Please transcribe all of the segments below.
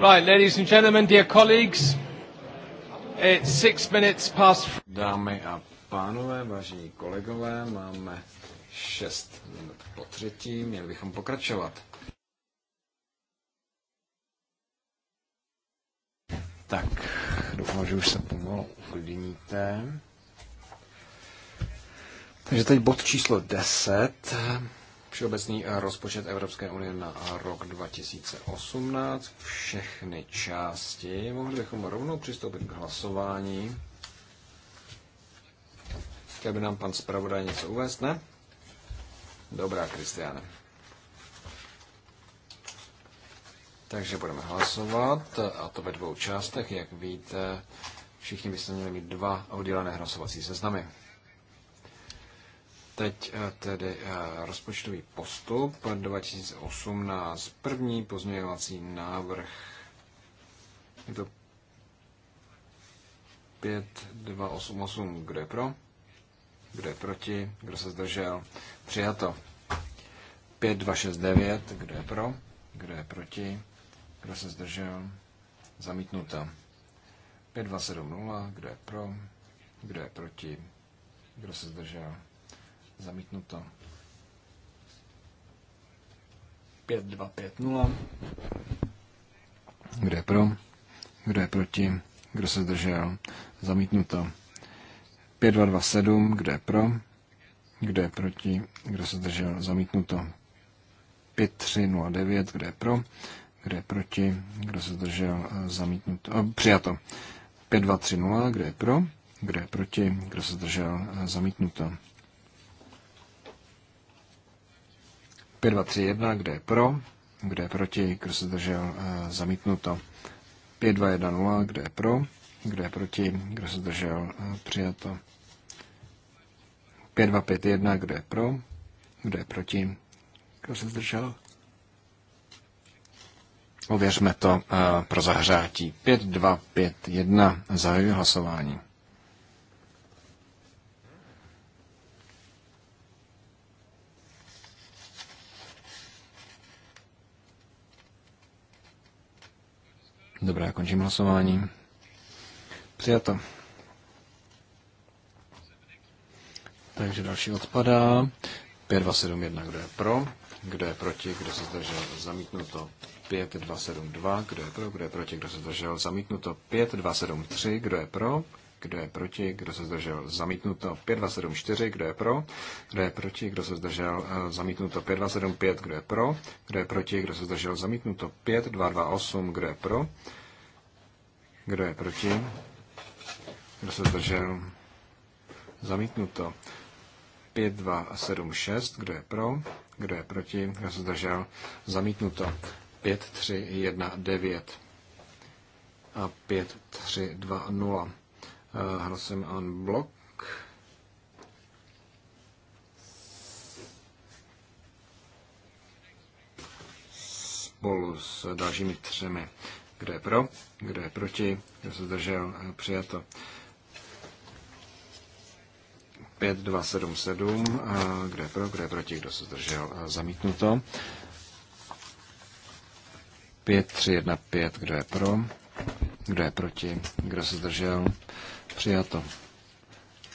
Right, ladies and gentlemen, dear colleagues, it's six minutes past... Dámy a pánové, vážení kolegové, máme šest minut po třetí, měli bychom pokračovat. Tak, doufám, že už se pomalu uklidníte. Takže teď bod číslo 10 Všeobecný rozpočet Evropské unie na rok 2018, všechny části. Mohli bychom rovnou přistoupit k hlasování. Chtěl by nám pan zpravodaj něco uvést, ne? Dobrá, Kristiane. Takže budeme hlasovat, a to ve dvou částech. Jak víte, všichni byste měli mít dva oddělené hlasovací seznamy. Teď eh, tedy eh, rozpočtový postup 2018, první pozměňovací návrh. Je to 5288, kdo je pro, kdo je proti, kdo se zdržel, přijato. 5269, kdo je pro, kdo je proti, kdo se zdržel, zamítnuto. 5270, kdo je pro, kdo je proti, kdo se zdržel, Zamítnuto. 5-2-5-0. Kdo je pro? Kdo je proti? Kdo se zdržel? Zamítnuto. 5-2-2-7. Kdo je pro? Kdo je proti? Kdo se zdržel? Zamítnuto. 5-3-0-9. Kdo je pro? Kdo je proti? Kdo se zdržel? Zamítnuto. Přijato. 5-2-3-0. Kdo je pro? Kdo je proti? Kdo se zdržel? Zamítnuto. 5, 2, 3, 1, kde je pro, kde je proti, kdo se zdržel, eh, zamítnuto. 5, 2, 1, 0, kde je pro, kde je proti, kdo se zdržel, eh, přijato. 5, 2, 5, 1, kde je pro, kde je proti, kdo se zdržel. Ověřme to eh, pro zahřátí. 5, 2, 5, 1, zahajuji hlasování. Dobrá, končím hlasování. Přijato. Takže další odpadá. 5271, kdo je pro, kdo je proti, kdo se zdržel, zamítnuto. 5272, kdo je pro, kdo je proti, kdo se zdržel, zamítnuto. 5273, kdo je pro, kdo je proti, kdo se zdržel, zamítnuto 5274, eh, kdo je pro, kdo je proti, kdo se zdržel, zamítnuto 5275, kdo je pro, kdo je proti, kdo se zdržel, zamítnuto 5228, kdo je pro, kdo je proti, kdo se zdržel, zamítnuto 5276, kdo je pro, kdo je proti, kdo se zdržel, zamítnuto 5319 a 5320 hlasem eh, an blok. Spolu s dalšími třemi. Kdo je pro, kdo je proti, kdo se zdržel, eh, přijato. 7. Eh, kdo je pro, kdo je proti, kdo se zdržel, zamítnuto. 5. kdo je pro, kdo je proti, kdo se zdržel, Přijato.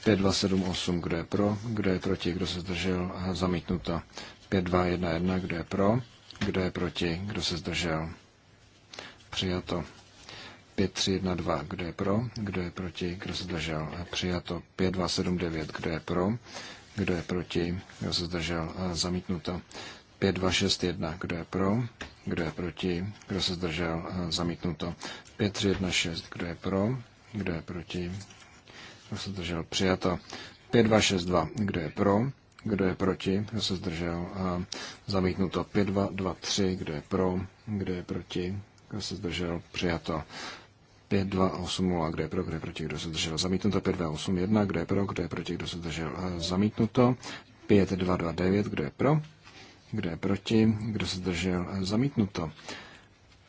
5278, kdo je pro, kdo je proti, kdo se zdržel, zamítnuto. 5211, kdo je pro, kdo je proti, kdo se zdržel, přijato. 5312, kdo je pro, kdo je proti, kdo se zdržel, přijato. 5279, kdo je pro, kdo je proti, kdo se zdržel, zamítnuto. 5261, kdo je pro, kdo je proti, kdo se zdržel, zamítnuto. 5316, kdo je pro, kdo je proti? Kdo se zdržel? Přijato. 5262. Kdo je pro? Kdo je proti? Kdo se zdržel? Zamítnuto. 5223. Kdo je pro? Kdo je proti? Kdo se zdržel? Přijato. 5280, kdo je pro, kdo je proti, kdo se zdržel, zamítnuto, 5281, kdo je pro, kdo je proti, kdo se zdržel, zamítnuto, 5229, kdo je pro, kdo je proti, kdo se zdržel, zamítnuto.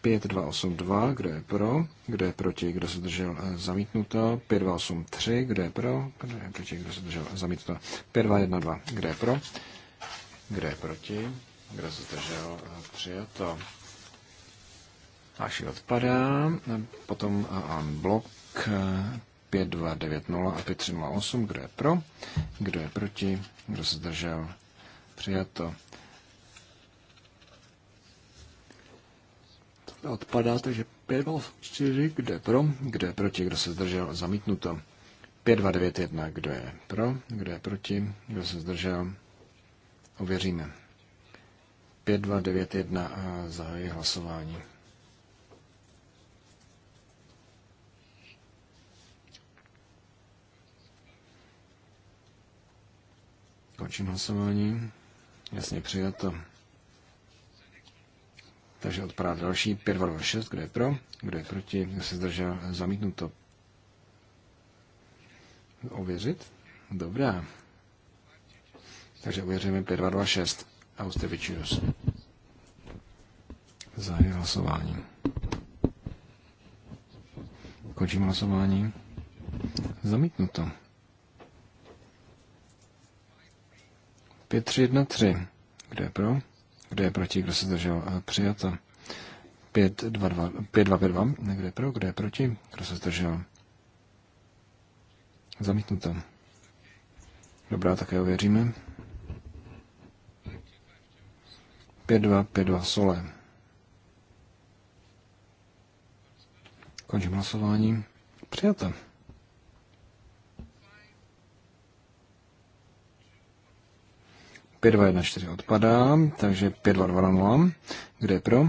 5282, kdo je pro, kdo je proti, kdo se držel eh, zamítnuto, 5283, kdo je pro, kdo je proti, kdo se držel zamítnuto, 5212, kdo je pro, kdo je proti, kdo se držel eh, přijato. Až odpadá, potom on blok 5290 a 5308, kdo je pro, kdo je proti, kdo se držel přijato. odpadá, takže 524, kde pro, kde proti, kdo se zdržel, zamítnuto. 5291, kdo je pro, kdo je proti, kdo se zdržel, ověříme. 5291 a zahajuji hlasování. Končím hlasování. Jasně přijato. Takže odpadá další 5226, kdo je pro, kdo je proti, kdo se zdržel, zamítnuto. Ověřit? Dobrá. Takže ověříme 5226. Austevičius. Zahajuji hlasování. Končím hlasování. Zamítnuto. 5313. Kdo je pro? Kdo je proti? Kdo se zdržel? Eh, přijato. 5252. Kdo je pro? Kdo je proti? Kdo se zdržel? Zamítnuto. Dobrá, také ověříme. 5252 sole. Končím hlasování. Přijata. 5214 odpadá, takže 5220. Kdo je pro?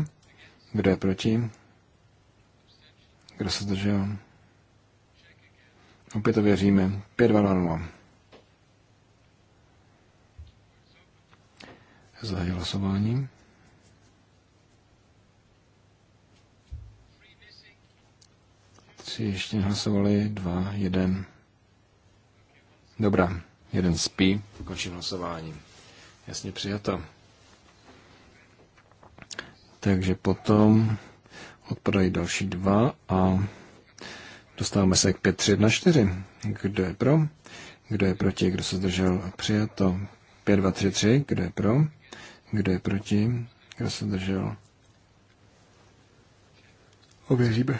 Kdo je proti? Kdo se zdržel? Opět to věříme. 5220. Zahají hlasování. Tři ještě hlasovali, dva, jeden. Dobrá, jeden spí, končím hlasování. Jasně přijato. Takže potom odpadají další dva a dostáváme se k 5, 3, 1, 4. Kdo je pro? Kdo je proti? Kdo se zdržel? Přijato. 5, 2, 3, 3. Kdo je pro? Kdo je proti? Kdo se zdržel? Ověříme.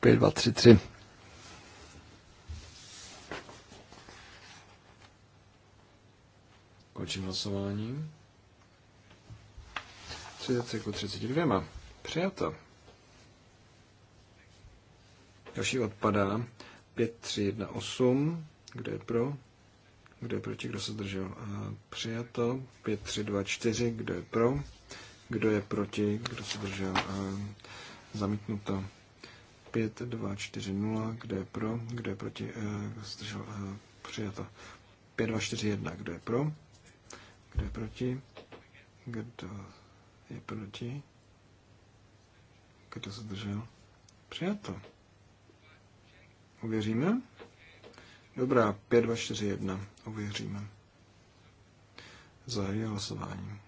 5, 2, 3, 3. Končím hlasování. 30 k 32. Přijato. Další odpadá. 5, 3, 1, 8. Kdo je pro? Kdo je proti? Kdo se zdržel? Přijato. 5, 3, 2, 4. Kdo je pro? Kdo je proti? Kdo se zdržel? Zamítnuto. 5, 2, 4, 0. Kdo je pro? Kdo je proti? E, kdo se zdržel? Přijato. 5, 2, 4, 1. Kdo je pro? Kdo je proti? Kdo je proti? Kdo se držel? Přijato. Uvěříme? Dobrá, 5, 2, 4, 1. Uvěříme. Zahajuji hlasování.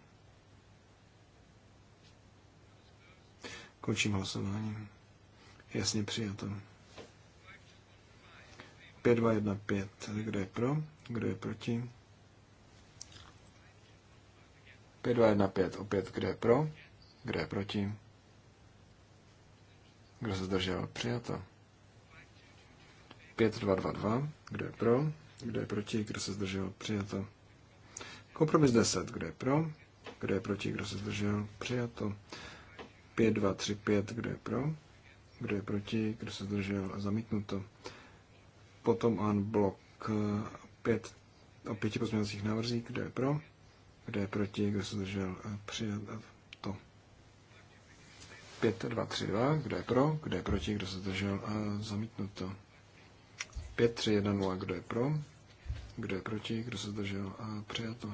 Končím hlasování. Jasně přijato. 5, 2, 1, 5. Kdo je pro? Kdo je proti? 5215 opět, kde je pro, kde je proti. Kdo se zdržel? Přijato. 5222, kdo je pro, kdo je proti, kdo se zdržel? Přijato. Kompromis 10, kdo je pro, kdo je proti, kdo se zdržel? Přijato. 5235, kdo je pro, kdo je proti, kdo se zdržel? Zamítnuto. Potom an blok 5 o pěti pozměňovacích návrzích, kdo je pro, kdo je proti? Kdo se zdržel? Přijat to. 5, 2, 3, 2. Kdo je pro? Kdo je proti? Kdo se zdržel? to. 5, 3, 1, 0. Kdo je pro? Kdo je proti? Kdo se zdržel? přijat to.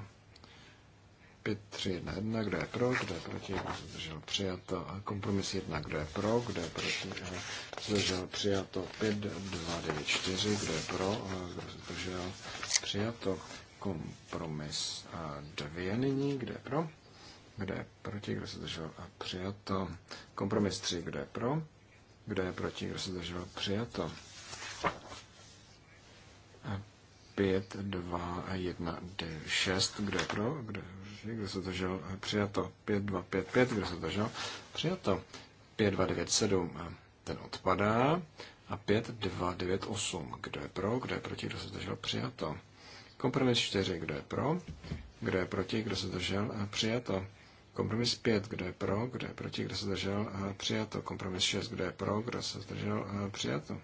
5, 3, 1, 1, kdo je pro, kdo je proti, kdo se zdržel přijat přijato, kompromis 1, kdo je pro, kdo je proti, kdo se zdržel přijat to. 5, 2, 9, 4, kdo je pro, kdo se zdržel přijat to kompromis a dvě nyní, kde je pro, kde je proti, kdo se zdržel a přijato. Kompromis tři, kde je pro, kde je proti, kdo se zdržel přijato. dva jedna, 1, šest, kde je pro, Kde? kdo se a přijato, Pět dva pět pět, kdo se držel, přijato, Pět dva devět sedm, ten odpadá, a pět dva devět osm, kdo je pro, kdo je proti, kdo se zdržel přijato. Kompromis 4, kdo je pro, kdo je proti, kdo se držel, a přijato. Kompromis 5, kdo je pro, kdo je proti, kdo se držel a přijato. Kompromis 6, kdo je pro, kdo se zdržel, a přijato.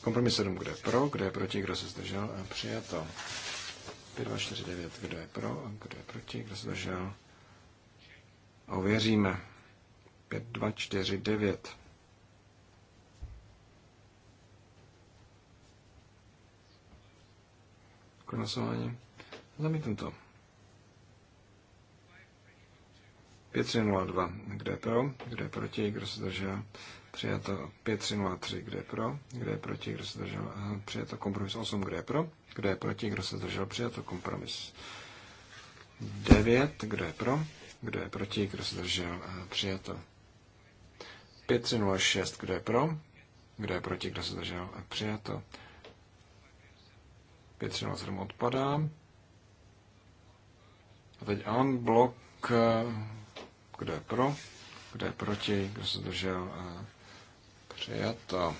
Kompromis 7, kdo je pro, kdo je proti, kdo se zdržel, a eh, přijato. 5, 2, 4, 9, kdo je pro, a kdo je proti, kdo se zdržel. Ověříme. 5, 2, 4, 9. Konec hlasování. to. 5302, kde je pro, kde je proti, kdo se držel, přijato 5303, kde je pro, kde je proti, kdo se držel, přijato kompromis 8, kde je pro, kde je proti, kdo se držel, přijato kompromis 9, kdo je pro, kdo je proti, kdo se držel, přijato 5306, kdo je pro, kdo je proti, kdo se držel, přijato 5, odpadá. A teď on blok, eh, kdo je pro, kdo je proti, kdo se držel eh, přijato.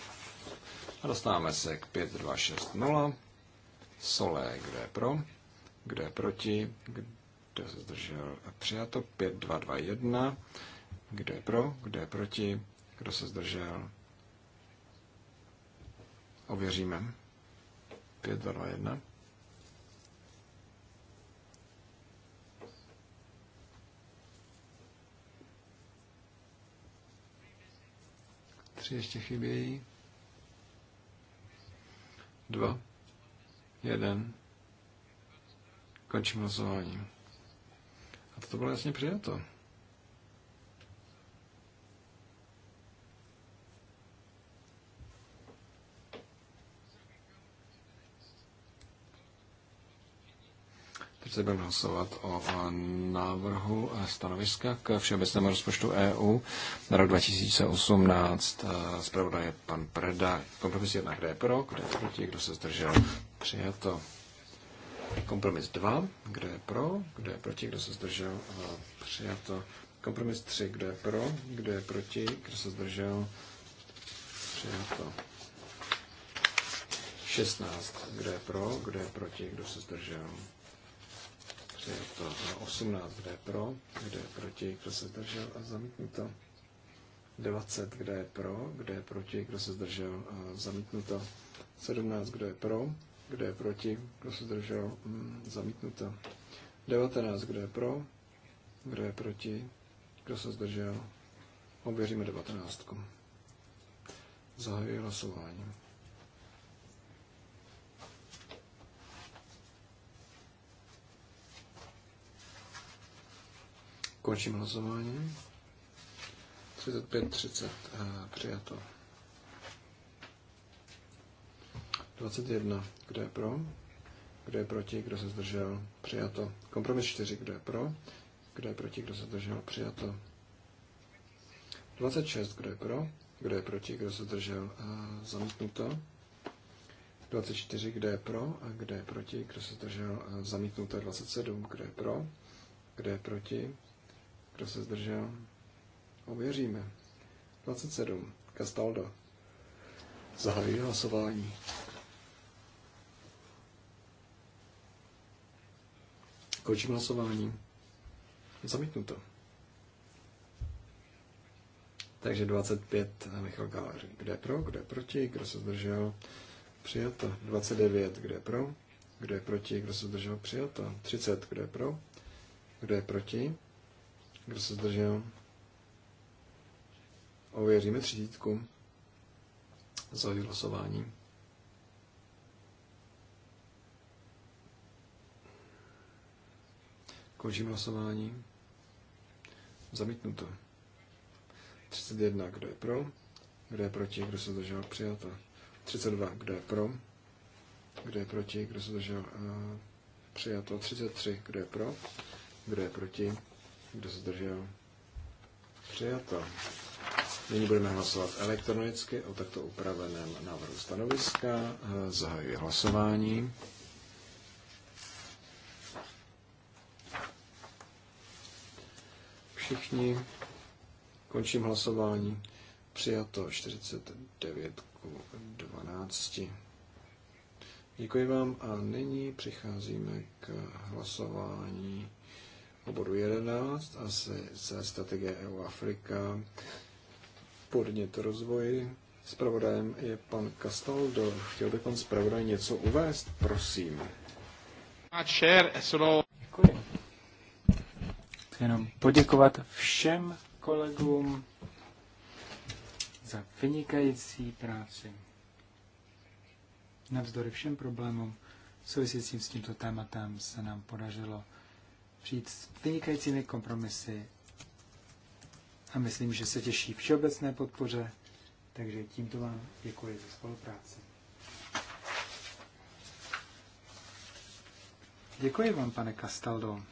A dostáváme se k 5260. Solé, kdo je pro, kdo je proti, kdo se zdržel přijato. 5221. 2, Kdo je pro, kdo je proti, kdo se zdržel. Ověříme. 1. Tři ještě chybějí. Dva. Jeden. Končím hlasování. A to bylo jasně přijato. jestli budeme hlasovat o návrhu stanoviska k všeobecnému rozpočtu EU na rok 2018. E, zpravodaj je pan Preda. Kompromis 1, kde je pro, kde je proti, kdo se zdržel, přijato. Kompromis 2, kde je pro, kde e, je proti, kdo se zdržel, přijato. Kompromis 3, kde je pro, kde je proti, kdo se zdržel, přijato. 16. kde je pro, kde je proti, kdo se zdržel? je přijato. 18, kde je pro, kde je proti, kdo se zdržel a zamítnuto. 20, kde je pro, kde je proti, kdo se zdržel a zamítnuto. 17, kdo je pro, kde je proti, kdo se zdržel, mm, zamítnuto. 19, kdo je pro, kdo je proti, kdo se zdržel, ověříme 19. Zahajuji hlasování. Končím hlasování. 35, 30 a přijato. 21. Kdo je pro? Kdo je proti? Kdo se zdržel? Přijato. Kompromis 4. Kdo je pro? Kdo je proti? Kdo se zdržel? Přijato. 26. Kdo je pro? Kdo je proti? Kdo se zdržel? Eh, zamítnuto. 24. Kdo je pro? A kdo je proti? Kdo se zdržel? Eh, zamítnuto. 27. Kdo je pro? Kdo je proti? Kdo se zdržel? Ověříme. 27. Castaldo. Zahajuji hlasování. Končím hlasování. Zamítnuto. Takže 25 Michal Galer. Kde pro, kde proti, kdo se zdržel? Přijato. 29, kde pro, kde proti, kdo se zdržel? Přijato. 30, kde pro, kde proti, kdo se zdržel? Ověříme třicítku. za hlasování. Končím hlasování. Zamítnuto. 31. Kdo je pro? Kdo je proti? Kdo se zdržel? Přijato. 32. Kdo je pro? Kdo je proti? Kdo se zdržel? Eh, přijato. 33. Kdo je pro? Kdo je proti? Kdo se zdržel? Přijato. Nyní budeme hlasovat elektronicky o takto upraveném návrhu stanoviska. Zahajuji hlasování. Všichni. Končím hlasování. Přijato 49 k 12. Děkuji vám a nyní přicházíme k hlasování po bodu 11 a se, se strategie EU Afrika podnět rozvoji. Spravodajem je pan Castaldo. Chtěl by pan zpravodaj něco uvést? Prosím. Děkuji. Chci jenom poděkovat všem kolegům za vynikající práci. Navzdory všem problémům souvisícím s tímto tématem se nám podařilo přijít s vynikajícími kompromisy a myslím, že se těší všeobecné podpoře, takže tímto vám děkuji za spolupráci. Děkuji vám, pane Castaldo.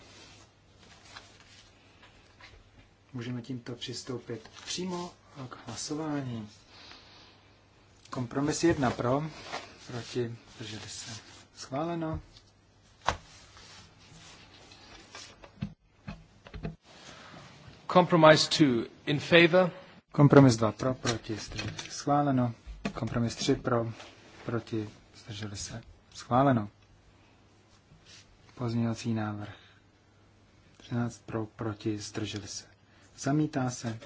Můžeme tímto přistoupit přímo k hlasování. Kompromis jedna pro, proti, drželi se. Schváleno. Compromise 2 in favor. Kompromis 2 pro, proti, schváleno. Kompromis 3 pro, proti, zdrželi se schváleno. Pozměňovací návrh 13 pro, proti, zdrželi se. Zamítá se.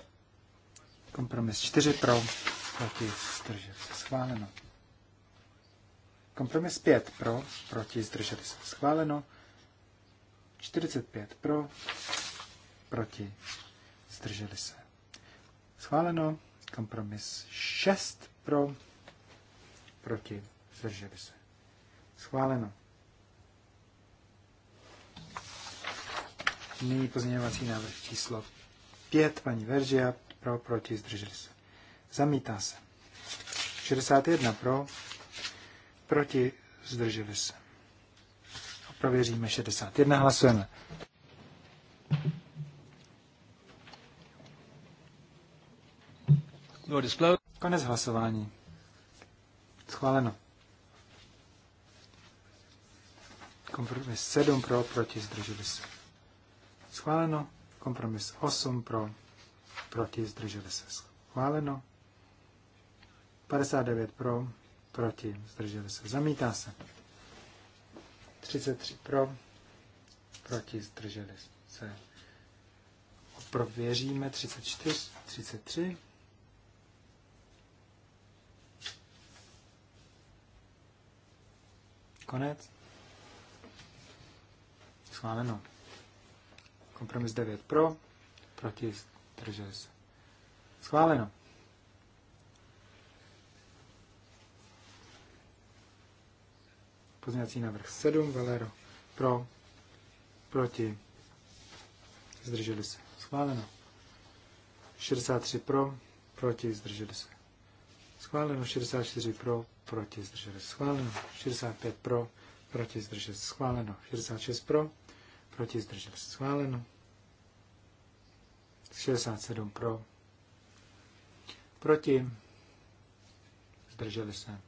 Kompromis 4 pro, proti, zdrželi se schváleno. Kompromis 5 pro, proti, zdrželi se schváleno. 45 pro, proti, zdrželi se. Schváleno. Kompromis 6 pro, proti, zdrželi se. Schváleno. Nyní pozměňovací návrh číslo 5, paní Veržia, pro, proti, zdrželi se. Zamítá se. 61 pro, proti, zdrželi se. Prověříme 61, hlasujeme. Konec hlasování. Schváleno. Kompromis 7 pro, proti, zdrželi se. Schváleno. Kompromis 8 pro, proti, zdrželi se. Schváleno. 59 pro, proti, zdrželi se. Zamítá se. 33 pro, proti, zdrželi se. Prověříme 34, 33. Konec. Schváleno. Kompromis 9 pro, proti držel se. Schváleno. Pozměňovací návrh 7, Valero pro, proti, zdrželi se. Schváleno. 63 pro, proti, zdrželi se schváleno, 64 pro, proti, zdržet schváleno, 65 pro, proti, zdržet schváleno, 66 pro, proti, zdržet schváleno, 67 pro, proti, zdrželi se.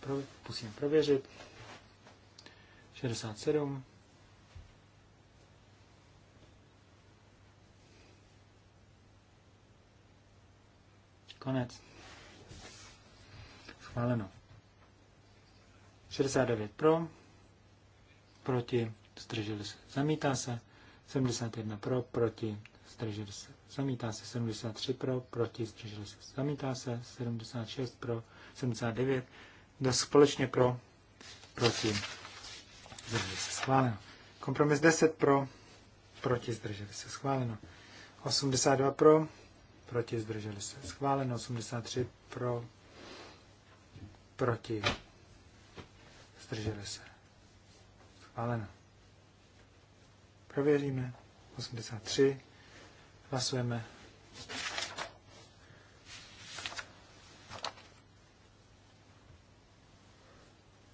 pro, musíme prověřit. 67. Konec. Schváleno. 69 pro, proti, zdrželi se, zamítá se. 71 pro, proti, zdrželi se, zamítá se. 73 pro, proti, zdrželi se, zamítá se. 76 pro, 79, do společně pro, proti, zdrželi se, schváleno. Kompromis 10 pro, proti, zdrželi se, schváleno. 82 pro, proti, zdrželi se. Schváleno 83 pro, proti, zdrželi se. Schváleno. Prověříme 83, hlasujeme.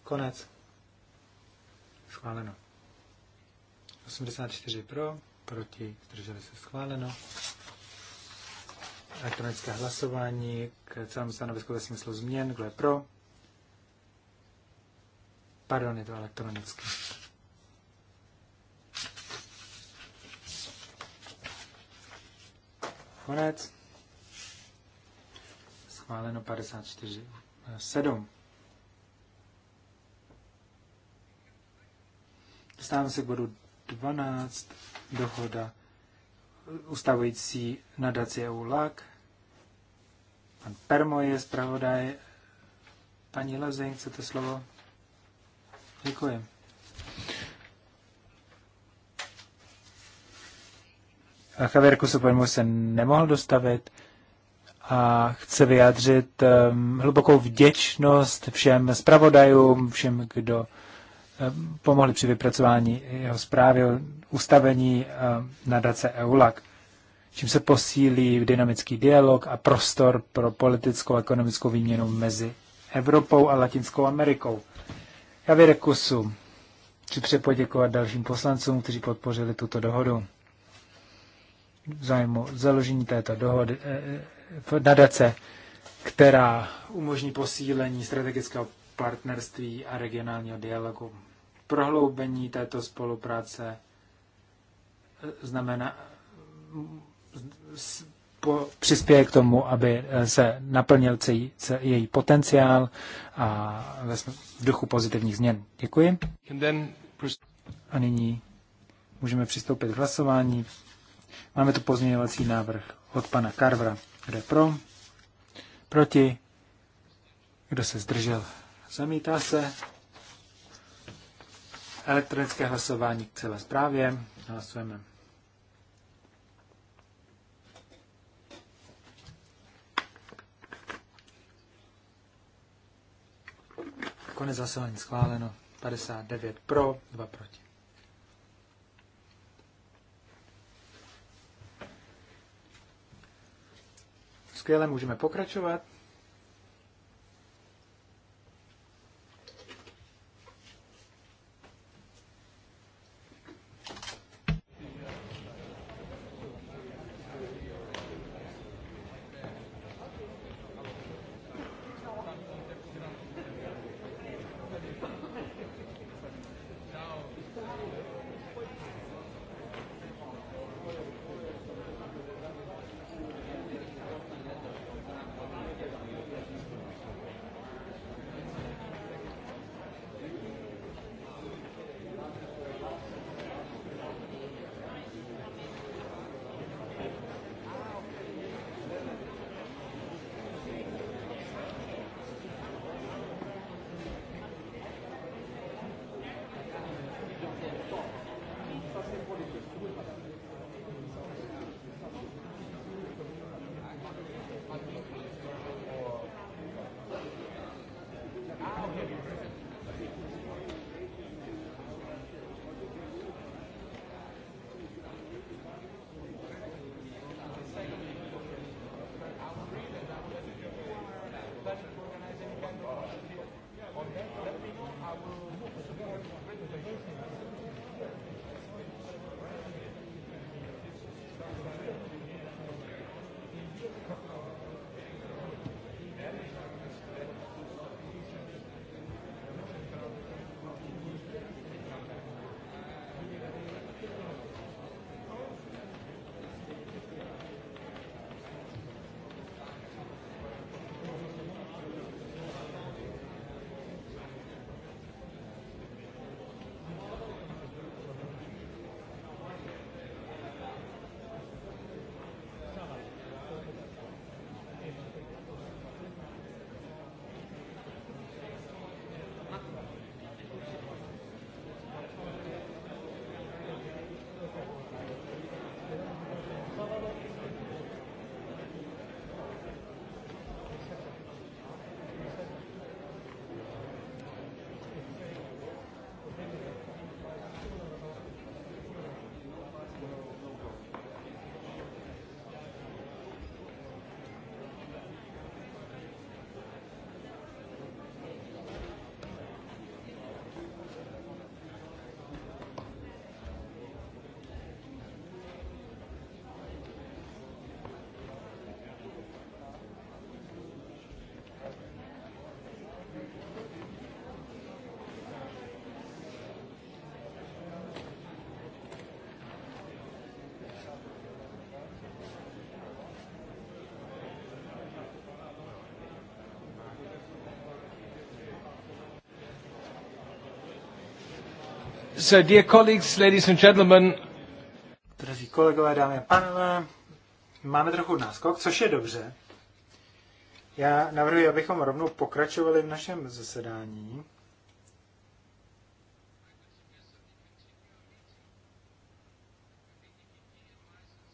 Konec. Schváleno. 84 pro, proti, zdrželi se schváleno elektronické hlasování k celému stanovisku ve smyslu změn. Kdo je pro? Pardon, je to elektronicky. Konec. Schváleno 54. 7. Eh, Dostáváme se k bodu 12. Dohoda ustavující nadaci EULAK. Pan Permo je zpravodaj. Paní Lezeň, chcete slovo? Děkuji. Javier Kusupenmu se nemohl dostavit a chce vyjádřit um, hlubokou vděčnost všem zpravodajům, všem, kdo Eh, pomohli při vypracování jeho zprávy o ustavení eh, nadace EULAC, čím se posílí dynamický dialog a prostor pro politickou a ekonomickou výměnu mezi Evropou a Latinskou Amerikou. Já Kusu chci přepoděkovat dalším poslancům, kteří podpořili tuto dohodu. V zájmu založení této dohody, eh, eh nadace, která umožní posílení strategického partnerství a regionálního dialogu. Prohloubení této spolupráce eh, znamená, eh, přispěje k tomu, aby eh, se naplnil celý, celý její potenciál a ve v duchu pozitivních změn. Děkuji. A nyní můžeme přistoupit k hlasování. Máme tu pozměňovací návrh od pana Karvra. Kdo je pro? Proti? Kdo se zdržel? Zamítá se elektronické hlasování k celé zprávě. Hlasujeme. Konec hlasování schváleno. 59 pro, 2 proti. Skvěle, můžeme pokračovat. So, dear colleagues, ladies and gentlemen. Drazí kolegové, dámy a pánové, máme trochu náskok, což je dobře. Já navrhuji, abychom rovnou pokračovali v našem zasedání.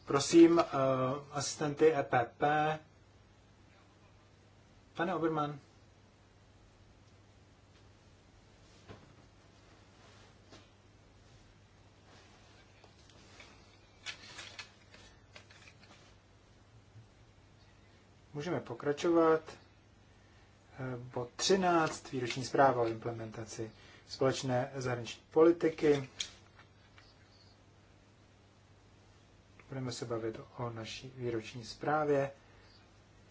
Prosím uh, asistenty EPP. Pane Obermann. Můžeme pokračovat. Eh, bod 13, výroční zpráva o implementaci společné zahraniční politiky. Budeme se bavit o naší výroční zprávě.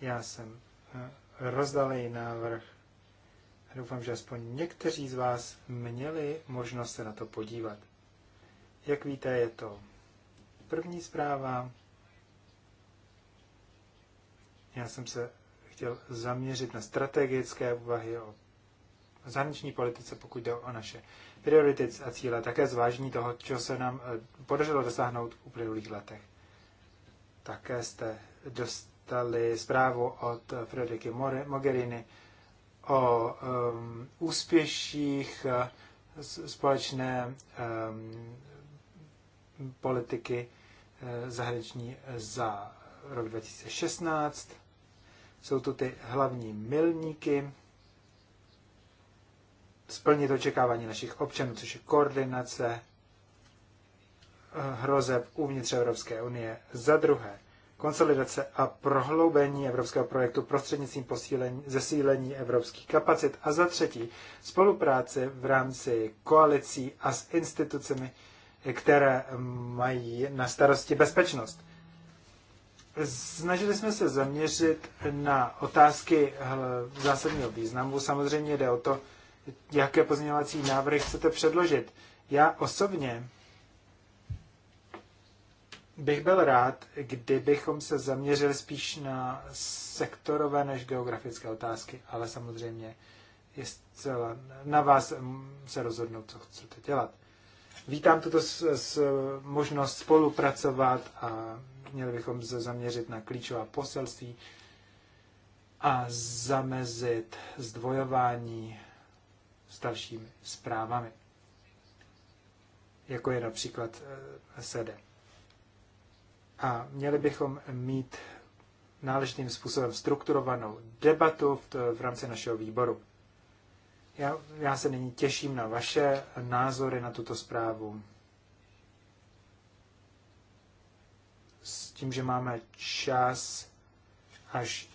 Já jsem eh, rozdal její návrh. Doufám, že aspoň někteří z vás měli možnost se na to podívat. Jak víte, je to první zpráva já jsem se chtěl zaměřit na strategické úvahy o zahraniční politice, pokud jde o naše priority a cíle, také zvážení toho, co se nám eh, podařilo dosáhnout v uplynulých letech. Také jste dostali zprávu od Frederiky Mogherini o um, úspěších eh, společné um, politiky eh, zahraniční za rok 2016. Jsou to ty hlavní milníky. Splnit očekávání našich občanů, což je koordinace eh, hrozeb uvnitř Evropské unie. Za druhé, konsolidace a prohloubení evropského projektu prostřednictvím posílení, zesílení evropských kapacit a za třetí spolupráce v rámci koalicí a s institucemi, které mají na starosti bezpečnost. Snažili jsme se zaměřit na otázky zásadního významu. Samozřejmě jde o to, jaké pozměňovací návrhy chcete předložit. Já osobně bych byl rád, kdybychom se zaměřili spíš na sektorové než geografické otázky, ale samozřejmě je zcela na vás mm, se rozhodnout, co chcete dělat. Vítám tuto s, s, možnost spolupracovat a měli bychom se zaměřit na klíčová poselství a zamezit zdvojování s dalšími zprávami, jako je například eh, SEDE. A měli bychom mít náležitým způsobem strukturovanou debatu v, v rámci našeho výboru. Já, já se nyní těším na vaše názory na tuto zprávu. S tím, že máme čas až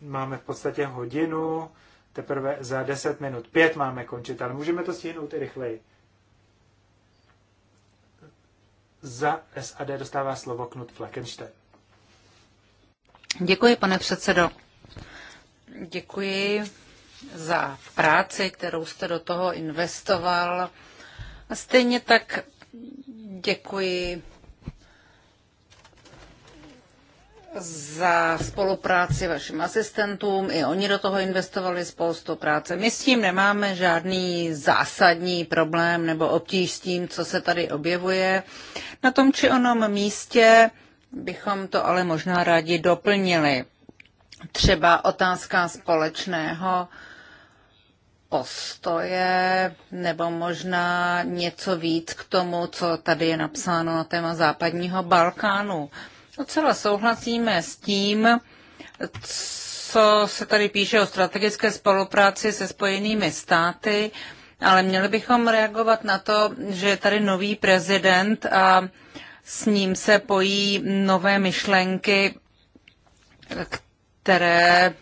máme v podstatě hodinu, teprve za 10 minut, pět máme končit, ale můžeme to stihnout i rychleji. Za SAD dostává slovo Knut Fleckenstein. Děkuji, pane předsedo. Děkuji za práci, kterou jste do toho investoval. A stejně tak děkuji za spolupráci vašim asistentům. I oni do toho investovali spoustu práce. My s tím nemáme žádný zásadní problém nebo obtíž s tím, co se tady objevuje. Na tom či onom místě bychom to ale možná rádi doplnili. Třeba otázka společného postoje nebo možná něco víc k tomu, co tady je napsáno na téma západního Balkánu. Docela souhlasíme s tím, co se tady píše o strategické spolupráci se spojenými státy, ale měli bychom reagovat na to, že je tady nový prezident a s ním se pojí nové myšlenky, které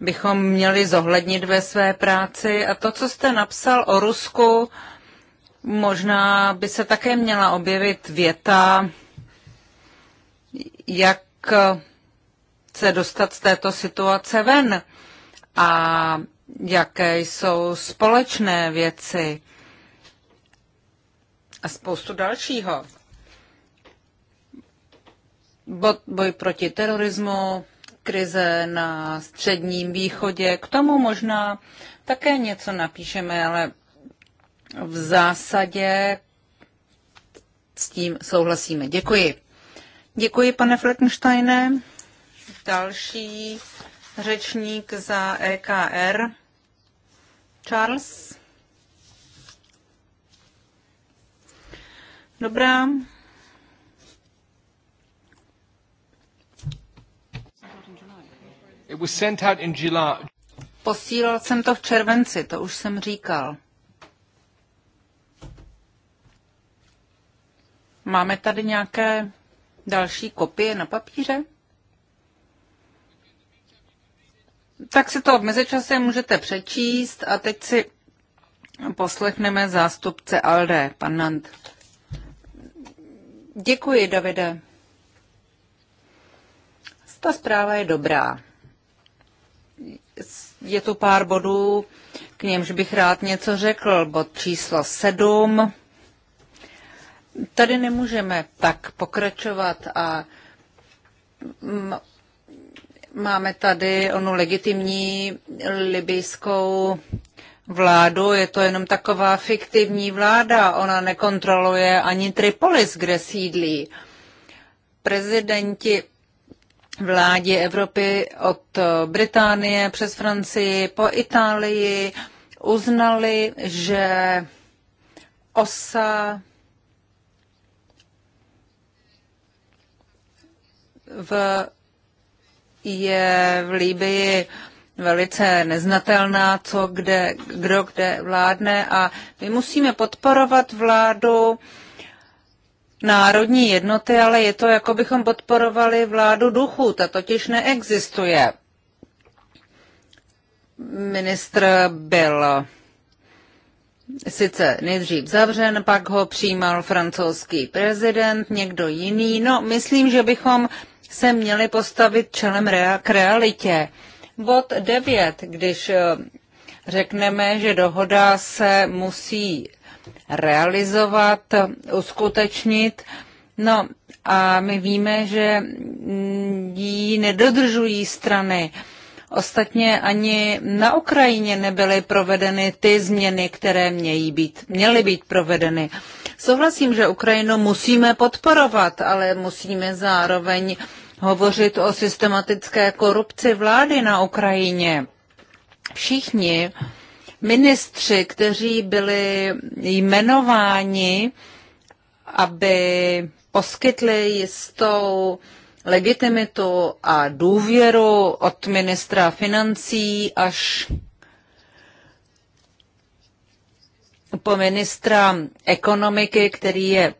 bychom měli zohlednit ve své práci. A to, co jste napsal o Rusku, možná by se také měla objevit věta, jak se dostat z této situace ven a jaké jsou společné věci a spoustu dalšího. Boj proti terorismu, krize na středním východě. K tomu možná také něco napíšeme, ale v zásadě s tím souhlasíme. Děkuji. Děkuji, pane Fleckensteine. Další řečník za EKR. Charles. Dobrá. Posílal jsem to v červenci, to už jsem říkal. Máme tady nějaké další kopie na papíře? Tak si to v mezičase můžete přečíst a teď si poslechneme zástupce Alde, pan Nant. Děkuji, Davide. Ta zpráva je dobrá je tu pár bodů, k němž bych rád něco řekl. Bod číslo sedm. Tady nemůžeme tak pokračovat a mm, máme tady onu legitimní libijskou vládu, je to jenom taková fiktivní vláda, ona nekontroluje ani Tripolis, kde sídlí. Prezidenti vládě Evropy od Británie přes Francii po Itálii uznali, že osa v, je v Líbii velice neznatelná, co kde, kdo kde vládne a my musíme podporovat vládu národní jednoty, ale je to, jako bychom podporovali vládu duchu. Ta totiž neexistuje. Ministr byl sice nejdřív zavřen, pak ho přijímal francouzský prezident, někdo jiný. No, myslím, že bychom se měli postavit čelem rea- k realitě. Bod 9, když eh, řekneme, že dohoda se musí realizovat, uskutečnit. No a my víme, že ji nedodržují strany. Ostatně ani na Ukrajině nebyly provedeny ty změny, které mějí být, měly být provedeny. Souhlasím, že Ukrajinu musíme podporovat, ale musíme zároveň hovořit o systematické korupci vlády na Ukrajině. Všichni ministři, kteří byli jmenováni, aby poskytli jistou legitimitu a důvěru od ministra financí až po ministra ekonomiky, který je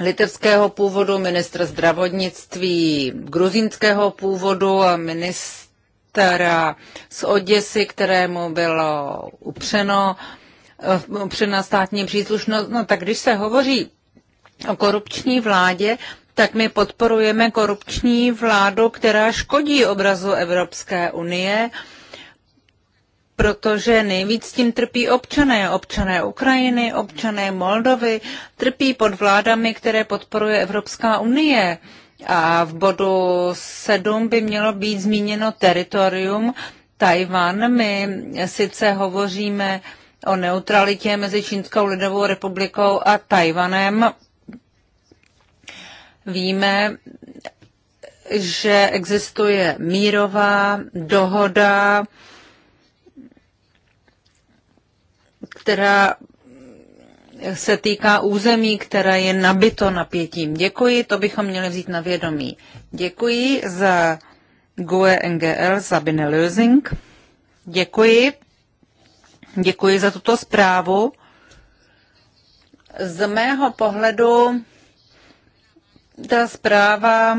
litevského původu, ministr zdravotnictví gruzínského původu a ministr Petera z Oděsy, kterému bylo upřeno, eh, upřena státní příslušnost. No tak když se hovoří o korupční vládě, tak my podporujeme korupční vládu, která škodí obrazu Evropské unie, protože nejvíc tím trpí občané. Občané Ukrajiny, občané Moldovy trpí pod vládami, které podporuje Evropská unie. A v bodu 7 by mělo být zmíněno teritorium Tajvan. My sice hovoříme o neutralitě mezi Čínskou lidovou republikou a Tajvanem. Víme, že existuje mírová dohoda, která se týká území, které je nabito napětím. Děkuji, to bychom měli vzít na vědomí. Děkuji za GUE NGL za Lösing. Děkuji. Děkuji za tuto zprávu. Z mého pohledu ta zpráva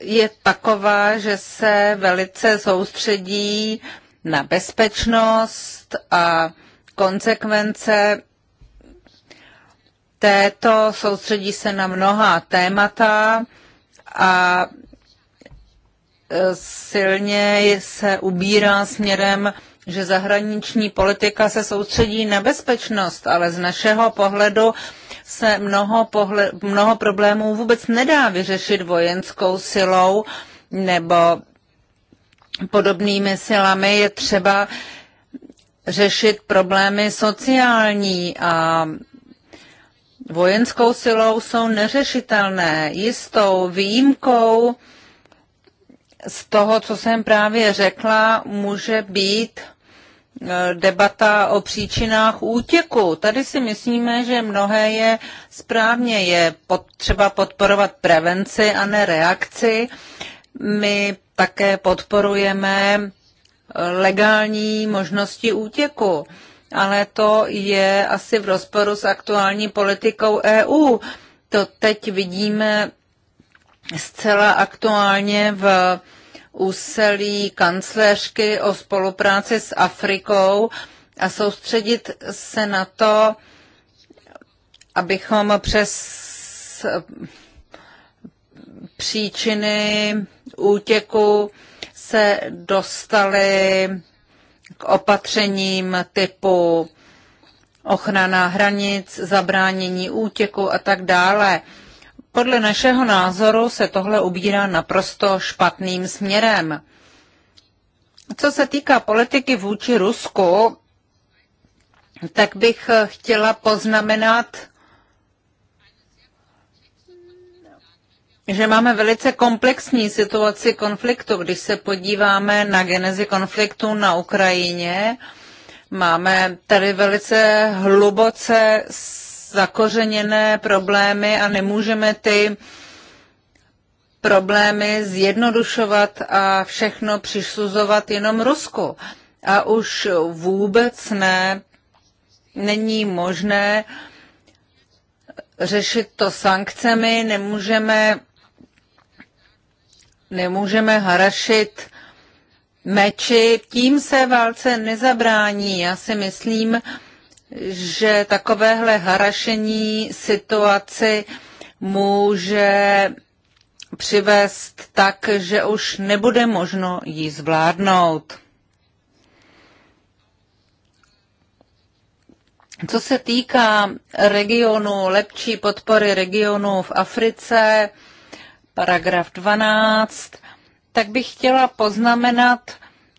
je taková, že se velice soustředí na bezpečnost a konsekvence této, soustředí se na mnoha témata a e, silně se ubírá směrem, že zahraniční politika se soustředí na bezpečnost, ale z našeho pohledu se mnoho, pohled, mnoho problémů vůbec nedá vyřešit vojenskou silou nebo podobnými silami je třeba řešit problémy sociální a vojenskou silou jsou neřešitelné. Jistou výjimkou z toho, co jsem právě řekla, může být e, debata o příčinách útěku. Tady si myslíme, že mnohé je správně, je potřeba podporovat prevenci a ne reakci. My také podporujeme legální možnosti útěku. Ale to je asi v rozporu s aktuální politikou EU. To teď vidíme zcela aktuálně v úsilí kancléřky o spolupráci s Afrikou a soustředit se na to, abychom přes příčiny útěku se dostaly k opatřením typu ochrana hranic, zabránění útěku a tak dále. Podle našeho názoru se tohle ubírá naprosto špatným směrem. Co se týká politiky vůči Rusku, tak bych chtěla poznamenat, že máme velice komplexní situaci konfliktu. Když se podíváme na genezi konfliktu na Ukrajině, máme tady velice hluboce zakořeněné problémy a nemůžeme ty problémy zjednodušovat a všechno přisuzovat jenom Rusku. A už vůbec ne, není možné řešit to sankcemi, nemůžeme nemůžeme harašit meči, tím se válce nezabrání. Já si myslím, že takovéhle harašení situaci může přivést tak, že už nebude možno ji zvládnout. Co se týká regionu, lepší podpory regionu v Africe, paragraf 12, tak bych chtěla poznamenat,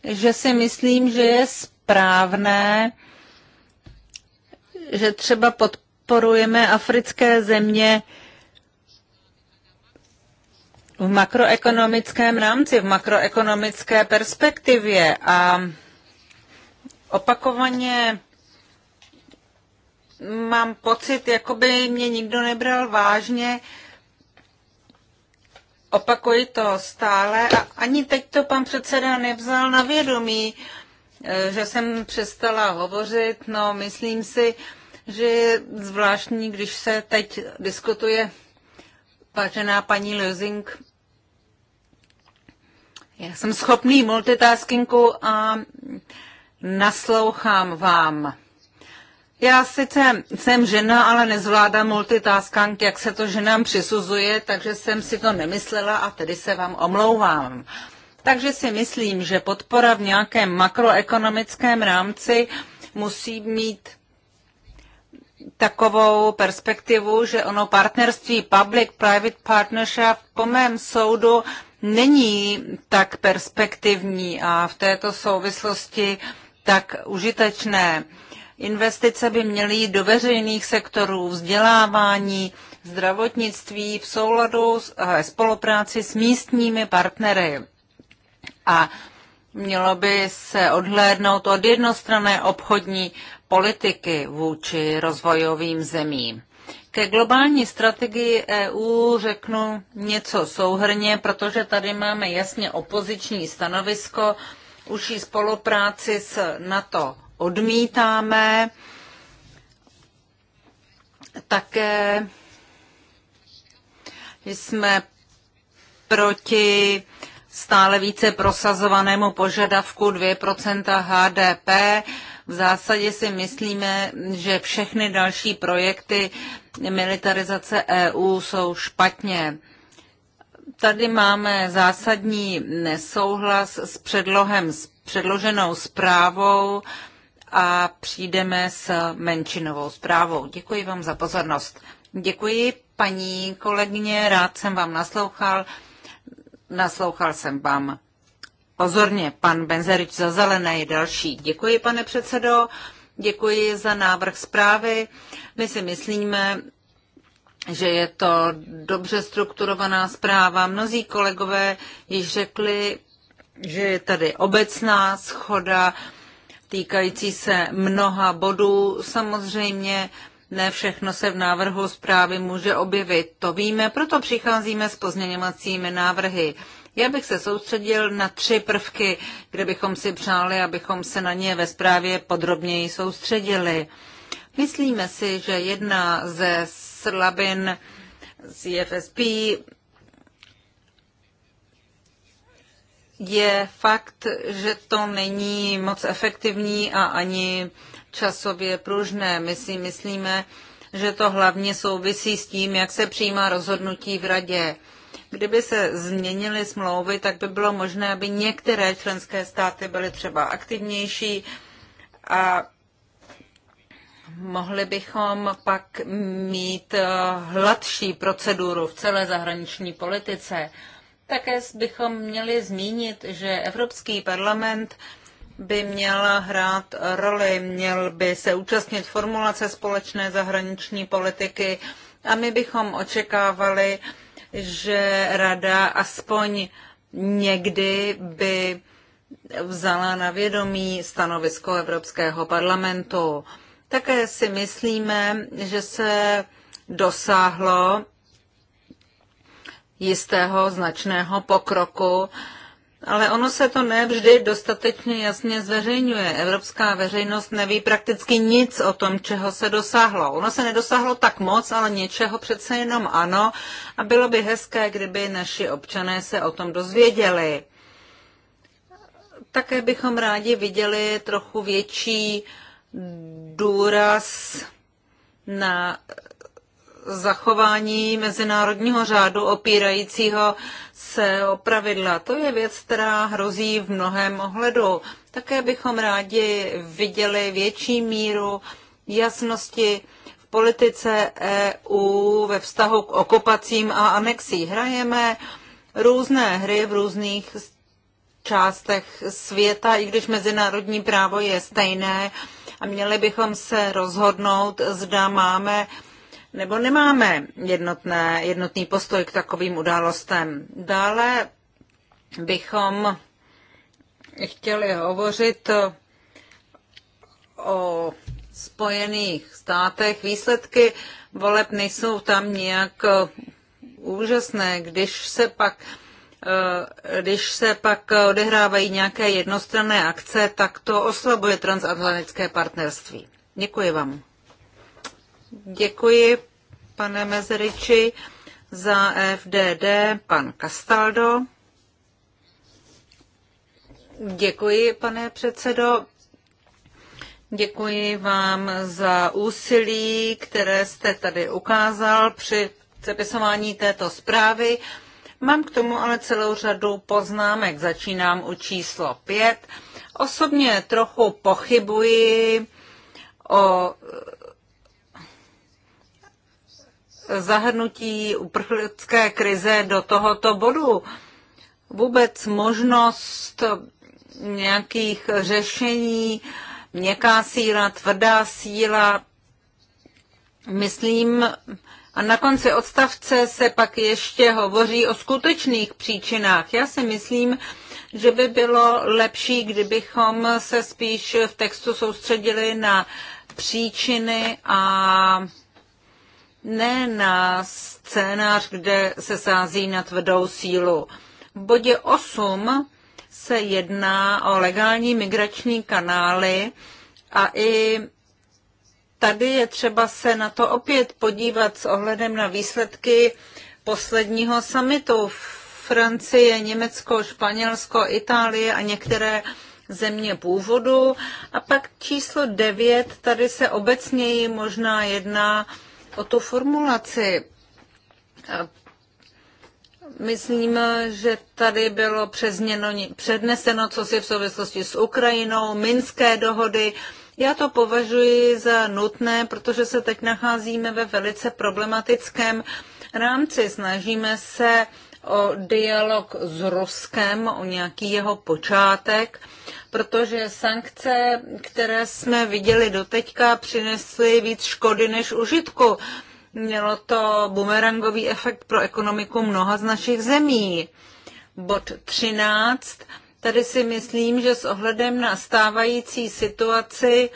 že si myslím, že je správné, že třeba podporujeme africké země v makroekonomickém rámci, v makroekonomické perspektivě a opakovaně mám pocit, jako by mě nikdo nebral vážně, Opakuji to stále a ani teď to pan předseda nevzal na vědomí, eh, že jsem přestala hovořit. No, myslím si, že je zvláštní, když se teď diskutuje vážená paní Lozing. Já jsem schopný multitaskingu a naslouchám vám. Já sice jsem žena, ale nezvládám multitasking, jak se to ženám přisuzuje, takže jsem si to nemyslela a tedy se vám omlouvám. Takže si myslím, že podpora v nějakém makroekonomickém rámci musí mít takovou perspektivu, že ono partnerství public-private partnership po mém soudu není tak perspektivní a v této souvislosti tak užitečné. Investice by měly jít do veřejných sektorů, vzdělávání, zdravotnictví v souladu s spolupráci s místními partnery. A mělo by se odhlédnout od jednostrané obchodní politiky vůči rozvojovým zemím. Ke globální strategii EU řeknu něco souhrně, protože tady máme jasně opoziční stanovisko, užší spolupráci s NATO odmítáme. Také jsme proti stále více prosazovanému požadavku 2% HDP. V zásadě si myslíme, že všechny další projekty militarizace EU jsou špatně. Tady máme zásadní nesouhlas s, předlohem, s předloženou zprávou a přijdeme s menšinovou zprávou. Děkuji vám za pozornost. Děkuji, paní kolegyně, rád jsem vám naslouchal. Naslouchal jsem vám pozorně. Pan Benzerič za zelené je další. Děkuji, pane předsedo. Děkuji za návrh zprávy. My si myslíme, že je to dobře strukturovaná zpráva. Mnozí kolegové již řekli, že je tady obecná schoda týkající se mnoha bodů. Samozřejmě ne všechno se v návrhu zprávy může objevit, to víme, proto přicházíme s pozměňovacími návrhy. Já bych se soustředil na tři prvky, kde bychom si přáli, abychom se na ně ve zprávě podrobněji soustředili. Myslíme si, že jedna ze slabin z IFSP je fakt, že to není moc efektivní a ani časově pružné. My si myslíme, že to hlavně souvisí s tím, jak se přijímá rozhodnutí v radě. Kdyby se změnily smlouvy, tak by bylo možné, aby některé členské státy byly třeba aktivnější a mohli bychom pak mít eh, hladší proceduru v celé zahraniční politice. Také bychom měli zmínit, že Evropský parlament by měl hrát roli, měl by se účastnit formulace společné zahraniční politiky a my bychom očekávali, že rada aspoň někdy by vzala na vědomí stanovisko Evropského parlamentu. Také si myslíme, že se dosáhlo jistého značného pokroku, ale ono se to nevždy dostatečně jasně zveřejňuje. Evropská veřejnost neví prakticky nic o tom, čeho se dosáhlo. Ono se nedosáhlo tak moc, ale něčeho přece jenom ano a bylo by hezké, kdyby naši občané se o tom dozvěděli. Také bychom rádi viděli trochu větší důraz na zachování mezinárodního řádu opírajícího se o pravidla. To je věc, která hrozí v mnohem ohledu. Také bychom rádi viděli větší míru jasnosti v politice EU ve vztahu k okupacím a anexí. Hrajeme různé hry v různých částech světa, i když mezinárodní právo je stejné a měli bychom se rozhodnout, zda máme nebo nemáme jednotné, jednotný postoj k takovým událostem. Dále bychom chtěli hovořit o Spojených státech. Výsledky voleb nejsou tam nějak eh, úžasné, když se pak eh, když se pak odehrávají nějaké jednostranné akce, tak to oslabuje transatlantické partnerství. Děkuji vám. Děkuji, pane Mezeriči, za FDD, pan Castaldo. Děkuji, pane předsedo. Děkuji vám za úsilí, které jste tady ukázal při zapisování této zprávy. Mám k tomu ale celou řadu poznámek. Začínám u číslo 5. Osobně trochu pochybuji o zahrnutí uprchlické krize do tohoto bodu. Vůbec možnost nějakých řešení, měkká síla, tvrdá síla, myslím, a na konci odstavce se pak ještě hovoří o skutečných příčinách. Já si myslím, že by bylo lepší, kdybychom se spíš v textu soustředili na příčiny a ne na scénář, kde se sází na tvrdou sílu. V bodě 8 se jedná o legální migrační kanály a i tady je třeba se na to opět podívat s ohledem na výsledky posledního summitu. Francie, Německo, Španělsko, Itálie a některé země původu. A pak číslo 9, tady se obecněji možná jedná o tu formulaci. Myslím, že tady bylo přezněno, předneseno, co si v souvislosti s Ukrajinou, Minské dohody. Já to považuji za nutné, protože se teď nacházíme ve velice problematickém rámci. Snažíme se o dialog s Ruskem, o nějaký jeho počátek protože sankce, které jsme viděli doteďka, přinesly víc škody než užitku. Mělo to bumerangový efekt pro ekonomiku mnoha z našich zemí. Bod 13. Tady si myslím, že s ohledem na stávající situaci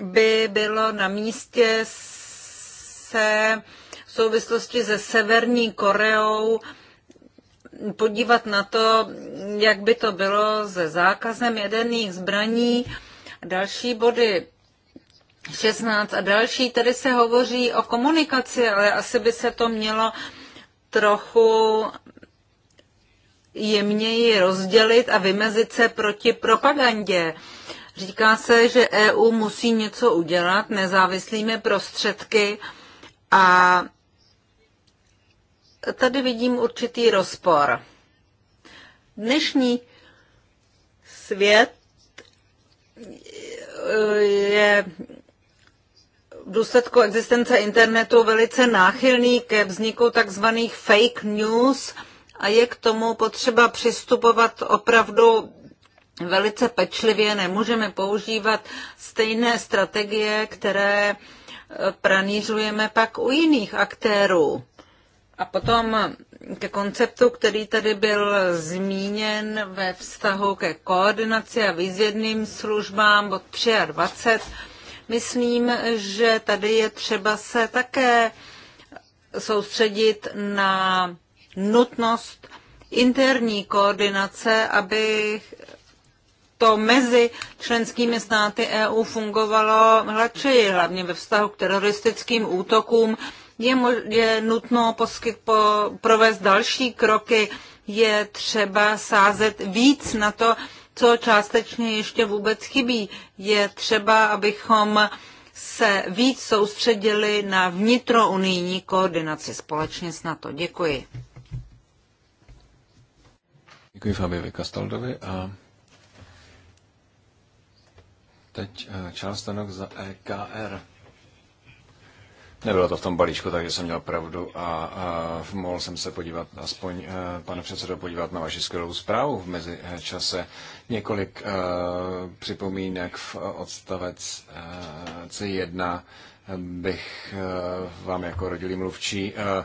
by bylo na místě se v souvislosti se Severní Koreou podívat na to, jak by to bylo se zákazem jaderných zbraní, další body 16 a další. Tady se hovoří o komunikaci, ale asi by se to mělo trochu jemněji rozdělit a vymezit se proti propagandě. Říká se, že EU musí něco udělat nezávislými prostředky a tady vidím určitý rozpor. Dnešní svět eh, je v důsledku existence internetu velice náchylný ke vzniku takzvaných fake news a je k tomu potřeba přistupovat opravdu velice pečlivě. Nemůžeme používat stejné strategie, které eh, pranířujeme pak u jiných aktérů. A potom ke konceptu, který tady byl zmíněn ve vztahu ke koordinaci a výzvědným službám od 23. Myslím, že tady je třeba se také soustředit na nutnost interní koordinace, aby to mezi členskými státy EU fungovalo hladčeji, hlavně ve vztahu k teroristickým útokům je, je nutno poskyt, po, provést další kroky, je třeba sázet víc na to, co částečně ještě vůbec chybí. Je třeba, abychom se víc soustředili na vnitrounijní koordinaci společně s NATO. Děkuji. Děkuji Fabiovi Kastaldovi a teď eh, Charles Tanok za EKR. Nebylo to v tom balíčku, takže jsem měl pravdu a, a mohl jsem se podívat, aspoň, eh, pane předsedo, podívat na vaši skvělou zprávu v mezičase. Eh, Několik a, eh, připomínek v odstavec C1 bych eh, vám jako rodilý mluvčí eh,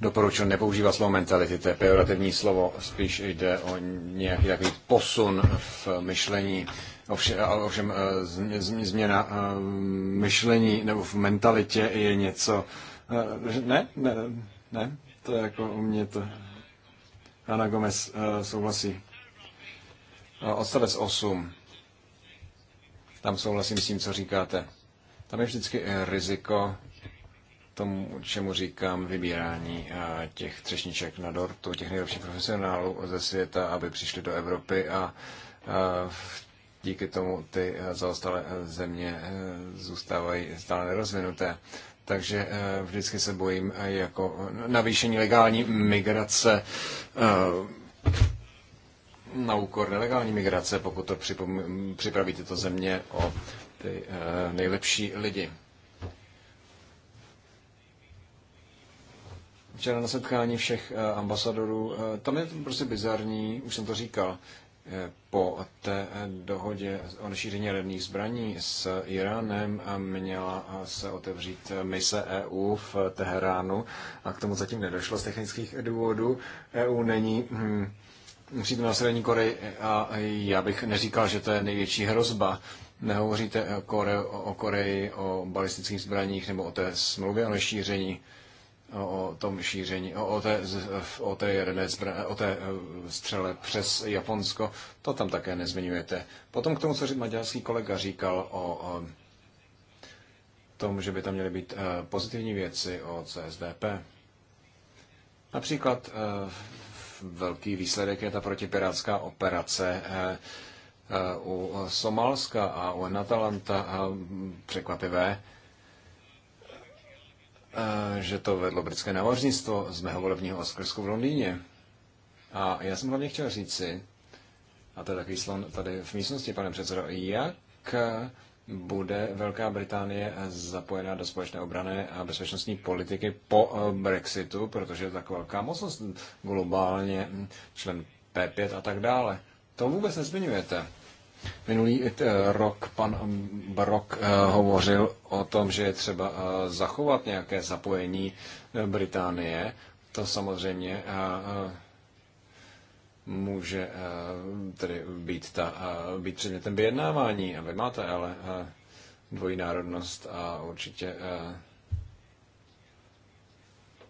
doporučil nepoužívat slovo mentality, to je pejorativní slovo, spíš jde o nějaký takový posun v myšlení, ovšem, eh, ovšem změna myšlení nebo v mentalitě je něco, ne, ne, ne, to je jako u mě to, Ana Gomez souhlasí. Odstavec 8. Tam souhlasím s tím, co říkáte. Tam je vždycky eh, riziko tomu, čemu říkám vybírání eh, těch třešniček na dortu, těch nejlepších profesionálů ze světa, aby přišli do Evropy a eh, díky tomu ty zaostalé země zůstávají stále nerozvinuté. Takže vždycky se bojím jako navýšení legální migrace na úkor nelegální migrace, pokud to připraví tyto země o ty eh, nejlepší lidi. Včera na setkání všech eh, ambasadorů, eh, tam je to prostě bizarní, už jsem to říkal, po té dohodě o nešíření jaderných zbraní s Iránem měla se otevřít mise EU v Teheránu a k tomu zatím nedošlo z technických důvodů. EU není hmm, přítomná Severní Koreji a já bych neříkal, že to je největší hrozba. Nehovoříte o, Kore, o Koreji, o balistických zbraních nebo o té smlouvě o nešíření, o tom šíření, o, o, té, o, té, jedné zbraně, o té e, střele přes Japonsko. To tam také nezmiňujete. Potom k tomu, co maďarský kolega říkal o, o tom, že by tam měly být e, pozitivní věci o CSDP. Například e, velký výsledek je ta protipirátská operace Eh, u Somálska a u Natalanta eh, překvapivé, eh, že to vedlo britské námořnictvo z mého volebního oskrsku v Londýně. A já jsem hlavně chtěl říci, a to je takový slon tady v místnosti, pane předsedo, jak bude Velká Británie zapojená do společné obrany a bezpečnostní politiky po Brexitu, protože je tak velká mocnost globálně, hm, člen P5 a tak dále. To vůbec nezmiňujete. Minulý eh, rok pan Barok eh, hovořil o tom, že je třeba eh, zachovat nějaké zapojení Británie. To samozřejmě může tedy být, ta, být předmětem vyjednávání. A vy máte ale dvojnárodnost a určitě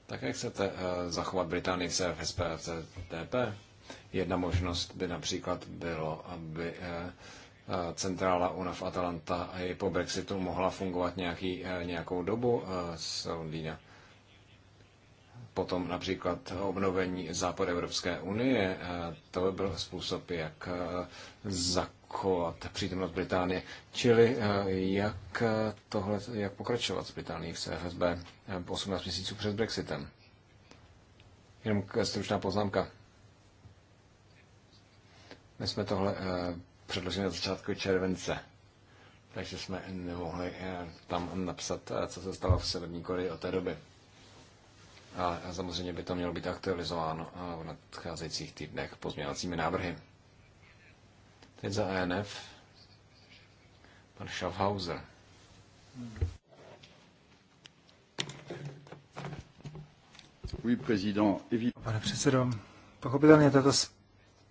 tak jak chcete zachovat Británii v CTP? Jedna možnost by například bylo, aby eh, eh, centrála UNA v Atalanta i po Brexitu mohla fungovat nějaký, eh, nějakou dobu z Londýna. Potom například obnovení Západ Evropské unie, to by byl způsob, jak zakovat přítomnost Británie. Čili jak, tohle, jak pokračovat s Británií v CFSB 18 měsíců před Brexitem. Jenom stručná poznámka. My jsme tohle eh, předložili na začátku července, takže jsme nemohli eh, tam napsat, eh, co se stalo v Severní Koreji od té doby. A samozřejmě by to mělo být aktualizováno v nadcházejících týdnech pozměňovacími návrhy. Teď za ENF pan Schaffhauser. Pane předsedo, pochopitelně tato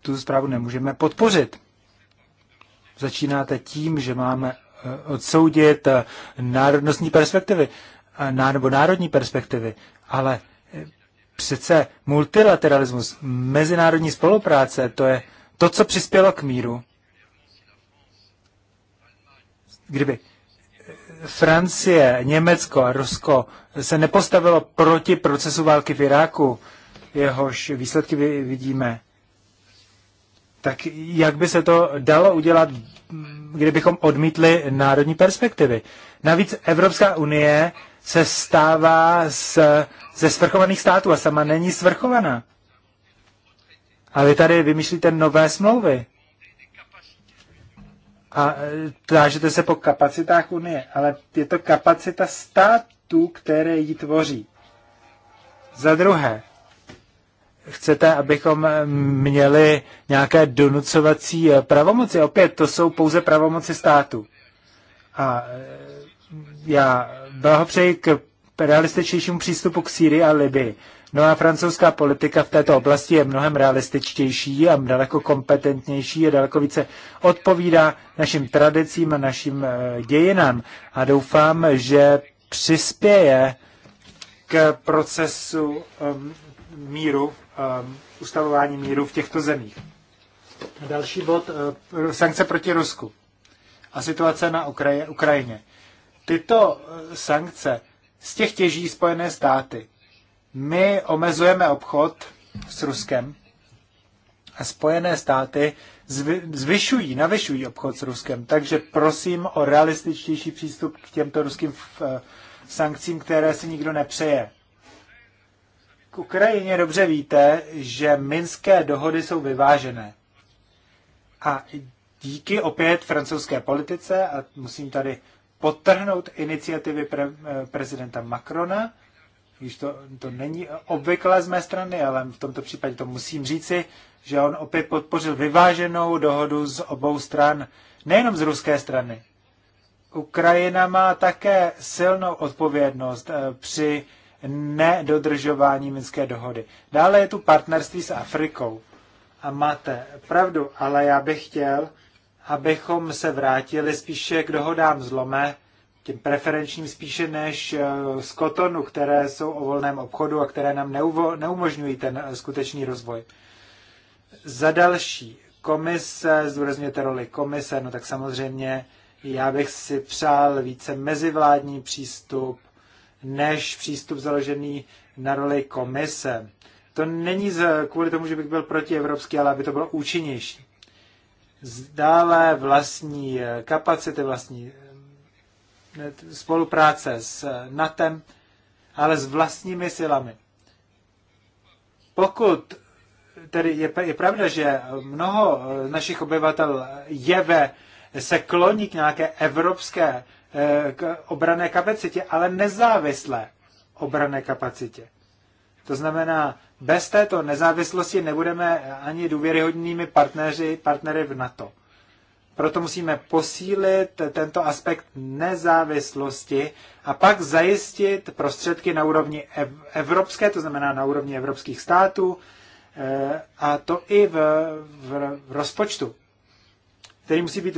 tu zprávu nemůžeme podpořit. Začínáte tím, že máme eh, odsoudit eh, národnostní perspektivy eh, nebo národní perspektivy, ale přece multilateralismus, mezinárodní spolupráce, to je to, co přispělo k míru. Kdyby Francie, Německo a Rusko se nepostavilo proti procesu války v Iráku, jehož výsledky vidíme, tak jak by se to dalo udělat, kdybychom odmítli národní perspektivy? Navíc Evropská unie se stává z, ze svrchovaných států a sama není svrchovaná. A vy tady vymýšlíte nové smlouvy. A e, tážete se po kapacitách Unie, ale je to kapacita států, které ji tvoří. Za druhé, chcete, abychom měli nějaké donucovací eh, pravomoci. Opět, to jsou pouze pravomoci státu. A eh, já blahopřeji k realističtějšímu přístupu k Sýrii a Libii. No a francouzská politika v této oblasti je mnohem realističtější a daleko kompetentnější a daleko více odpovídá našim tradicím a našim eh, dějinám. A doufám, že přispěje k procesu um, míru Um, ustavování míru v těchto zemích. Další bod, uh, sankce proti Rusku a situace na Ukraji, Ukrajině. Tyto uh, sankce z těch těží Spojené státy. My omezujeme obchod s Ruskem a Spojené státy zvyšují, navyšují obchod s Ruskem. Takže prosím o realističtější přístup k těmto ruským uh, sankcím, které si nikdo nepřeje. K Ukrajině dobře víte, že minské dohody jsou vyvážené. A díky opět francouzské politice, a musím tady podtrhnout iniciativy pre, eh, prezidenta Macrona, když to, to není obvyklé z mé strany, ale v tomto případě to musím říci, že on opět podpořil vyváženou dohodu z obou stran, nejenom z ruské strany. Ukrajina má také silnou odpovědnost eh, při nedodržování Minské dohody. Dále je tu partnerství s Afrikou. A máte pravdu, ale já bych chtěl, abychom se vrátili spíše k dohodám zlome, tím preferenčním spíše než eh, z kotonu, které jsou o volném obchodu a které nám neumožňují ten eh, skutečný rozvoj. Za další, komise, zdůrazňujete roli komise, no tak samozřejmě já bych si přál více mezivládní přístup, než přístup založený na roli komise. To není z, kvůli tomu, že bych byl protievropský, ale aby to bylo účinnější. Dále vlastní eh, kapacity, vlastní eh, spolupráce s eh, NATEM, ale s vlastními silami. Pokud tedy je, je pravda, že mnoho našich obyvatel je ve, se kloní k nějaké evropské Eh, k obrané kapacitě, ale nezávislé obrané kapacitě. To znamená, bez této nezávislosti nebudeme ani důvěryhodnými partneři, partnery v NATO. Proto musíme posílit tento aspekt nezávislosti a pak zajistit prostředky na úrovni evropské, to znamená na úrovni evropských států, eh, a to i v, v, v rozpočtu, který musí být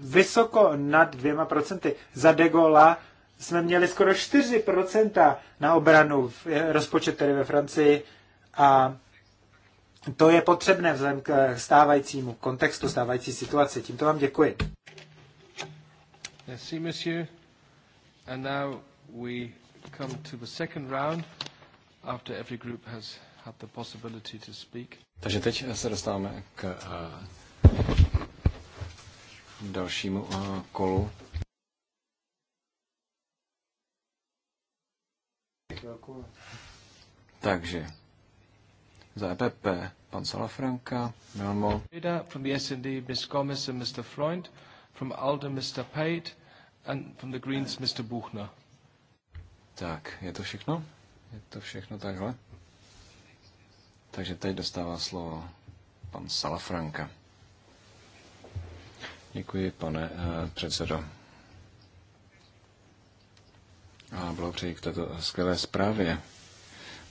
vysoko nad dvěma procenty. Za De Gaulle jsme měli skoro 4% na obranu v eh, rozpočet tedy ve Francii a to je potřebné vzhledem k eh, stávajícímu kontextu, stávající situaci. Tímto vám děkuji. Merci, monsieur. And now we come to the second round after every group has had the possibility to speak. Takže teď se dostáváme k eh, dalšímu eh, kolu. Takže za EPP pan Salafranka, Milmo. From the SND, Ms. Gomez and Mr. Freund. From ALDE, Mr. Pate. And from the Greens, Mr. Buchner. Tak, je to všechno? Je to všechno takhle? Takže teď dostává slovo pan Salafranka. Děkuji, pane eh, předsedo. A přeji k této skvělé zprávě.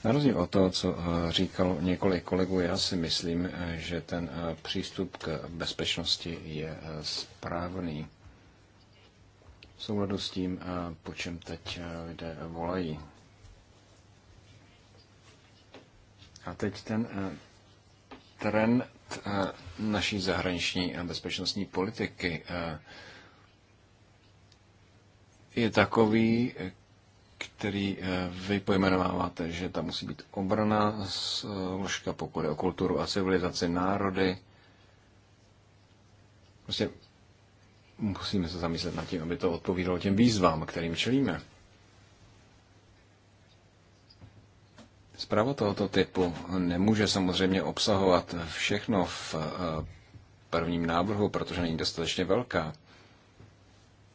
Na rozdíl od toho, co eh, říkal několik kolegů, já si myslím, eh, že ten přístup k bezpečnosti je správný. V souladu s tím, po čem teď lidé volají. A teď ten trend Eh, naší zahraniční a bezpečnostní politiky eh, je takový, který eh, vy pojmenováváte, že tam musí být obrana, složka pokud je o kulturu a civilizaci, národy. Prostě musíme se zamyslet nad tím, aby to odpovídalo těm výzvám, kterým čelíme. Zpráva tohoto typu nemůže samozřejmě obsahovat všechno v eh, prvním návrhu, protože není dostatečně velká.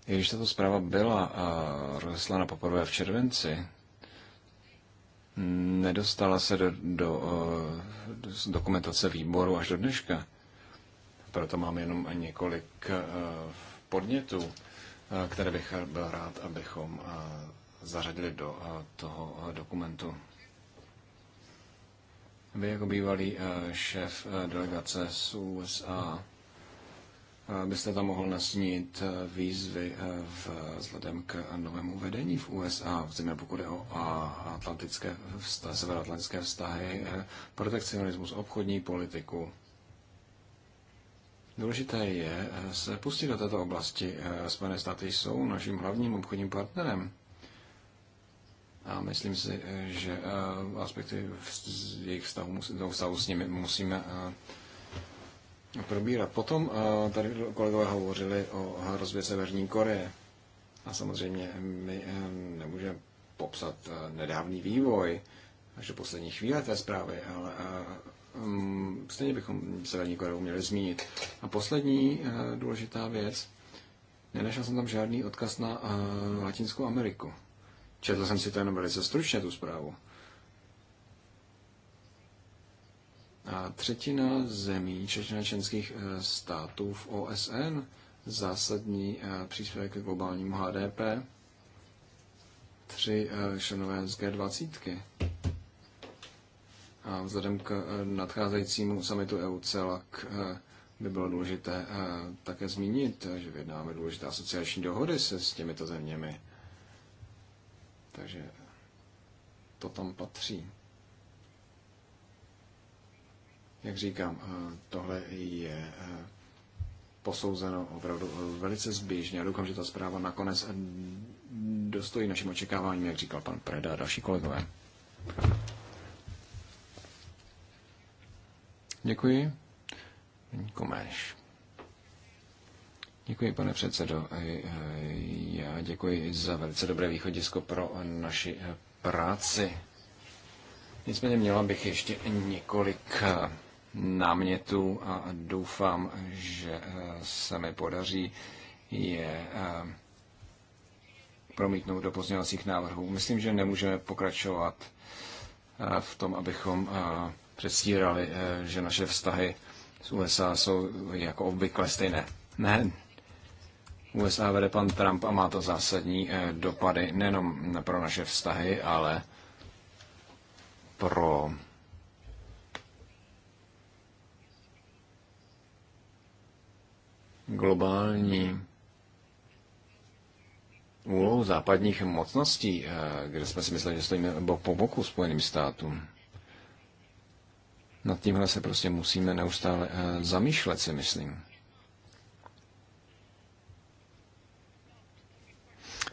I když tato zpráva byla eh, rozeslána poprvé v červenci, nedostala se do, do, do eh, dokumentace výboru až do dneška. Proto mám jenom několik podnětů, které bych byl rád, abychom zařadili do toho dokumentu. Vy jako bývalý eh, šéf eh, delegace z USA eh, byste tam mohl nasnít výzvy vzhledem k novému vedení v USA, zejména pokud je o atlantické vztahy, severoatlantické vztahy, protekcionismus, obchodní politiku. Důležité je se pustit do této oblasti. Spojené státy jsou naším hlavním obchodním partnerem. A myslím si, že eh, aspekty jejich vztahu, vztahu s nimi musíme eh, probírat. Potom eh, tady kolegové hovořili o hrozbě Severní Koreje. A samozřejmě my nemůžeme popsat nedávný vývoj až do poslední chvíle té zprávy, ale mm, stejně bychom Severní Koreu měli zmínit. A poslední důležitá věc, nenašel jsem tam žádný odkaz na Latinskou Ameriku. Četl jsem si to jenom velice stručně, tu zprávu. A třetina zemí členských eh, států v OSN zásadní eh, příspěvek k globálnímu HDP, tři eh, členové z G20. A vzhledem k nadcházejícímu samitu EU celak by bylo důležité také zmínit, že vyjednáme důležité asociační dohody se s těmito zeměmi. Takže to tam patří. Jak říkám, eh, tohle je eh, posouzeno opravdu eh, velice zběžně. A doufám, že ta zpráva nakonec dostojí našim očekáváním, jak říkal pan Preda a další kolegové. Děkuji. Komáš. Děkuji, pane předsedo. Eh, já děkuji za velice dobré východisko pro naši eh, práci. Nicméně měla bych ještě několik eh, námětů a doufám, že se mi podaří je promítnout do pozměňovacích návrhů. Myslím, že nemůžeme pokračovat v tom, abychom předstírali, že naše vztahy s USA jsou jako obvykle stejné. Ne, USA vede pan Trump a má to zásadní eh, dopady nejenom pro naše vztahy, ale pro globální úlohu západních mocností, eh, kde jsme si mysleli, že stojíme po boku Spojeným státům. Nad tímhle se prostě musíme neustále eh, zamýšlet, si myslím.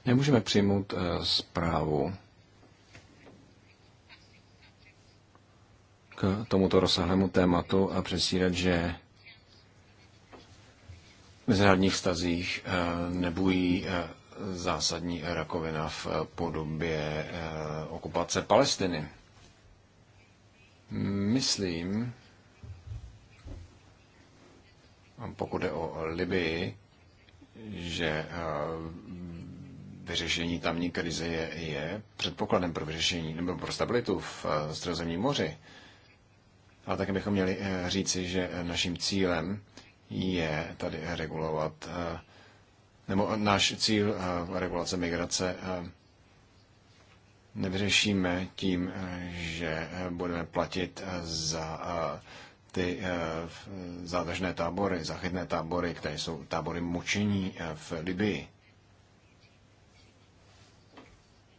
Nemůžeme přijmout eh, zprávu k tomuto rozsahlému tématu a přesírat, že v mezinárodních vztazích eh, nebují eh, zásadní rakovina v podobě okupace Palestiny. Myslím, pokud je o Libii, že vyřešení tamní krize je, je předpokladem pro vyřešení nebo pro stabilitu v eh, Středozemním moři. Ale také bychom měli eh, říci, že naším cílem je tady regulovat, eh, nebo náš cíl regulace migrace nevyřešíme tím, že budeme platit za ty zádržné tábory, zachytné tábory, které jsou tábory mučení v Libii.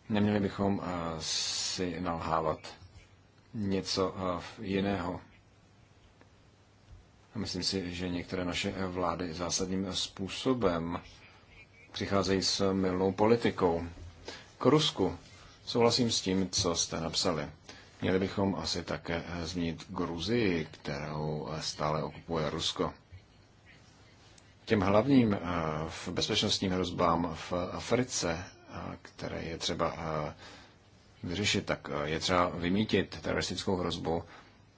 Neměli bychom eh, si nalhávat něco eh, jiného. Myslím si, že některé naše vlády zásadním způsobem přicházejí s milnou politikou. K Rusku souhlasím s tím, co jste napsali. Měli bychom asi také eh, zmínit Gruzii, kterou stále okupuje Rusko. Těm hlavním v bezpečnostním hrozbám v Africe které je třeba eh, vyřešit, tak eh, je třeba vymítit teroristickou hrozbu,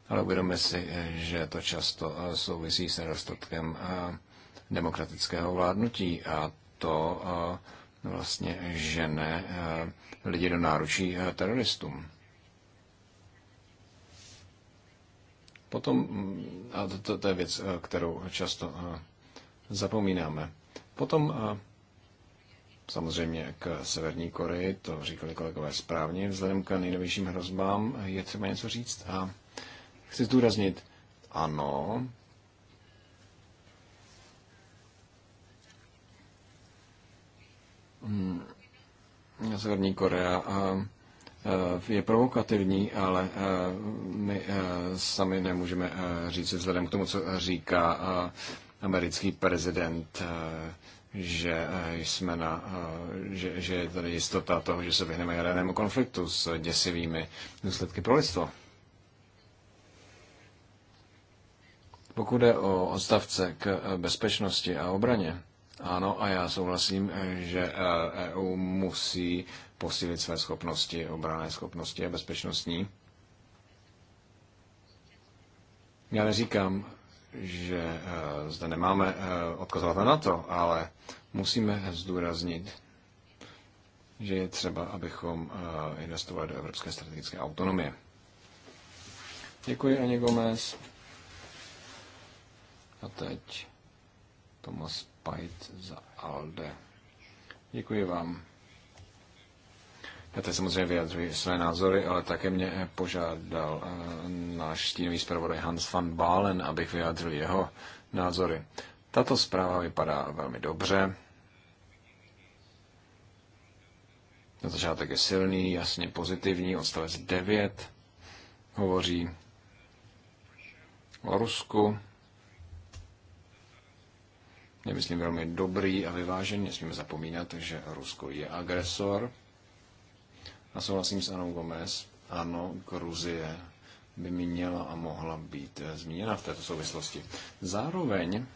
ale uvědomme si, eh, že to často souvisí s nedostatkem demokratického vládnutí a to vlastně žene lidi do náručí teroristům. Potom, mm, a to, to, to je věc, kterou často zapomínáme, potom samozřejmě k Severní Koreji, to říkali kolegové správně, vzhledem k nejnovějším hrozbám je třeba něco říct a chci zdůraznit, ano, hmm. Severní Korea a eh, eh, je provokativní, ale eh, my sami nemůžeme říct vzhledem k tomu, co říká americký prezident, že eh, jsme na, eh, že, že je tady jistota toho, že se vyhneme jadernému konfliktu s děsivými důsledky pro lidstvo. Pokud jde o odstavce k eh, bezpečnosti a obraně, ano, a já souhlasím, že EU e musí posílit své schopnosti, obrané schopnosti a bezpečnostní. Já neříkám, že eh, zde nemáme eh, odkazovat na to, ale musíme zdůraznit, že je třeba, abychom eh, investovali do evropské strategické autonomie. Děkuji, Ani Gomez. A teď Thomas Pajt za ALDE. Děkuji vám. Já tady samozřejmě vyjadřuji své názory, ale také mě požádal eh, náš stínový zpravodaj Hans van Balen, abych vyjádřil jeho názory. Tato zpráva vypadá velmi dobře. Na začátek je silný, jasně pozitivní. Odstavec 9 hovoří o Rusku. Nemyslím myslím, velmi dobrý a vyvážený. Nesmíme zapomínat, že Rusko je agresor a souhlasím s Anou Gomez. Ano, Gruzie by měla a mohla být eh, zmíněna v této souvislosti. Zároveň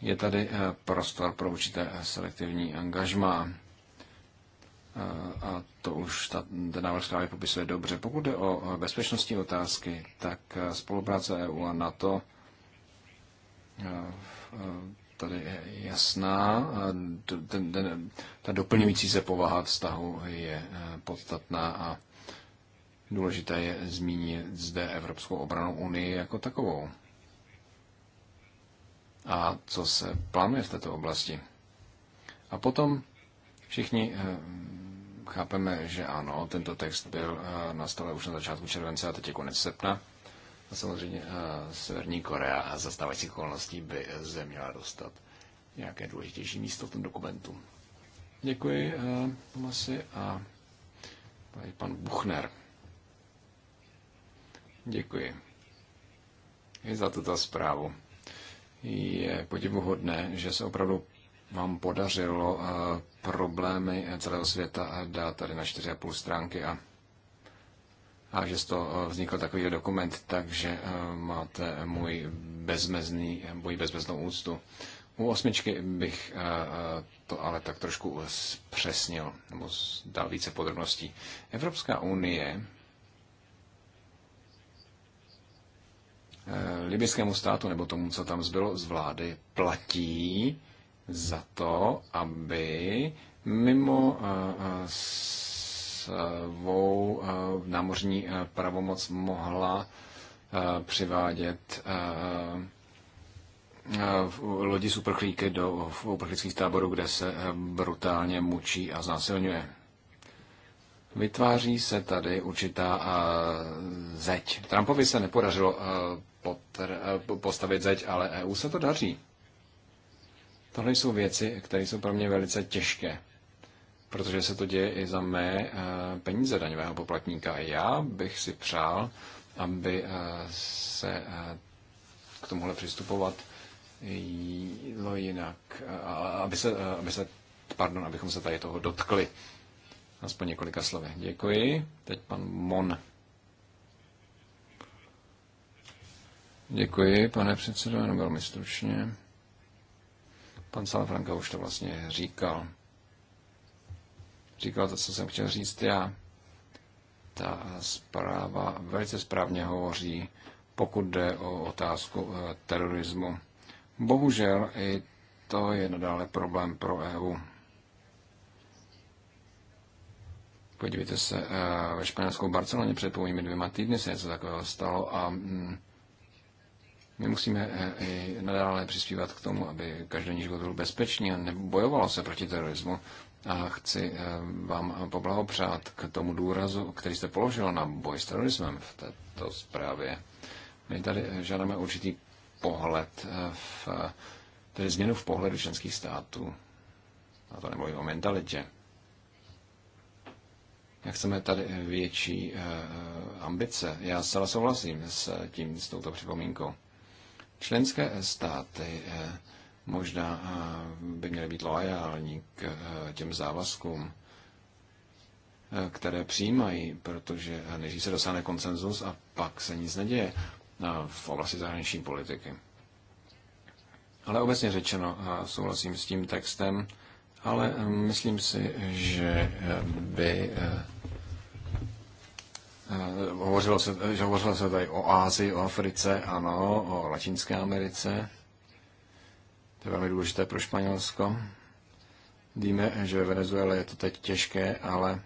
je tady eh, prostor pro určité eh, selektivní angažma A to už ta, ten návrh zprávy popisuje dobře. Pokud jde o bezpečnostní otázky, tak spolupráce EU a NATO tady jasná. Ten, ten, ta doplňující se povaha vztahu je eh, podstatná a důležité je zmínit zde Evropskou obranou unii jako takovou. A co se plánuje v této oblasti? A potom všichni eh, chápeme, že ano, tento text byl eh, na stole už na začátku července a teď je konec srpna. Samozřejmě eh, Severní Korea a zastávající okolností by se měla dostat nějaké důležitější místo v tom dokumentu. Děkuji, eh, Tomasi, a pan Buchner. Děkuji i za tuto zprávu. Je podivuhodné, že se opravdu vám podařilo eh, problémy celého světa dát tady na 4,5 stránky a a že z toho eh, vznikl takový dokument, takže eh, máte můj bezmezný, můj bezmeznou úctu. U osmičky bych eh, to ale tak trošku zpřesnil, nebo dal více podrobností. Evropská unie libyskému státu, nebo tomu, co tam zbylo z vlády, platí za to, aby mimo svou eh, námořní eh, pravomoc mohla eh, přivádět lodi s uprchlíky do uprchlických táborů, kde se brutálně mučí a znásilňuje. Vytváří se tady určitá zeď. Trumpovi se nepodařilo postavit zeď, ale EU se to daří. Tohle jsou věci, které jsou pro mě velice těžké protože se to děje i za mé eh, peníze daňového poplatníka. Já bych si přál, aby eh, se eh, k tomuhle přistupovat jídlo jinak, aby se, aby se, pardon, abychom se tady toho dotkli. Aspoň několika slovy. Děkuji. Teď pan Mon. Děkuji, pane předsedo, jenom velmi stručně. Pan Salafranka už to vlastně říkal říkal to, co jsem chtěl říct já. Ta zpráva velice správně hovoří, pokud jde o otázku eh, terorismu. Bohužel i to je nadále problém pro EU. Podívejte se, eh, ve španělskou Barceloně před pouhými dvěma týdny se něco takového stalo a mm, my musíme eh, i nadále přispívat k tomu, aby každý život byl bezpečný a nebojovalo se proti terorismu. A chci eh, vám poblahopřát k tomu důrazu, který jste položila na boj s terorismem v této zprávě. My tady žádáme určitý pohled, eh, v, tedy změnu v pohledu členských států. A to nemluvím o mentalitě. Jak chceme tady větší eh, ambice. Já zcela souhlasím s tím, s touto připomínkou. Členské státy možná eh, by měli být loajální k eh, těm závazkům, eh, které přijímají, protože než se dosáhne konsenzus a pak se nic neděje v oblasti zahraniční politiky. Ale obecně řečeno souhlasím s tím textem, ale myslím si, že by hovořilo se, že hovořilo se tady o Ázii, o Africe, ano, o Latinské Americe je velmi důležité pro Španělsko. Víme, že ve Venezuele je to teď těžké, ale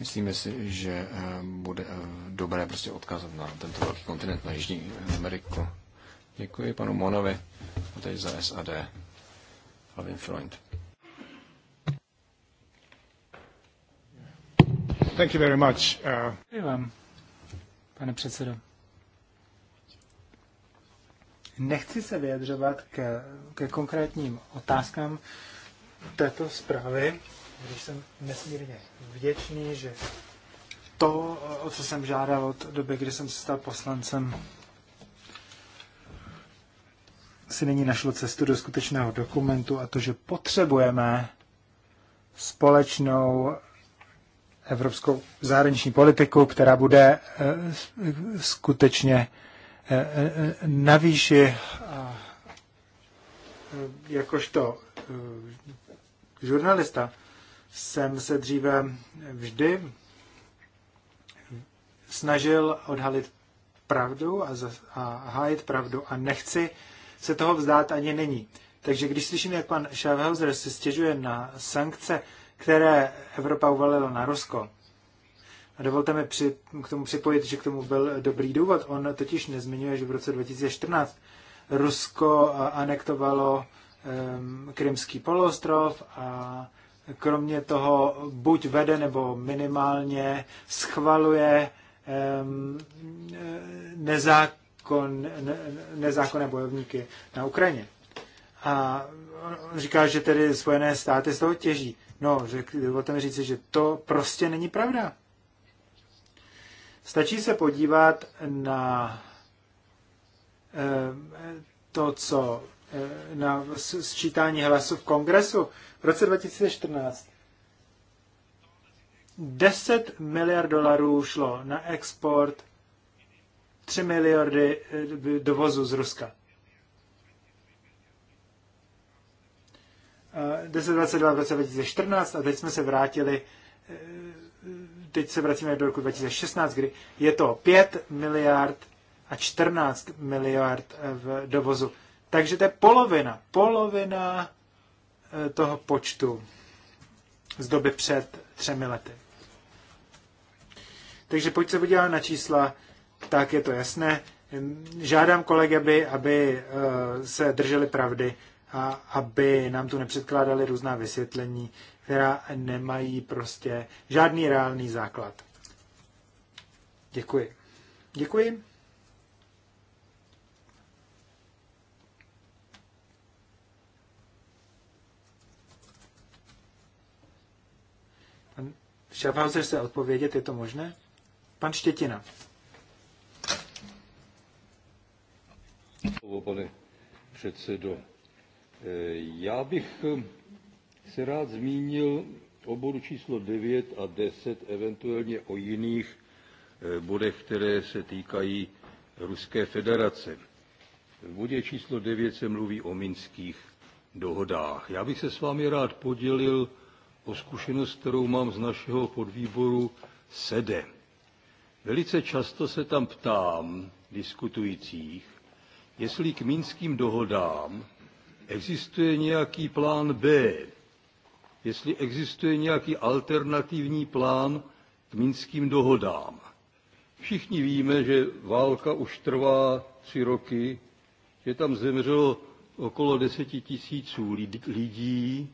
myslíme si, že eh, bude eh, dobré prostě odkazat na tento velký kontinent, na Jižní Ameriku. Děkuji panu Monovi, a teď za SAD. Hlavně Freund. Thank you very much. Uh... Děkuji vám, pane předsedo. Nechci se vyjadřovat ke, ke konkrétním otázkám této zprávy, když jsem nesmírně vděčný, že to, o co jsem žádal od doby, kdy jsem se stal poslancem, si nyní našlo cestu do skutečného dokumentu a to, že potřebujeme společnou evropskou zahraniční politiku, která bude eh, skutečně Eh, eh, eh, na výši a jakožto žurnalista jsem se dříve vždy snažil odhalit pravdu a, za, a hájit pravdu a nechci se toho vzdát ani není. Takže když slyším, jak pan Schaffhauser se stěžuje na sankce, které Evropa uvalila na Rusko, a dovolte mi při, k tomu připojit, že k tomu byl dobrý důvod. On totiž nezmiňuje, že v roce 2014 Rusko anektovalo um, Krymský poloostrov a kromě toho buď vede nebo minimálně schvaluje um, nezákon, ne, nezákonné bojovníky na Ukrajině. A on říká, že tedy Spojené státy z toho těží. No, dovolte mi říci, že to prostě není pravda. Stačí se podívat na eh, to, co eh, na sčítání hlasů v kongresu v roce 2014. 10 miliard dolarů šlo na export, 3 miliardy eh, dovozu z Ruska. 1022 v roce 2014 a teď jsme se vrátili teď se vracíme do roku 2016, kdy je to 5 miliard a 14 miliard eh, v dovozu. Takže to je polovina, polovina eh, toho počtu z doby před třemi lety. Takže pojď se podívat na čísla, tak je to jasné. Žádám kolegy, aby, aby eh, se drželi pravdy a aby nám tu nepředkládali různá vysvětlení, která nemají prostě žádný reálný základ. Děkuji. Děkuji. Pan Schaffhauser se odpovědět, je to možné? Pan Štětina. Pane předsedo, Eh, já bych eh, se rád zmínil o bodu číslo 9 a 10, eventuálně o jiných eh, bodech, které se týkají Ruské federace. V bodě číslo 9 se mluví o minských dohodách. Já bych se s vámi rád podělil o zkušenost, kterou mám z našeho podvýboru SEDE. Velice často se tam ptám diskutujících, jestli k minským dohodám Existuje nějaký plán B? Jestli existuje nějaký alternativní plán k minským dohodám? Všichni víme, že válka už trvá tři roky, že tam zemřelo okolo deseti tisíců lidí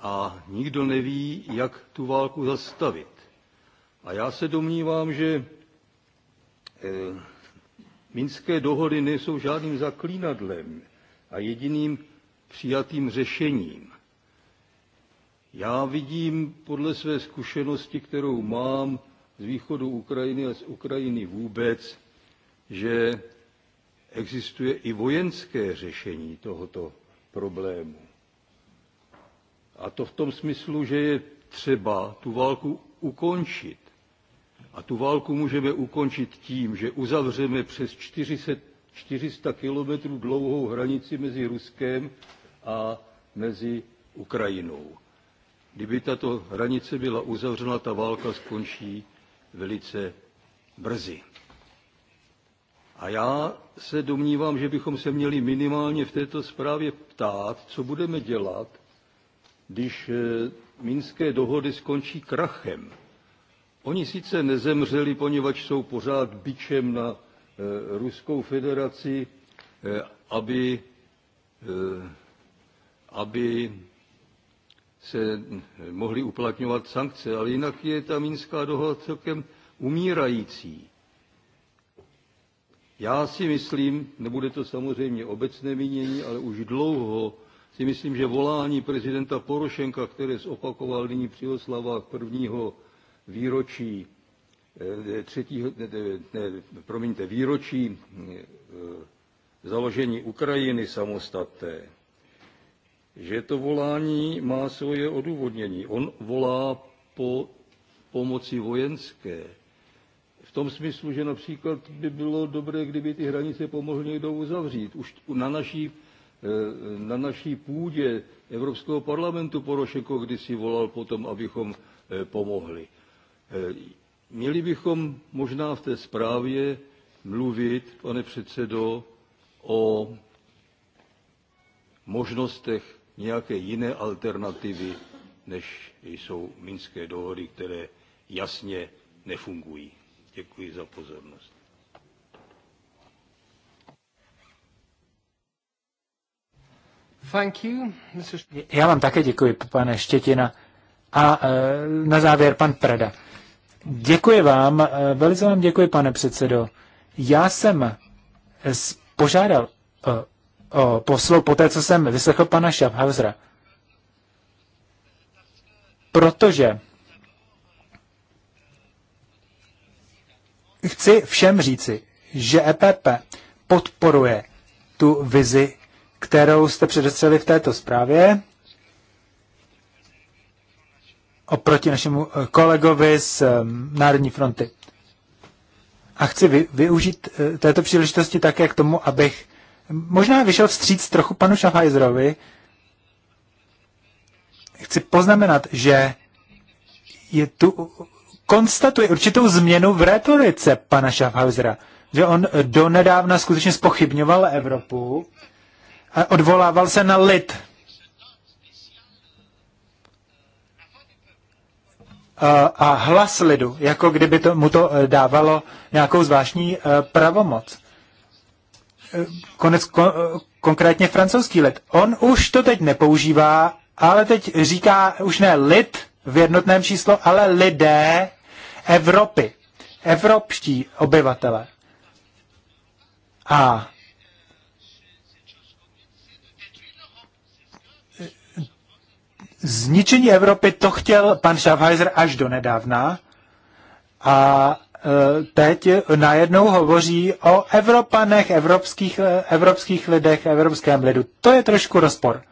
a nikdo neví, jak tu válku zastavit. A já se domnívám, že eh, minské dohody nejsou žádným zaklínadlem a jediným přijatým řešením. Já vidím podle své zkušenosti, kterou mám z východu Ukrajiny a z Ukrajiny vůbec, že existuje i vojenské řešení tohoto problému. A to v tom smyslu, že je třeba tu válku ukončit. A tu válku můžeme ukončit tím, že uzavřeme přes 40 400 kilometrů dlouhou hranici mezi Ruskem a mezi Ukrajinou. Kdyby tato hranice byla uzavřena, ta válka skončí velice brzy. A já se domnívám, že bychom se měli minimálně v této zprávě ptát, co budeme dělat, když eh, minské dohody skončí krachem. Oni sice nezemřeli, poněvadž jsou pořád bičem na Eh, Ruskou federaci, eh, aby, eh, aby se mohly uplatňovat sankce, ale jinak je ta Minská dohoda celkem umírající. Já si myslím, nebude to samozřejmě obecné mínění, ale už dlouho si myslím, že volání prezidenta Porošenka, které zopakoval nyní při oslavách prvního výročí Eh, třetího, ne, promiňte, výročí eh, založení Ukrajiny samostatné, že to volání má svoje odůvodnění. On volá po pomoci vojenské. V tom smyslu, že například by bylo dobré, kdyby ty hranice pomohl někdo uzavřít. Už na naší, eh, na naší půdě Evropského parlamentu Porošeko kdysi volal potom, abychom pomohli. Měli bychom možná v té zprávě mluvit, pane předsedo, o možnostech nějaké jiné alternativy, než jsou minské dohody, které jasně nefungují. Děkuji za pozornost. Thank you. Já vám také děkuji, pane Štětina. A e, na závěr pan Preda. Děkuji vám, eh, velice vám děkuji, pane předsedo. Já jsem eh, požádal eh, o poslou po té, co jsem vyslechl pana Schaffhausera, protože chci všem říci, že EPP podporuje tu vizi, kterou jste předestřeli v této zprávě, oproti našemu eh, kolegovi z eh, Národní fronty. A chci využít eh, této příležitosti také k tomu, abych možná vyšel vstříc trochu panu Schaffheiserovi. Chci poznamenat, že je tu konstatuje určitou změnu v retorice pana Schaffhausera, že on donedávna skutečně spochybňoval Evropu a odvolával se na lid, Eh, a hlas lidu, jako kdyby to, mu to eh, dávalo nějakou zvláštní eh, pravomoc. Konec, kon, konkrétně francouzský lid. On už to teď nepoužívá, ale teď říká už ne lid v jednotném číslo, ale lidé Evropy. Evropští obyvatele. A zničení Evropy, to chtěl pan Schaffheiser až do nedávna. A e, teď najednou hovoří o Evropanech, evropských, e, evropských lidech, evropském lidu. To je trošku rozpor.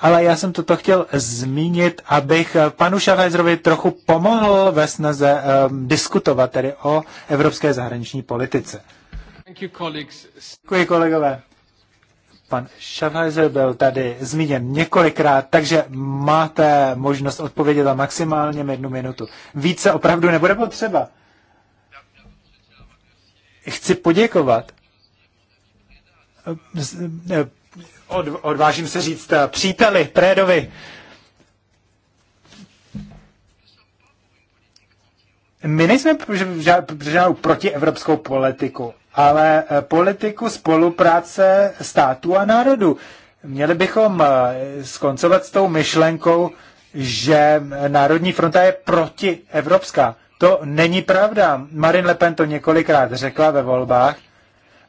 Ale já jsem toto chtěl zmínit, abych panu Schaffheiserovi trochu pomohl ve snaze um, diskutovat tedy o evropské zahraniční politice. Děkuji, kolegové. Pan Schaffheiser byl tady zmíněn několikrát, takže máte možnost odpovědět za maximálně jednu minutu. Více opravdu nebude potřeba. Chci poděkovat. Od, odvážím se říct příteli, prédovi. My nejsme žádnou protievropskou politiku ale eh, politiku spolupráce států a národů. Měli bychom eh, skoncovat s tou myšlenkou, že eh, Národní fronta je protievropská. To není pravda. Marine Le Pen to několikrát řekla ve volbách,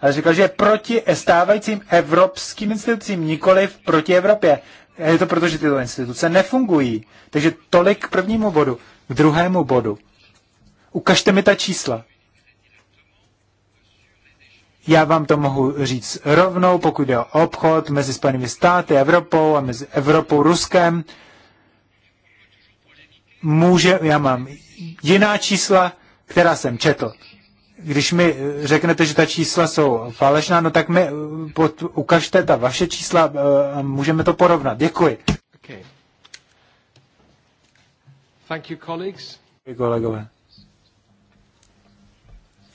ale řekla, že je proti stávajícím evropským institucím, nikoli proti Evropě. Je to proto, že tyto instituce nefungují. Takže tolik k prvnímu bodu. K druhému bodu. Ukažte mi ta čísla. Já vám to mohu říct rovnou, pokud jde o obchod mezi Spojenými státy, Evropou a mezi Evropou, Ruskem. Může, já mám jiná čísla, která jsem četl. Když mi eh, řeknete, že ta čísla jsou falešná, no tak mi eh, pod, ukažte ta vaše čísla eh, a můžeme to porovnat. Děkuji. Okay. Thank you, colleagues. Děkuji, kolegové.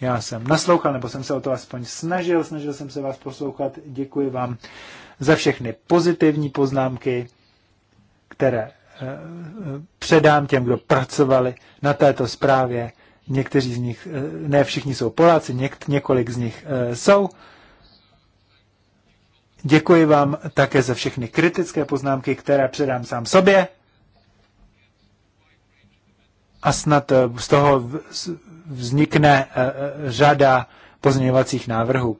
Já jsem naslouchal, nebo jsem se o to aspoň snažil, snažil jsem se vás poslouchat. Děkuji vám za všechny pozitivní poznámky, které eh, eh, předám těm, kdo pracovali na této zprávě. Někteří z nich, eh, ne všichni jsou Poláci, něk, několik z nich jsou. Děkuji vám také za všechny kritické poznámky, které předám sám sobě. A snad z toho vznikne eh, eh, řada pozměňovacích návrhů.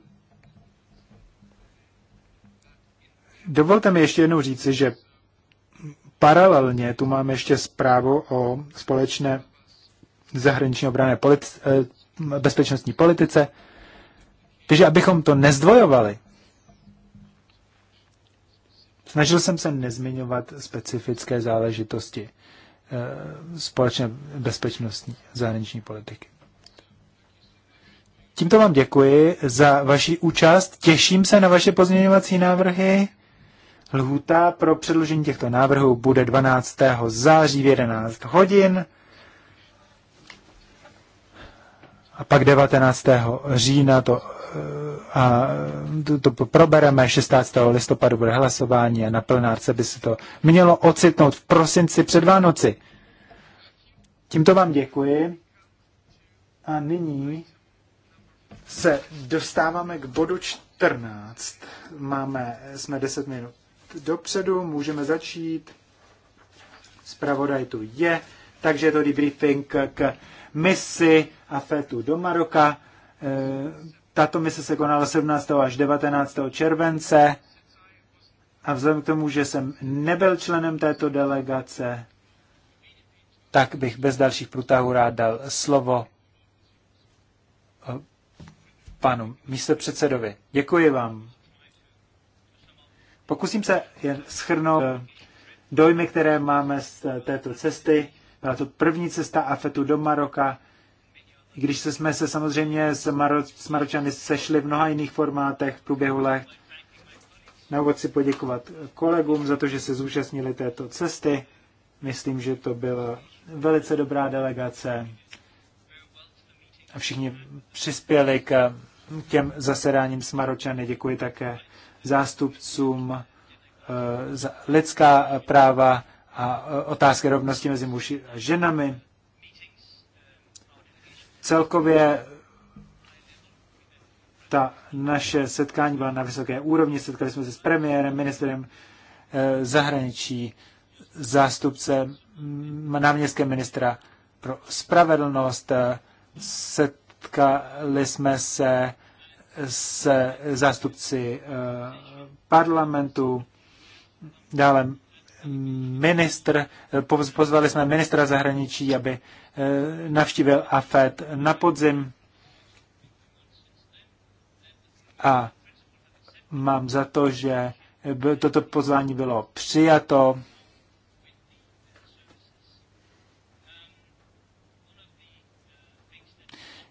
Dovolte mi ještě jednou říci, že paralelně tu máme ještě zprávu o společné zahraniční obrané politi- eh, bezpečnostní politice. Takže abychom to nezdvojovali, snažil jsem se nezmiňovat specifické záležitosti společné bezpečnostní zahraniční politiky. Tímto vám děkuji za vaši účast. Těším se na vaše pozměňovací návrhy. Lhůta pro předložení těchto návrhů bude 12. září v 11 hodin a pak 19. října to, eh, a, to, to probereme, 16. listopadu bude hlasování a na plnárce by se to mělo ocitnout v prosinci před Vánoci. Tímto vám děkuji a nyní se dostáváme k bodu 14. Máme, jsme 10 minut dopředu, můžeme začít. Spravodaj tu je, takže je to debriefing k misi fetu do Maroka. E, tato mise se konala 17. až 19. července a vzhledem k tomu, že jsem nebyl členem této delegace, tak bych bez dalších průtahů rád dal slovo panu předsedovi. Děkuji vám. Pokusím se jen schrnout eh, dojmy, které máme z eh, této cesty. Byla to první cesta AFETu do Maroka, i když jsme se samozřejmě s, Maro, s Maročany sešli v mnoha jiných formátech v průběhu let. Na úvod si poděkovat kolegům za to, že se zúčastnili této cesty. Myslím, že to byla velice dobrá delegace a všichni přispěli k těm zasedáním s Maročany. Děkuji také zástupcům eh, za lidská práva a eh, otázky rovnosti mezi muži a ženami. Celkově ta naše setkání byla na vysoké úrovni. Setkali jsme se s premiérem, ministrem eh, zahraničí, zástupce náměstkem ministra pro spravedlnost. Setkali jsme se se zástupci eh, parlamentu, dále ministr, pozvali jsme ministra zahraničí, aby eh, navštívil AFED na podzim a mám za to, že toto pozvání bylo přijato.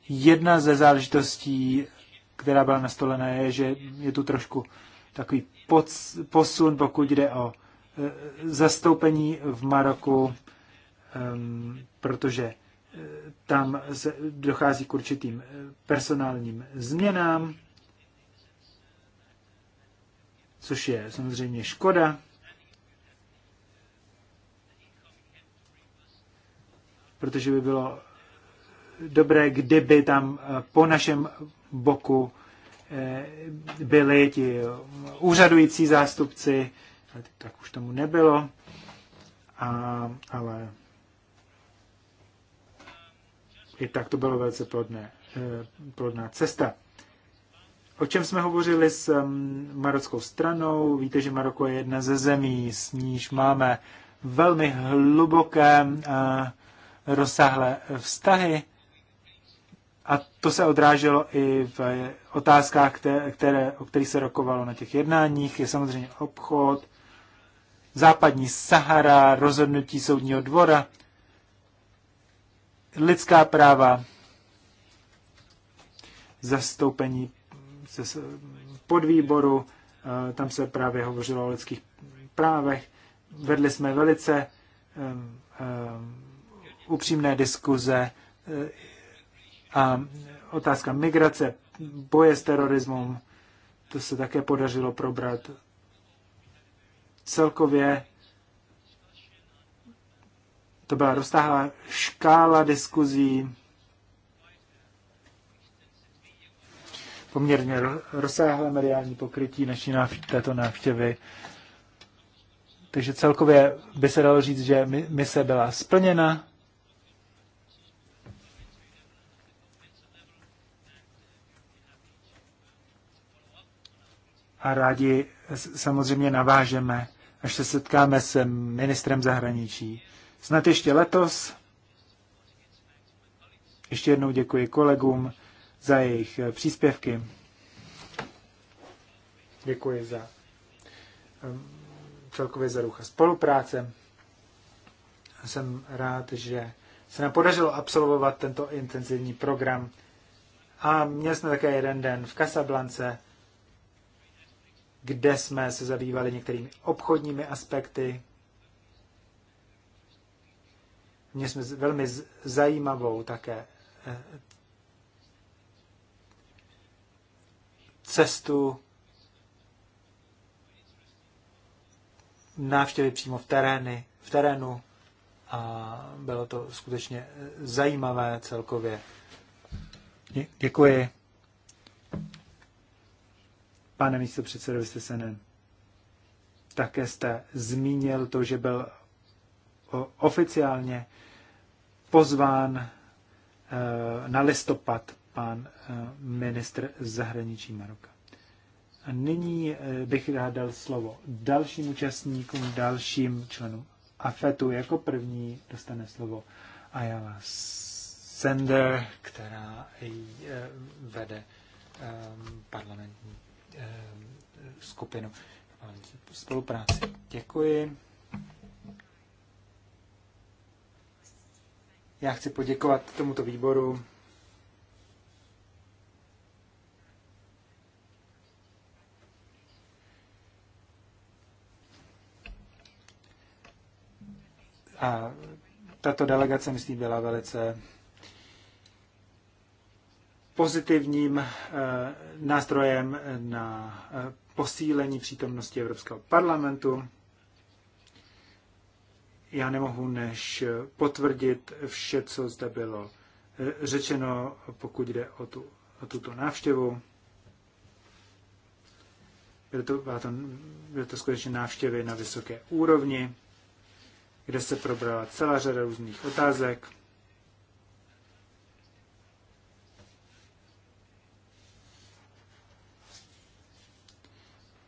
Jedna ze záležitostí, která byla nastolena, je, že je tu trošku takový posun, pokud jde o eh, zastoupení v Maroku, ehm, protože eh, tam dochází k určitým eh, personálním změnám, což je samozřejmě škoda. Protože by bylo dobré, kdyby tam po našem boku eh, byli ti úřadující zástupci, tak už tomu nebylo, a, ale i tak to bylo velice plodné, eh, plodná cesta. O čem jsme hovořili s mm, marockou stranou? Víte, že Maroko je jedna ze zemí, s níž máme velmi hluboké, eh, rozsáhlé vztahy. A to se odráželo i v otázkách, které, které, o kterých se rokovalo na těch jednáních. Je samozřejmě obchod, západní Sahara, rozhodnutí soudního dvora, lidská práva, zastoupení podvýboru, eh, tam se právě hovořilo o lidských právech. Vedli jsme velice um, um, upřímné diskuze a otázka migrace, boje s terorismem, to se také podařilo probrat. Celkově to byla roztáhlá škála diskuzí, poměrně rozsáhlé mediální pokrytí naší návštěvy, této návštěvy. Takže celkově by se dalo říct, že mise byla splněna a rádi samozřejmě navážeme, až se setkáme s ministrem zahraničí. Snad ještě letos. Ještě jednou děkuji kolegům za jejich eh, příspěvky. Děkuji za eh, celkově za ducha spolupráce. Jsem rád, že se nám podařilo absolvovat tento intenzivní program. A měli jsme také jeden den v Casablance, kde jsme se zabývali některými obchodními aspekty. Měli jsme velmi zajímavou také eh, cestu návštěvy přímo v, terény, v terénu a bylo to skutečně eh, zajímavé celkově. Děkuji. Pane místo předsedo Vistesenen, také jste zmínil to, že byl oficiálně pozván eh, na listopad pan eh, ministr zahraničí Maroka. A nyní eh, bych rád dal slovo dalším účastníkům, dalším členům AFETu. Jako první dostane slovo Ayala Sender, která vede parlamentní Eh, skupinu spolupráci. Děkuji. Já chci poděkovat tomuto výboru. A tato delegace, myslím, byla velice pozitivním eh, nástrojem na eh, posílení přítomnosti Evropského parlamentu. Já nemohu než potvrdit vše, co zde bylo eh, řečeno, pokud jde o, tu, o tuto návštěvu. Byly to, byly, to, byly to skutečně návštěvy na vysoké úrovni, kde se probrala celá řada různých otázek.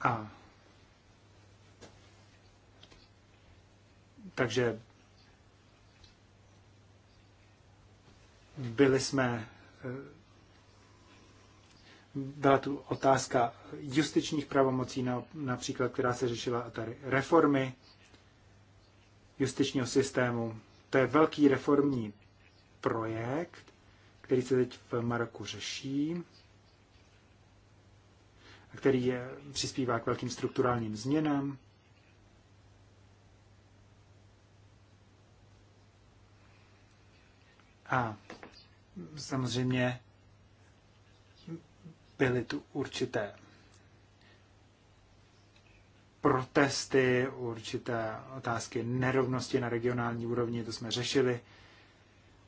A takže byli jsme, eh, byla tu otázka justičních pravomocí, například, která se řešila tady reformy justičního systému. To je velký reformní projekt, který se teď v Maroku řeší který je, přispívá k velkým strukturálním změnám. A samozřejmě byly tu určité protesty, určité otázky nerovnosti na regionální úrovni, to jsme řešili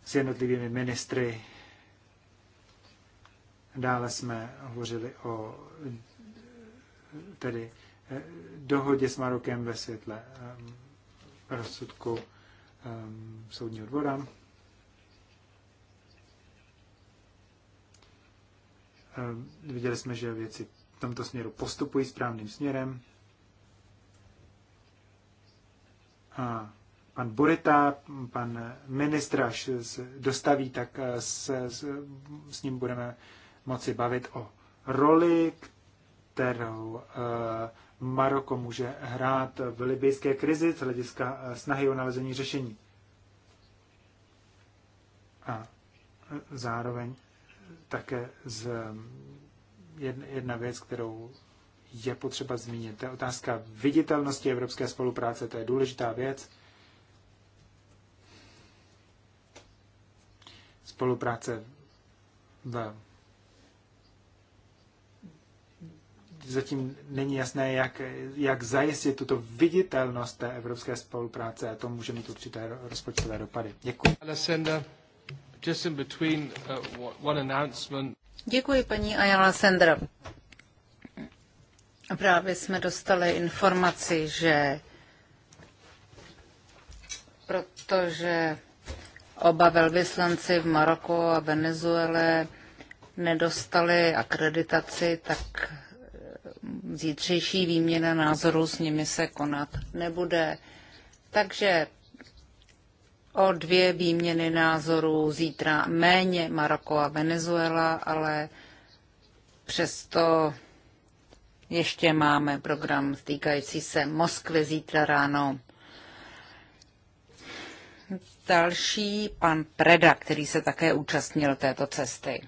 s jednotlivými ministry. Dále jsme hovořili o tedy eh, dohodě s Marokem ve světle eh, rozsudku eh, soudního dvora. Viděli jsme, že věci v tomto směru postupují správným směrem. A pan Burita, pan ministr, až dostaví, tak se, s, s ním budeme moci bavit o roli, kterou eh, Maroko může hrát v libijské krizi z hlediska eh, snahy o nalezení řešení. A eh, zároveň také z jedna věc, kterou je potřeba zmínit. To je otázka viditelnosti evropské spolupráce, to je důležitá věc. Spolupráce v zatím není jasné, jak, jak zajistit tuto viditelnost té evropské spolupráce a to může mít určité rozpočtové dopady. Děkuji. Uh, Děkuji, paní Ayala Sender. Právě jsme dostali informaci, že protože oba velvyslanci v Maroku a Venezuele nedostali akreditaci, tak zítřejší výměna názorů s nimi se konat nebude. Takže o dvě výměny názorů zítra méně Maroko a Venezuela, ale přesto ještě máme program týkající se Moskvy zítra ráno. Další pan Preda, který se také účastnil této cesty.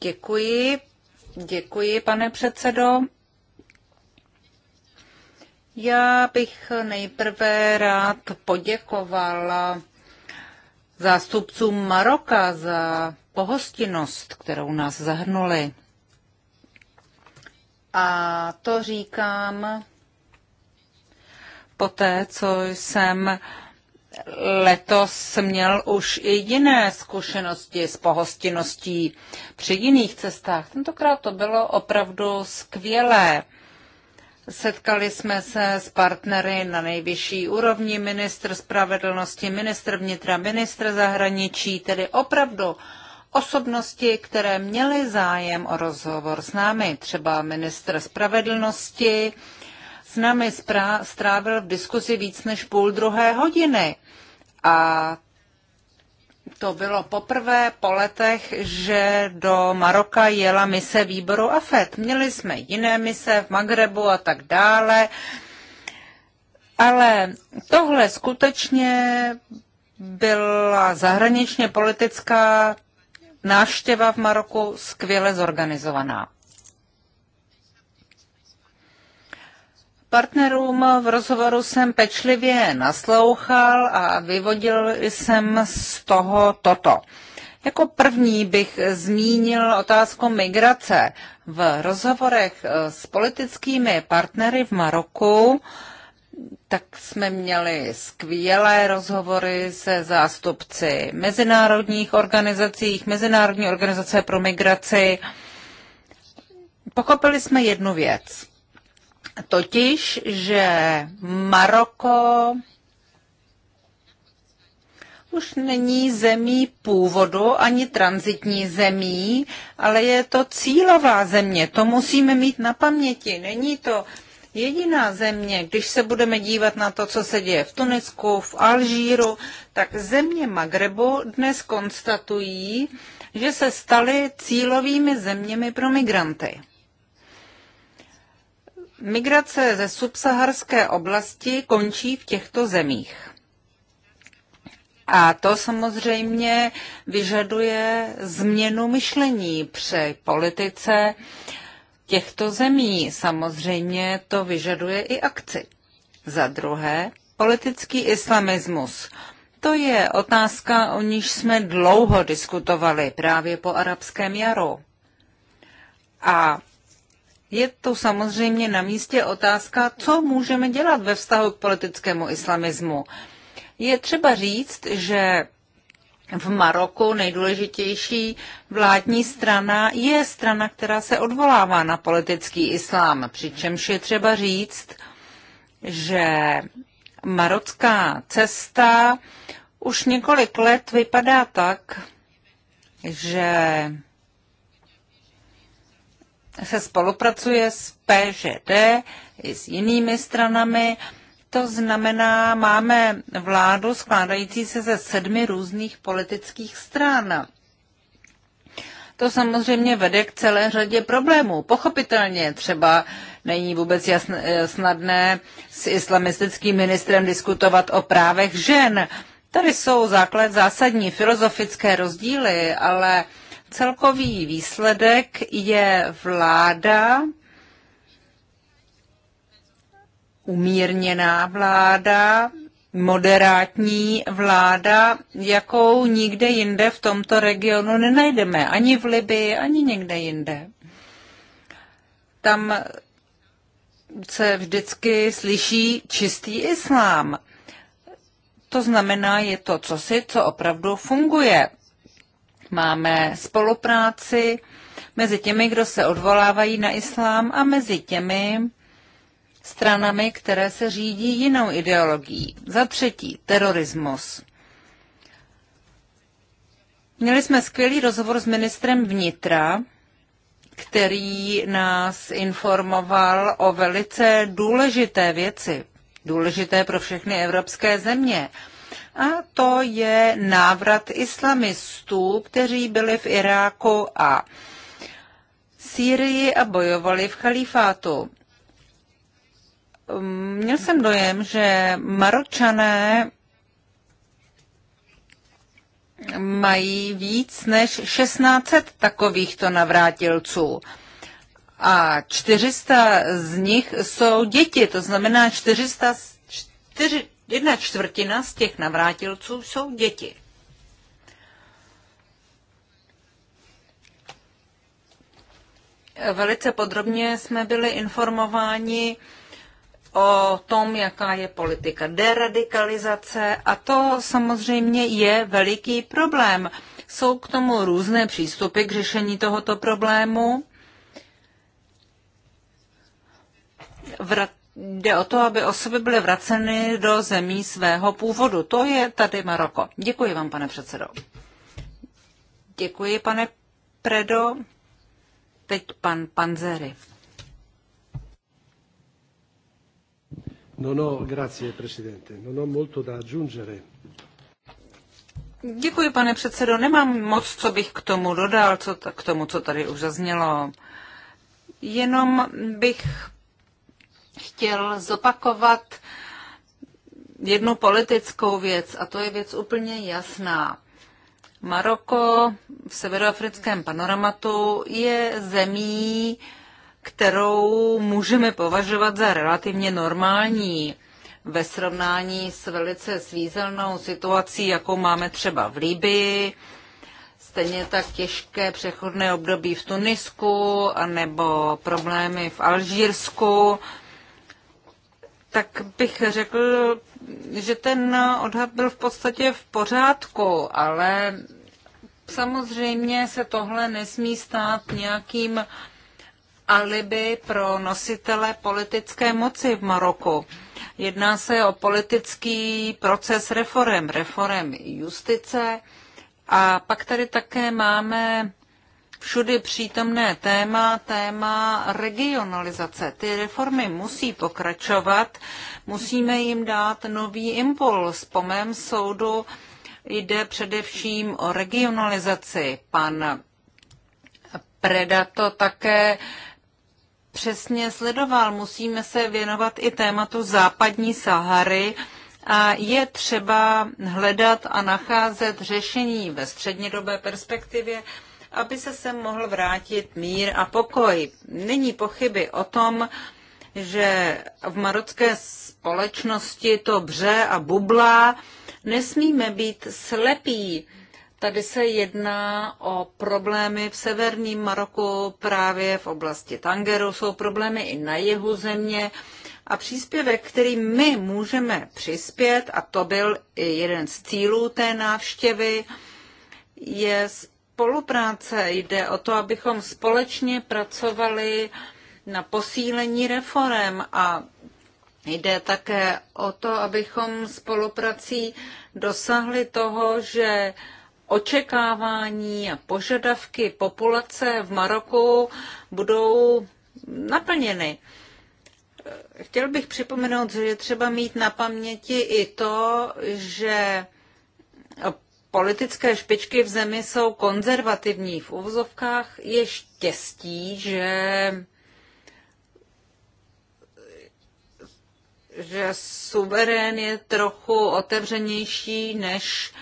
Děkuji. Děkuji, pane předsedo. Já bych nejprve rád poděkoval zástupcům Maroka za pohostinnost, kterou nás zahrnuli. A to říkám poté, co jsem letos měl už i jiné zkušenosti s pohostiností při jiných cestách. Tentokrát to bylo opravdu skvělé. Setkali jsme se s partnery na nejvyšší úrovni, ministr spravedlnosti, ministr vnitra, ministr zahraničí, tedy opravdu osobnosti, které měly zájem o rozhovor s námi, třeba ministr spravedlnosti, s námi strávil v diskuzi víc než půl druhé hodiny a to bylo poprvé po letech, že do Maroka jela mise výboru AFET. Měli jsme jiné mise v Magrebu a tak dále, ale tohle skutečně byla zahraničně politická návštěva v Maroku skvěle zorganizovaná. Partnerům v rozhovoru jsem pečlivě naslouchal a vyvodil jsem z toho toto. Jako první bych zmínil otázku migrace. V rozhovorech eh, s politickými partnery v Maroku tak jsme měli skvělé rozhovory se zástupci mezinárodních organizací, Mezinárodní organizace pro migraci. Pochopili jsme jednu věc totiž, že Maroko už není zemí původu ani transitní zemí, ale je to cílová země. To musíme mít na paměti. Není to jediná země, když se budeme dívat na to, co se děje v Tunisku, v Alžíru, tak země Magrebu dnes konstatují, že se staly cílovými zeměmi pro migranty. Migrace ze subsaharské oblasti končí v těchto zemích. A to samozřejmě vyžaduje změnu myšlení při politice těchto zemí. Samozřejmě to vyžaduje i akci. Za druhé, politický islamismus. To je otázka, o níž jsme dlouho diskutovali právě po arabském jaru. A je to samozřejmě na místě otázka, co můžeme dělat ve vztahu k politickému islamismu. Je třeba říct, že v Maroku nejdůležitější vládní strana je strana, která se odvolává na politický islám, přičemž je třeba říct, že marocká cesta už několik let vypadá tak, že se spolupracuje s PŽD i s jinými stranami. To znamená, máme vládu skládající se ze sedmi různých politických stran. To samozřejmě vede k celé řadě problémů. Pochopitelně třeba není vůbec jasné, snadné s islamistickým ministrem diskutovat o právech žen. Tady jsou základ zásadní filozofické rozdíly, ale uh, Celkový výsledek je vláda, umírněná vláda, moderátní vláda, jakou nikde jinde v tomto regionu nenajdeme, ani v Libii, ani někde jinde. Tam se vždycky slyší čistý islám. To znamená, je to cosi, co opravdu funguje. Máme spolupráci mezi těmi, kdo se odvolávají na islám a mezi těmi stranami, které se řídí jinou ideologií. Za třetí, terorismus. Měli jsme skvělý rozhovor s ministrem vnitra, který nás informoval o velice důležité věci, důležité pro všechny evropské země. A to je návrat islamistů, kteří byli v Iráku a Sýrii a bojovali v chalifátu. Um, měl jsem dojem, že Maročané mají víc než 16 takovýchto navrátilců. A 400 z nich jsou děti, to znamená 400, 4, jedna čtvrtina z těch navrátilců jsou děti. Velice podrobně jsme byli informováni o tom, jaká je politika deradikalizace a to samozřejmě je veliký problém. Jsou k tomu různé přístupy k řešení tohoto problému. Vrat, Jde o to, aby osoby byly vraceny do zemí svého původu. To je tady Maroko. Děkuji vám, pane předsedo. Děkuji, pane Predo. Teď pan Panzeri. No, no, grazie, presidente. No, no, molto da aggiungere. Děkuji, pane předsedo. Nemám moc, co bych k tomu dodal, co, k tomu, co tady už zaznělo. Jenom bych chtěl zopakovat jednu politickou věc, a to je věc úplně jasná. Maroko v severoafrickém panoramatu je zemí, kterou můžeme považovat za relativně normální ve srovnání s velice svízelnou situací, jakou máme třeba v Libii, stejně tak těžké přechodné období v Tunisku, nebo problémy v Alžírsku tak bych řekl, že ten odhad byl v podstatě v pořádku, ale samozřejmě se tohle nesmí stát nějakým alibi pro nositele politické moci v Maroku. Jedná se o politický proces reform, reform justice a pak tady také máme všudy přítomné téma, téma regionalizace. Ty reformy musí pokračovat, musíme jim dát nový impuls. Po mém soudu jde především o regionalizaci. Pan Preda to také přesně sledoval. Musíme se věnovat i tématu západní Sahary a je třeba hledat a nacházet řešení ve střednědobé perspektivě aby se sem mohl vrátit mír a pokoj. Není pochyby o tom, že v marocké společnosti to bře a bublá. Nesmíme být slepí. Tady se jedná o problémy v severním Maroku, právě v oblasti Tangeru. Jsou problémy i na jihu země. A příspěvek, který my můžeme přispět, a to byl jeden z cílů té návštěvy, je spolupráce. Jde o to, abychom společně pracovali na posílení reform a jde také o to, abychom spoluprací dosahli toho, že očekávání a požadavky populace v Maroku budou naplněny. Chtěl bych připomenout, že je třeba mít na paměti i to, že politické špičky v zemi jsou konzervativní. V uvozovkách je štěstí, že že suverén je trochu otevřenější než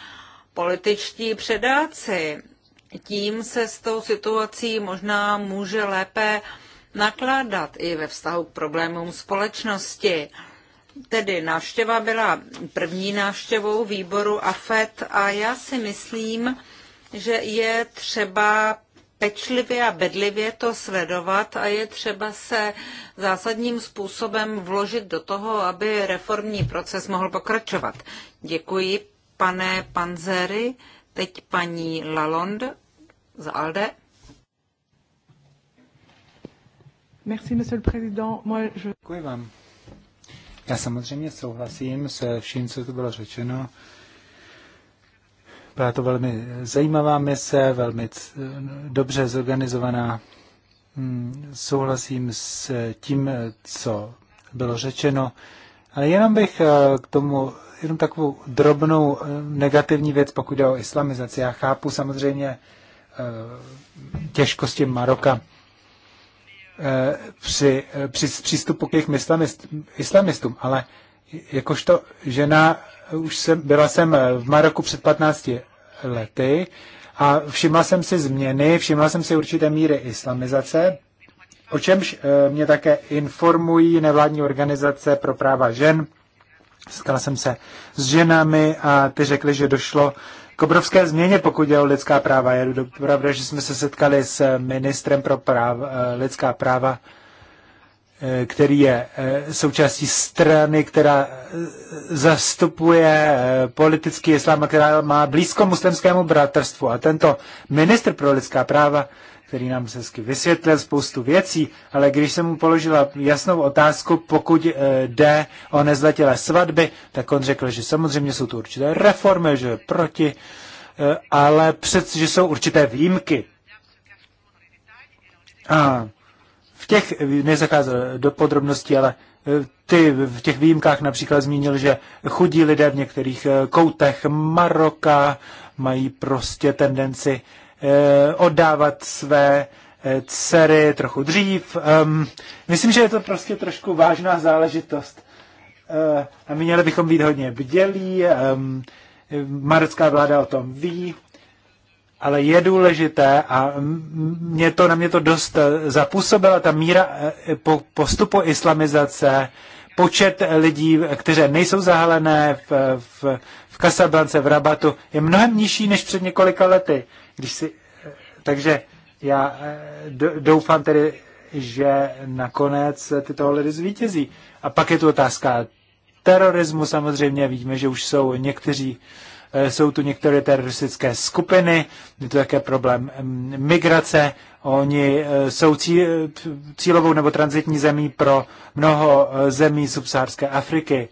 političtí předáci. Tím se s tou situací možná může lépe nakládat i ve vztahu k problémům společnosti tedy návštěva byla první návštěvou výboru AFET a já si myslím, že je třeba pečlivě a bedlivě to sledovat a je třeba se zásadním způsobem vložit do toho, aby reformní proces mohl pokračovat. Děkuji, pane Panzery. Teď paní Lalonde z ALDE. Merci, Moi, je... Děkuji vám, já samozřejmě souhlasím se vším, co tu bylo řečeno. Byla to velmi zajímavá mise, velmi dobře zorganizovaná. Hmm, souhlasím s tím, co bylo řečeno, ale jenom bych eh, k tomu jenom takovou drobnou eh, negativní věc, pokud jde o islamizaci. Já chápu samozřejmě eh, těžkosti Maroka Eh, při, eh, při přístupu k jejich islamist, islamistům, ale jakožto žena, už jsem, byla jsem v Maroku před 15 lety a všimla jsem si změny, všimla jsem si určité míry islamizace, o čemž eh, mě také informují nevládní organizace pro práva žen. Stala jsem se s ženami a ty řekly, že došlo k obrovské změně, pokud je o lidská práva. Je pravda, že jsme se setkali s ministrem pro práv, eh, lidská práva, eh, který je eh, součástí strany, která zastupuje politický islám a která má blízko muslimskému bratrstvu. A tento ministr pro lidská práva který nám hezky vysvětlil spoustu věcí, ale když jsem mu položila jasnou otázku, pokud eh, jde o nezletělé svatby, tak on řekl, že samozřejmě jsou tu určité reformy, že je proti, eh, ale před, že jsou určité výjimky. A v těch, nezacházel do podrobností, ale eh, ty v těch výjimkách například zmínil, že chudí lidé v některých koutech Maroka mají prostě tendenci Eh, oddávat své eh, dcery trochu dřív. Myslím, že je to prostě trošku vážná záležitost. Eh, a měli bychom být hodně bdělí. Marocká vláda o tom ví, ale je důležité a mě to, na mě to dost zapůsobila ta míra po, postupu islamizace, počet lidí, kteří nejsou zahalené v, v, v Kasablance, v Rabatu, je mnohem nižší než před několika lety. Když si, takže já eh, doufám tedy, že nakonec tyto lidi zvítězí. A pak je tu otázka terorismu. Samozřejmě víme, že už jsou někteří, eh, jsou tu některé teroristické skupiny, je to také problém mm, migrace. Oni eh, jsou cílovou nebo transitní zemí pro mnoho zemí subsaharské Afriky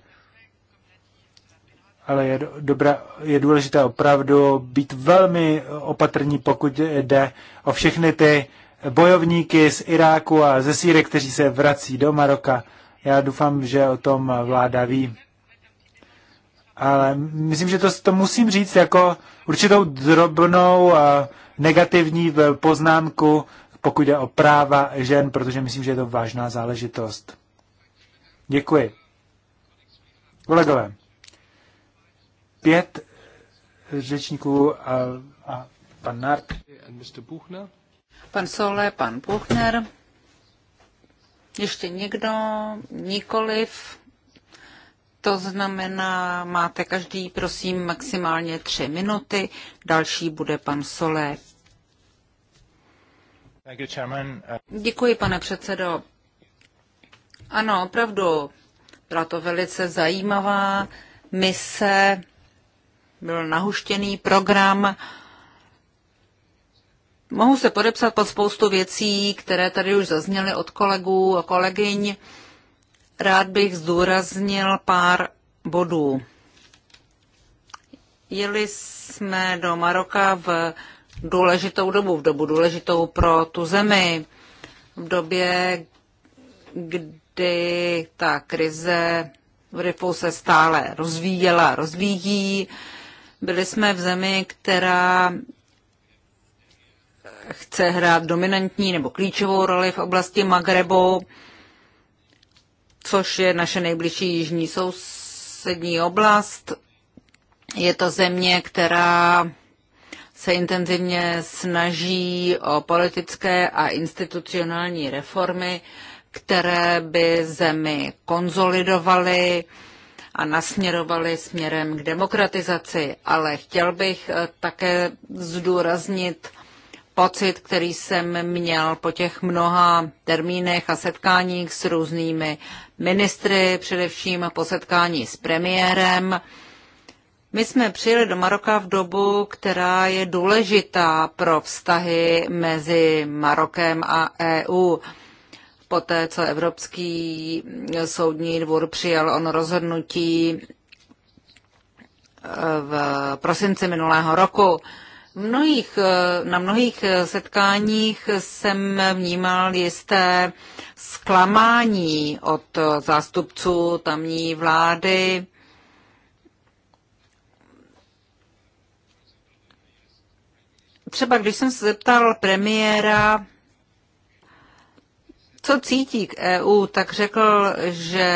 ale je, dobré, je důležité opravdu být velmi opatrní, pokud jde o všechny ty bojovníky z Iráku a ze Sýry, kteří se vrací do Maroka. Já doufám, že o tom vláda ví. Ale myslím, že to, to musím říct jako určitou drobnou negativní poznámku, pokud jde o práva žen, protože myslím, že je to vážná záležitost. Děkuji. Kolegové pět řečníků a, a pan Nart. Pan Sole, pan Buchner. Ještě někdo? Nikoliv. To znamená, máte každý, prosím, maximálně tři minuty. Další bude pan Sole. Děkuji, pane předsedo. Ano, opravdu, byla to velice zajímavá mise byl nahuštěný program. Mohu se podepsat pod spoustu věcí, které tady už zazněly od kolegů a kolegyň. Rád bych zdůraznil pár bodů. Jeli jsme do Maroka v důležitou dobu, v dobu důležitou pro tu zemi, v době, kdy ta krize v Rifu se stále rozvíjela, rozvíjí. Byli jsme v zemi, která chce hrát dominantní nebo klíčovou roli v oblasti Magrebu, což je naše nejbližší jižní sousední oblast. Je to země, která se intenzivně snaží o politické a institucionální reformy, které by zemi konzolidovaly a nasměrovali směrem k demokratizaci. Ale chtěl bych eh, také zdůraznit pocit, který jsem měl po těch mnoha termínech a setkáních s různými ministry, především po setkání s premiérem. My jsme přijeli do Maroka v dobu, která je důležitá pro vztahy mezi Marokem a EU poté, co Evropský soudní dvůr přijal on rozhodnutí eh, v prosinci minulého roku. Mnohých, eh, na mnohých eh, setkáních jsem vnímal jisté zklamání od zástupců tamní vlády. Třeba když jsem se zeptal premiéra, co cítí k EU, tak řekl, že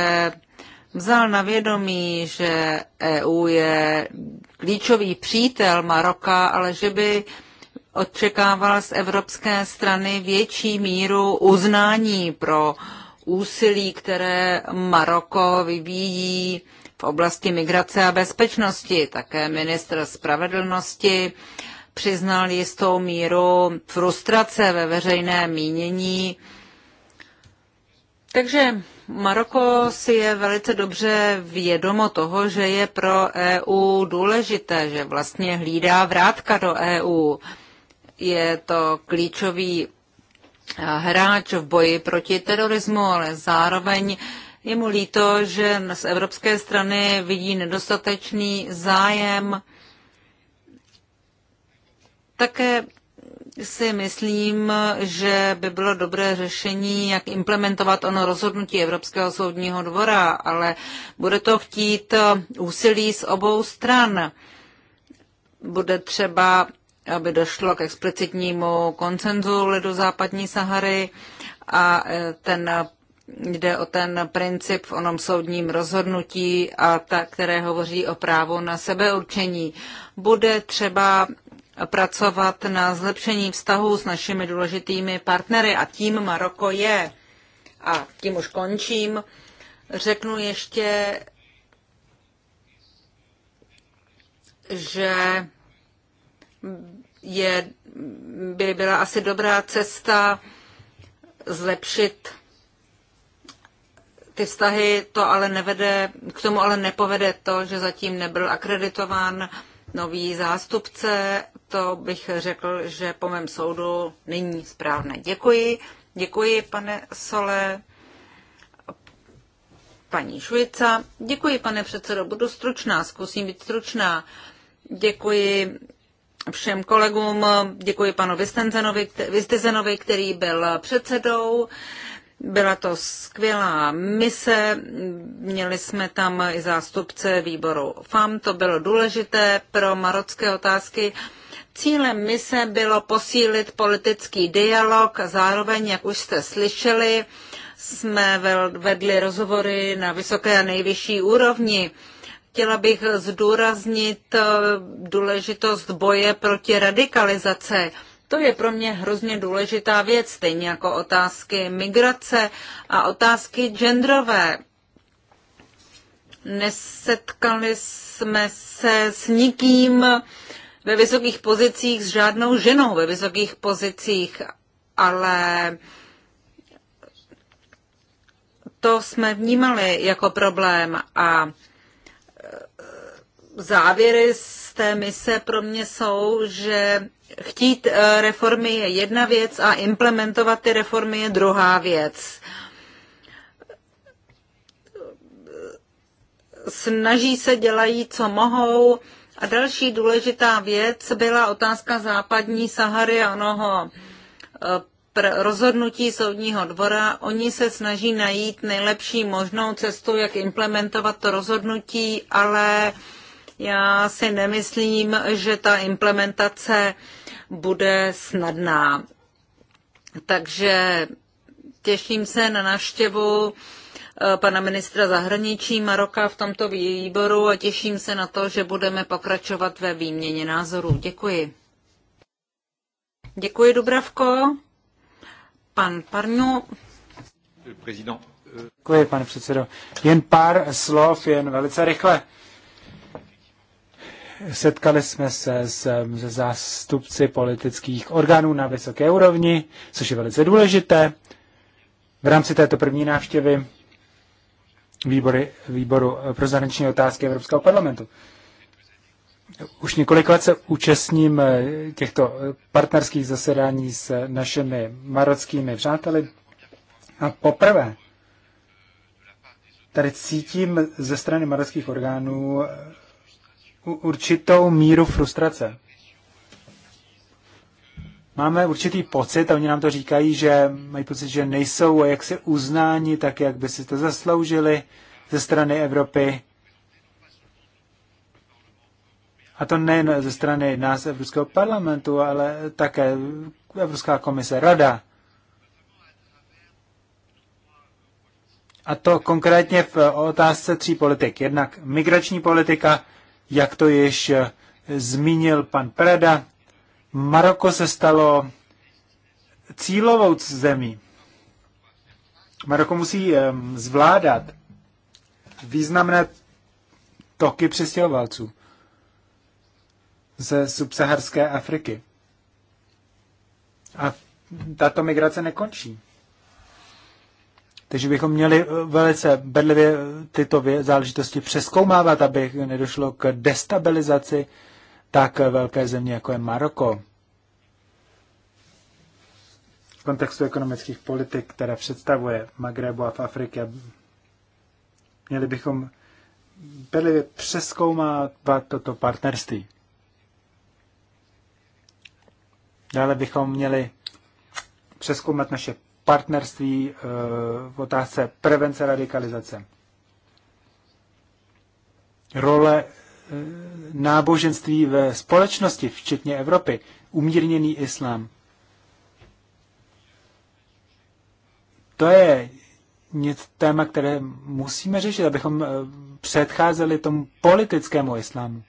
vzal na vědomí, že EU je klíčový přítel Maroka, ale že by očekával z evropské strany větší míru uznání pro úsilí, které Maroko vyvíjí v oblasti migrace a bezpečnosti. Také ministr spravedlnosti přiznal jistou míru frustrace ve veřejné mínění takže Maroko si je velice dobře vědomo toho, že je pro EU důležité, že vlastně hlídá vrátka do EU. Je to klíčový eh, hráč v boji proti terorismu, ale zároveň je mu líto, že z evropské strany vidí nedostatečný zájem. Také si myslím, že by bylo dobré řešení, jak implementovat ono rozhodnutí Evropského soudního dvora, ale bude to chtít eh, úsilí z obou stran. Bude třeba, aby došlo k explicitnímu koncenzu lidu západní Sahary a eh, ten jde o ten princip v onom soudním rozhodnutí, a ta, které hovoří o právu na sebeurčení. Bude třeba pracovat na zlepšení vztahu s našimi důležitými partnery a tím Maroko je. A tím už končím. Řeknu ještě, že je, by byla asi dobrá cesta zlepšit ty vztahy, to ale nevede, k tomu ale nepovede to, že zatím nebyl akreditován nový zástupce to bych řekl, že po mém soudu není správné. Děkuji. Děkuji, pane Sole. Paní Švica. Děkuji, pane předsedo. Budu stručná, zkusím být stručná. Děkuji všem kolegům, děkuji panu Vistizenovi, který byl předsedou. Byla to skvělá mise, měli jsme tam i zástupce výboru FAM, to bylo důležité pro marocké otázky. Cílem mise bylo posílit politický dialog a zároveň, jak už jste slyšeli, jsme vedli rozhovory na vysoké a nejvyšší úrovni. Chtěla bych zdůraznit eh, důležitost boje proti radikalizace. To je pro mě hrozně důležitá věc, stejně jako otázky migrace a otázky genderové. Nesetkali jsme se s nikým, ve vysokých pozicích s žádnou ženou ve vysokých pozicích, ale to jsme vnímali jako problém a e, závěry z té mise pro mě jsou, že chtít e, reformy je jedna věc a implementovat ty reformy je druhá věc. Snaží se, dělají, co mohou, a další důležitá věc byla otázka západní Sahary a onoho eh, rozhodnutí soudního dvora. Oni se snaží najít nejlepší možnou cestu, jak implementovat to rozhodnutí, ale já si nemyslím, že ta implementace bude snadná. Takže těším se na návštěvu Eh, pana ministra zahraničí Maroka v tomto výboru a těším se na to, že budeme pokračovat ve výměně názorů. Děkuji. Děkuji, Dubravko. Pan Parňu. Eh, Děkuji, pane předsedo. Jen pár slov, jen velice rychle. Setkali jsme se s, se zástupci politických orgánů na vysoké úrovni, což je velice důležité. V rámci této první návštěvy výbory, výboru eh, pro zahraniční otázky Evropského parlamentu. Už několik let se účastním eh, těchto eh, partnerských zasedání s našimi marockými přáteli a poprvé tady cítím ze strany marockých orgánů určitou míru frustrace máme určitý pocit, a oni nám to říkají, že mají pocit, že nejsou jaksi uznáni tak, jak by si to zasloužili ze strany Evropy. A to nejen ze strany nás Evropského parlamentu, ale také Evropská komise, Rada. A to konkrétně v otázce tří politik. Jednak migrační politika, jak to již zmínil pan Preda, Maroko se stalo cílovou zemí. Maroko musí zvládat významné toky přistěhovalců ze subsaharské Afriky. A tato migrace nekončí. Takže bychom měli eh, velice bedlivě eh, tyto záležitosti přeskoumávat, aby nedošlo k destabilizaci tak velké země, jako je Maroko. V kontextu ekonomických politik, které představuje Magrebu a v Afrike, měli bychom bedlivě přeskoumávat toto partnerství. Dále bychom měli přeskoumat naše partnerství eh, v otázce prevence radikalizace. Role Eh, náboženství ve společnosti, včetně Evropy, umírněný islám. To je něco téma, které musíme řešit, abychom eh, předcházeli tomu politickému islámu.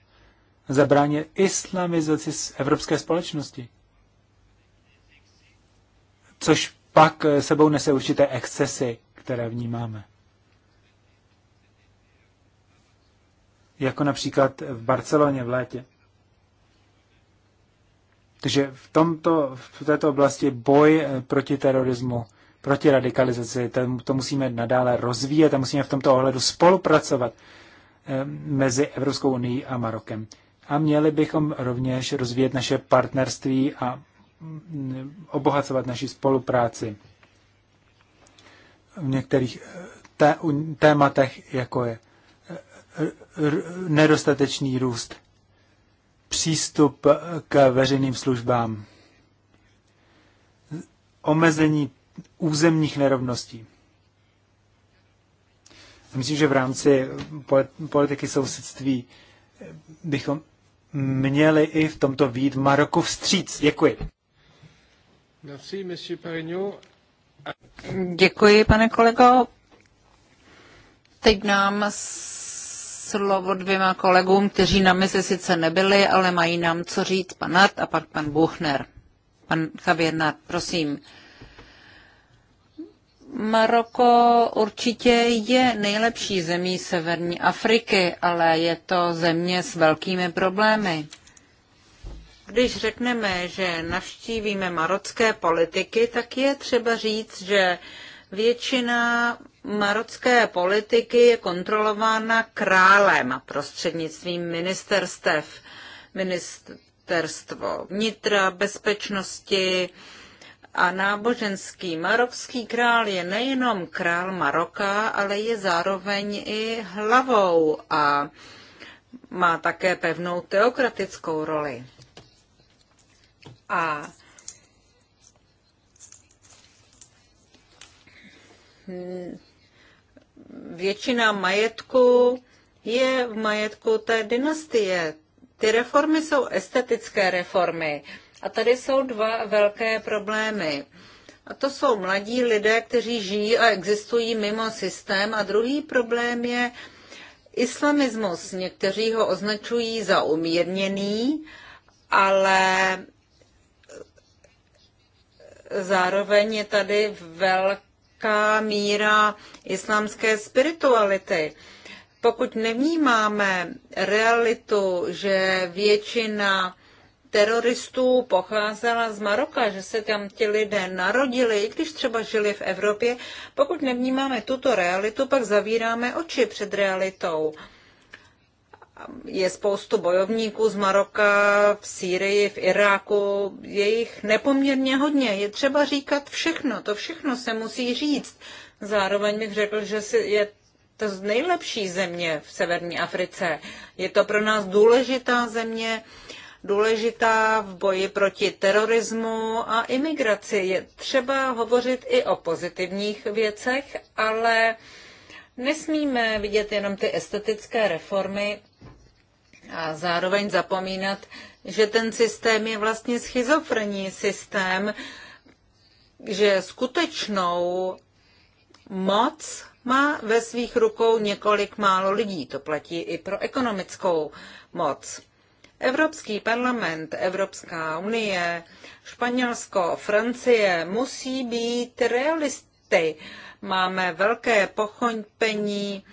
Zabránit islamizaci z evropské společnosti. Což pak eh, sebou nese určité excesy, které vnímáme. jako například v Barceloně v létě. Takže v, tomto, v této oblasti boj eh, proti terorismu, proti radikalizaci, to, to musíme nadále rozvíjet a musíme v tomto ohledu spolupracovat eh, mezi Evropskou unii a Marokem. A měli bychom rovněž rozvíjet naše partnerství a mm, obohacovat naši spolupráci v některých eh, tématech, jako je nedostatečný růst, přístup k veřejným službám, omezení územních nerovností. Myslím, že v rámci politiky sousedství bychom měli i v tomto výjít Maroku vstříc. Děkuji. Merci, Děkuji, pane kolego. Teď nám slovo dvěma kolegům, kteří na mise sice nebyli, ale mají nám co říct, pan Nart a pak pan Buchner. Pan Javier Nart, prosím. Maroko určitě je nejlepší zemí severní Afriky, ale je to země s velkými problémy. Když řekneme, že navštívíme marocké politiky, tak je třeba říct, že Většina marocké politiky je kontrolována králem a prostřednictvím ministerstev. Ministerstvo vnitra, bezpečnosti a náboženský. marocký král je nejenom král Maroka, ale je zároveň i hlavou a má také pevnou teokratickou roli. A Hmm, většina majetku je v majetku té dynastie. Ty reformy jsou estetické reformy. A tady jsou dva velké problémy. A to jsou mladí lidé, kteří žijí a existují mimo systém. A druhý problém je islamismus. Někteří ho označují za umírněný, ale zároveň je tady velký velká míra islámské spirituality. Pokud nevnímáme realitu, že většina teroristů pocházela z Maroka, že se tam ti lidé narodili, i když třeba žili v Evropě, pokud nevnímáme tuto realitu, pak zavíráme oči před realitou je spoustu bojovníků z Maroka, v Sýrii, v Iráku, je jich nepoměrně hodně. Je třeba říkat všechno, to všechno se musí říct. Zároveň bych řekl, že je to z nejlepší země v severní Africe. Je to pro nás důležitá země, důležitá v boji proti terorismu a imigraci. Je třeba hovořit i o pozitivních věcech, ale nesmíme vidět jenom ty estetické reformy, a zároveň zapomínat, že ten systém je vlastně schizofrenní systém, že skutečnou moc má ve svých rukou několik málo lidí. To platí i pro ekonomickou moc. Evropský parlament, Evropská unie, Španělsko, Francie musí být realisty. Máme velké pochopení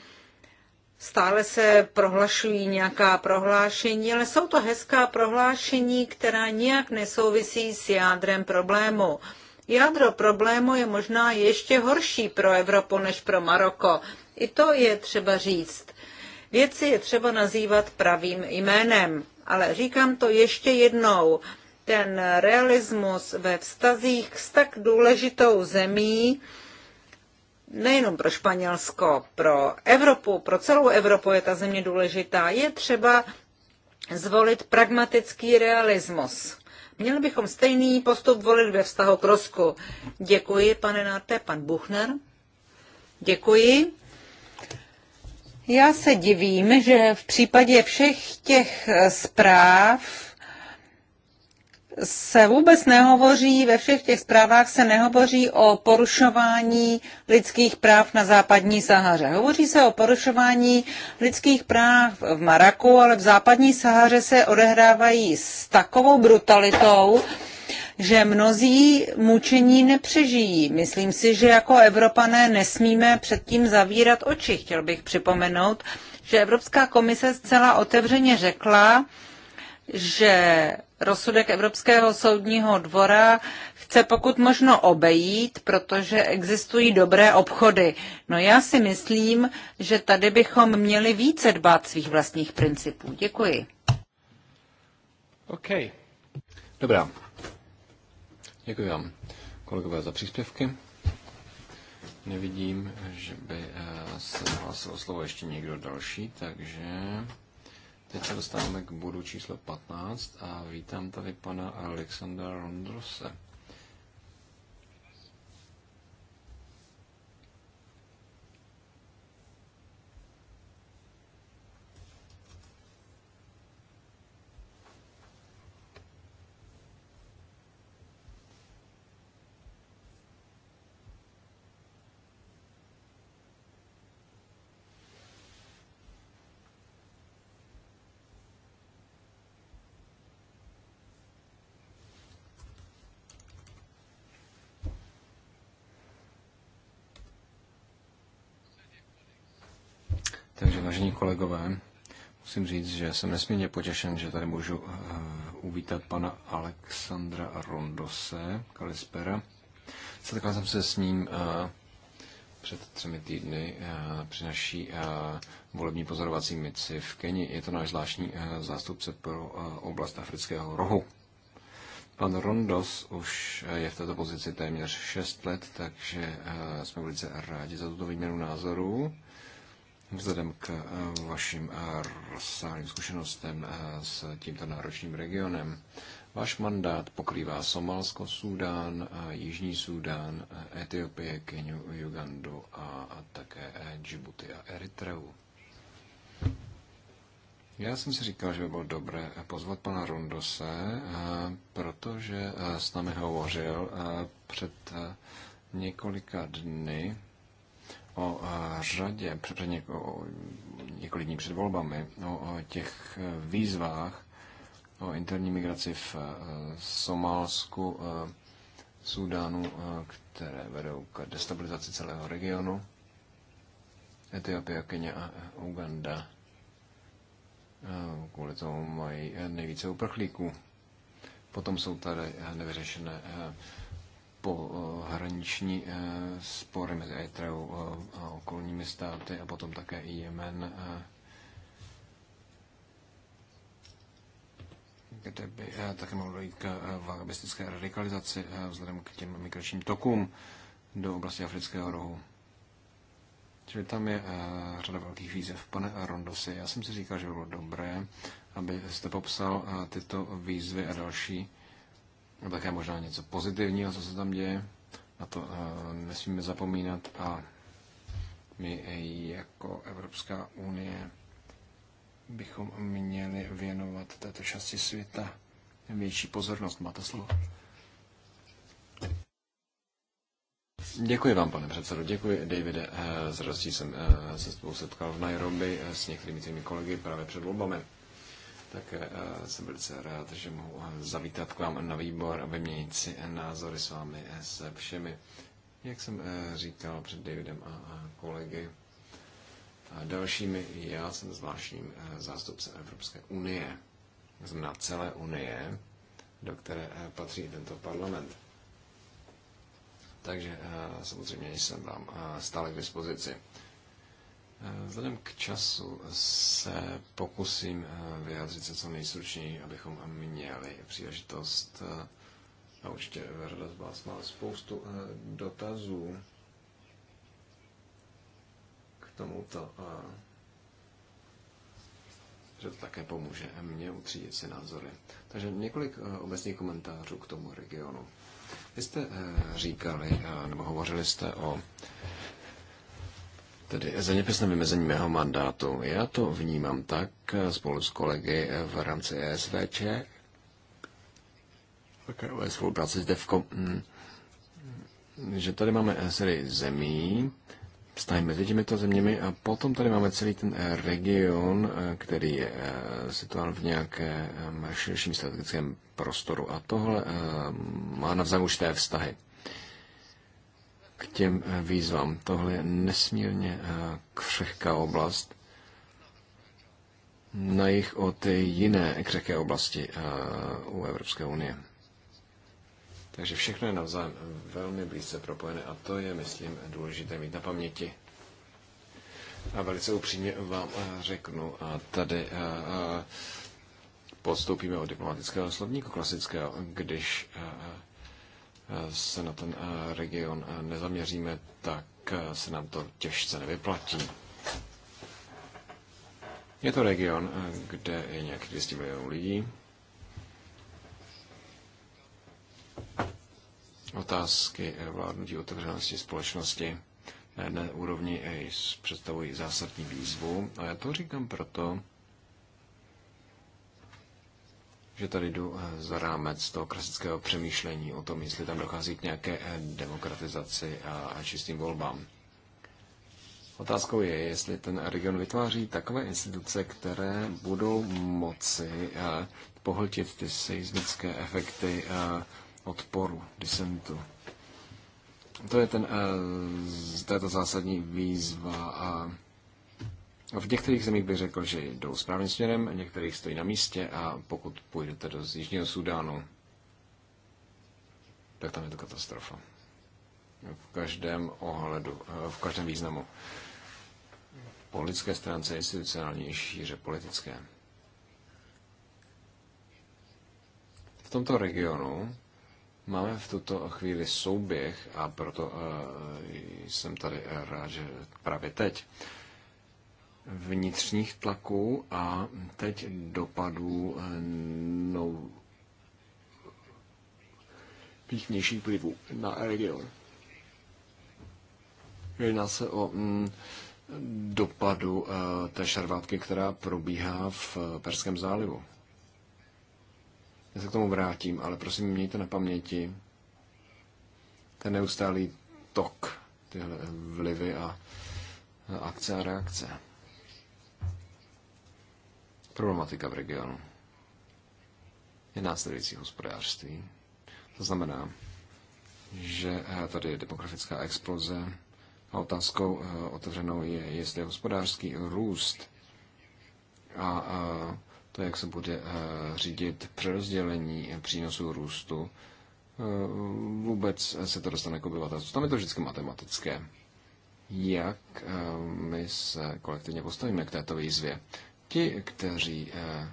stále se prohlašují nějaká prohlášení, ale jsou to hezká prohlášení, která nijak nesouvisí s jádrem problému. Jádro problému je možná ještě horší pro Evropu než pro Maroko. I to je třeba říct. Věci je třeba nazývat pravým jménem. Ale říkám to ještě jednou. Ten realismus ve vztazích s tak důležitou zemí, nejenom pro Španělsko, pro Evropu, pro celou Evropu je ta země důležitá, je třeba zvolit pragmatický realismus. Měli bychom stejný postup volit ve vztahu k Rusku. Děkuji, pane Narte, pan Buchner. Děkuji. Já se divím, že v případě všech těch zpráv se vůbec nehovoří, ve všech těch zprávách se nehovoří o porušování lidských práv na západní Sahaře. Hovoří se o porušování lidských práv v Maraku, ale v západní Sahaře se odehrávají s takovou brutalitou, že mnozí mučení nepřežijí. Myslím si, že jako Evropané nesmíme předtím zavírat oči. Chtěl bych připomenout, že Evropská komise zcela otevřeně řekla, že rozsudek Evropského soudního dvora chce pokud možno obejít, protože existují dobré obchody. No já si myslím, že tady bychom měli více dbát svých vlastních principů. Děkuji. OK. Dobrá. Děkuji vám, kolegové, za příspěvky. Nevidím, že by eh, se hlásil slovo ještě někdo další, takže... Teď se dostáváme k bodu číslo 15 a vítám tady pana Alexandra Rondrose. vážení kolegové, musím říct, že jsem nesmírně potěšen, že tady můžu eh, uvítat pana Alexandra Rondose Kalispera. Setkal jsem se s ním eh, před třemi týdny eh, při naší volební pozorovací mici v Keni. Je to náš zvláštní zástupce pro oblast afrického rohu. Pan Rondos už je v této pozici téměř 6 let, takže jsme velice rádi za tuto výměnu názorů. Vzhledem k eh, vašim eh, rozsáhlým zkušenostem eh, s tímto náročným regionem, váš mandát pokrývá Somálsko, Súdán, Jižní Súdán, Etiopie, Keniu, Ugandu a také Djibouti a Eritreu. Já jsem si říkal, že by bylo dobré pozvat pana Rundose, protože s námi hovořil před několika dny o řadě, před něko, několik dní před volbami, o, o těch e, výzvách, o interní migraci v e, Somálsku, e, Súdánu, které vedou k destabilizaci celého regionu, Etiopie, Kenya a Uganda. Kvůli tomu mají nejvíce uprchlíků. Potom jsou tady nevyřešené pohraniční eh, spory mezi Eritreou eh, a okolními státy a potom také i Jemen, eh. kde by také mohlo dojít k vahabistické radikalizaci vzhledem k těm migračním tokům do oblasti Afrického rohu. Čili tam je řada velkých výzev. Pane Rondosi, já jsem si říkal, že bylo dobré, abyste popsal tyto výzvy a další a také možná něco pozitivního, co se tam děje. Na to eh, nesmíme zapomínat a my jako Evropská unie bychom měli věnovat této části světa větší pozornost. Máte slovo. Děkuji vám, pane předsedo. Děkuji, Davide. Eh, eh, s radostí jsem se spolu setkal v Nairobi s některými těmi kolegy právě před volbami. Tak eh, jsem velice rád, že mohu eh, zavítat k vám na výbor a vyměnit si názory s vámi eh, se všemi. Jak jsem říkal před Davidem a kolegy a dalšími, já jsem zvláštním zástupcem Evropské unie, znamená celé unie, do které patří tento parlament. Takže samozřejmě jsem vám stále k dispozici. Vzhledem k času se pokusím eh, vyjádřit se co nejstručněji, abychom měli příležitost eh, a určitě Verda z vás má spoustu eh, dotazů k tomuto a že to také pomůže mně utřídit si názory. Takže několik obecných komentářů k tomu regionu. Vy jste říkali, nebo hovořili jste o tedy zeměpisné vymezení mého mandátu. Já to vnímám tak eh, spolu s kolegy eh, v rámci ESVČ, také ve spolupráci s DEVKO, mm, mm, že tady máme eh, sérii zemí, vztahy mezi těmito zeměmi a potom tady máme celý ten region, který je situován v nějakém širším strategickém prostoru a tohle má navzájem určité vztahy k těm eh, výzvám. Tohle je nesmírně eh, křehká oblast. Na jich ty jiné křehké oblasti eh, u Evropské unie. Takže všechno je navzájem velmi blízce propojené a to je, myslím, důležité mít na paměti. A velice upřímně vám řeknu, a tady postoupíme od diplomatického slovníku klasického, když Eh, se na ten eh, region eh, nezaměříme, tak se nám to těžce nevyplatí. Je to region, kde je nějakých 200 milionů lidí. Otázky vládnutí otevřenosti společnosti na jedné úrovni představují zásadní výzvu. A já to říkám proto, že tady jdu eh, za rámec toho klasického přemýšlení o tom, jestli tam dochází k nějaké eh, demokratizaci a čistým volbám. Otázkou je, jestli ten region vytváří takové instituce, které budou moci eh, pohltit ty seismické efekty odporu, disentu. To je ten, to je ta zásadní výzva a v některých zemích bych řekl, že jdou správným směrem, některých stojí na místě a pokud půjdete do Jižního Sudánu, tak tam je to katastrofa. V každém ohledu, eh, v každém významu. Po lidské stránce, institucionální i šíře politické. V tomto regionu máme v tuto chvíli souběh a proto eh, jsem tady eh, rád, že právě teď vnitřních tlaků a teď dopadů eh, no, vnějších vlivů na region. Jedná se o mm, dopadu e, té šarvátky, která probíhá v eh, Perském zálivu. Já se k tomu vrátím, ale prosím, mějte na paměti ten neustálý tok, tyhle vlivy a akce a reakce. Problematika v regionu je následující hospodářství. To znamená, že eh, tady je demografická exploze a otázkou eh, otevřenou je, jestli je hospodářský růst a eh, to, jak se bude řídit přerozdělení přínosů růstu, vůbec se to dostane k obyvatelstvu. Tam je to vždycky matematické. Jak my se kolektivně postavíme k této výzvě? Ti, kteří eh,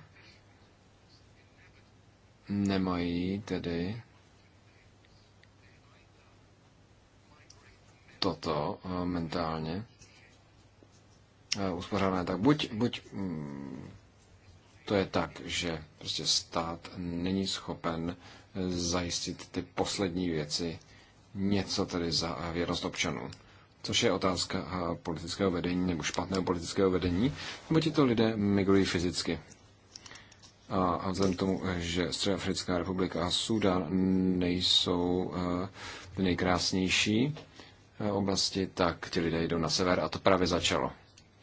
nemají tedy toto eh, mentálně eh, uspořádané, tak buď, buď mm, to je tak, že prostě stát není schopen zajistit ty poslední věci, něco tedy za věrnost občanů což je otázka politického vedení nebo špatného politického vedení, nebo tito lidé migrují fyzicky. A vzhledem k tomu, že Středoafrická republika a Súdán nejsou ty eh, nejkrásnější eh, oblasti, tak ti lidé jdou na sever a to právě začalo.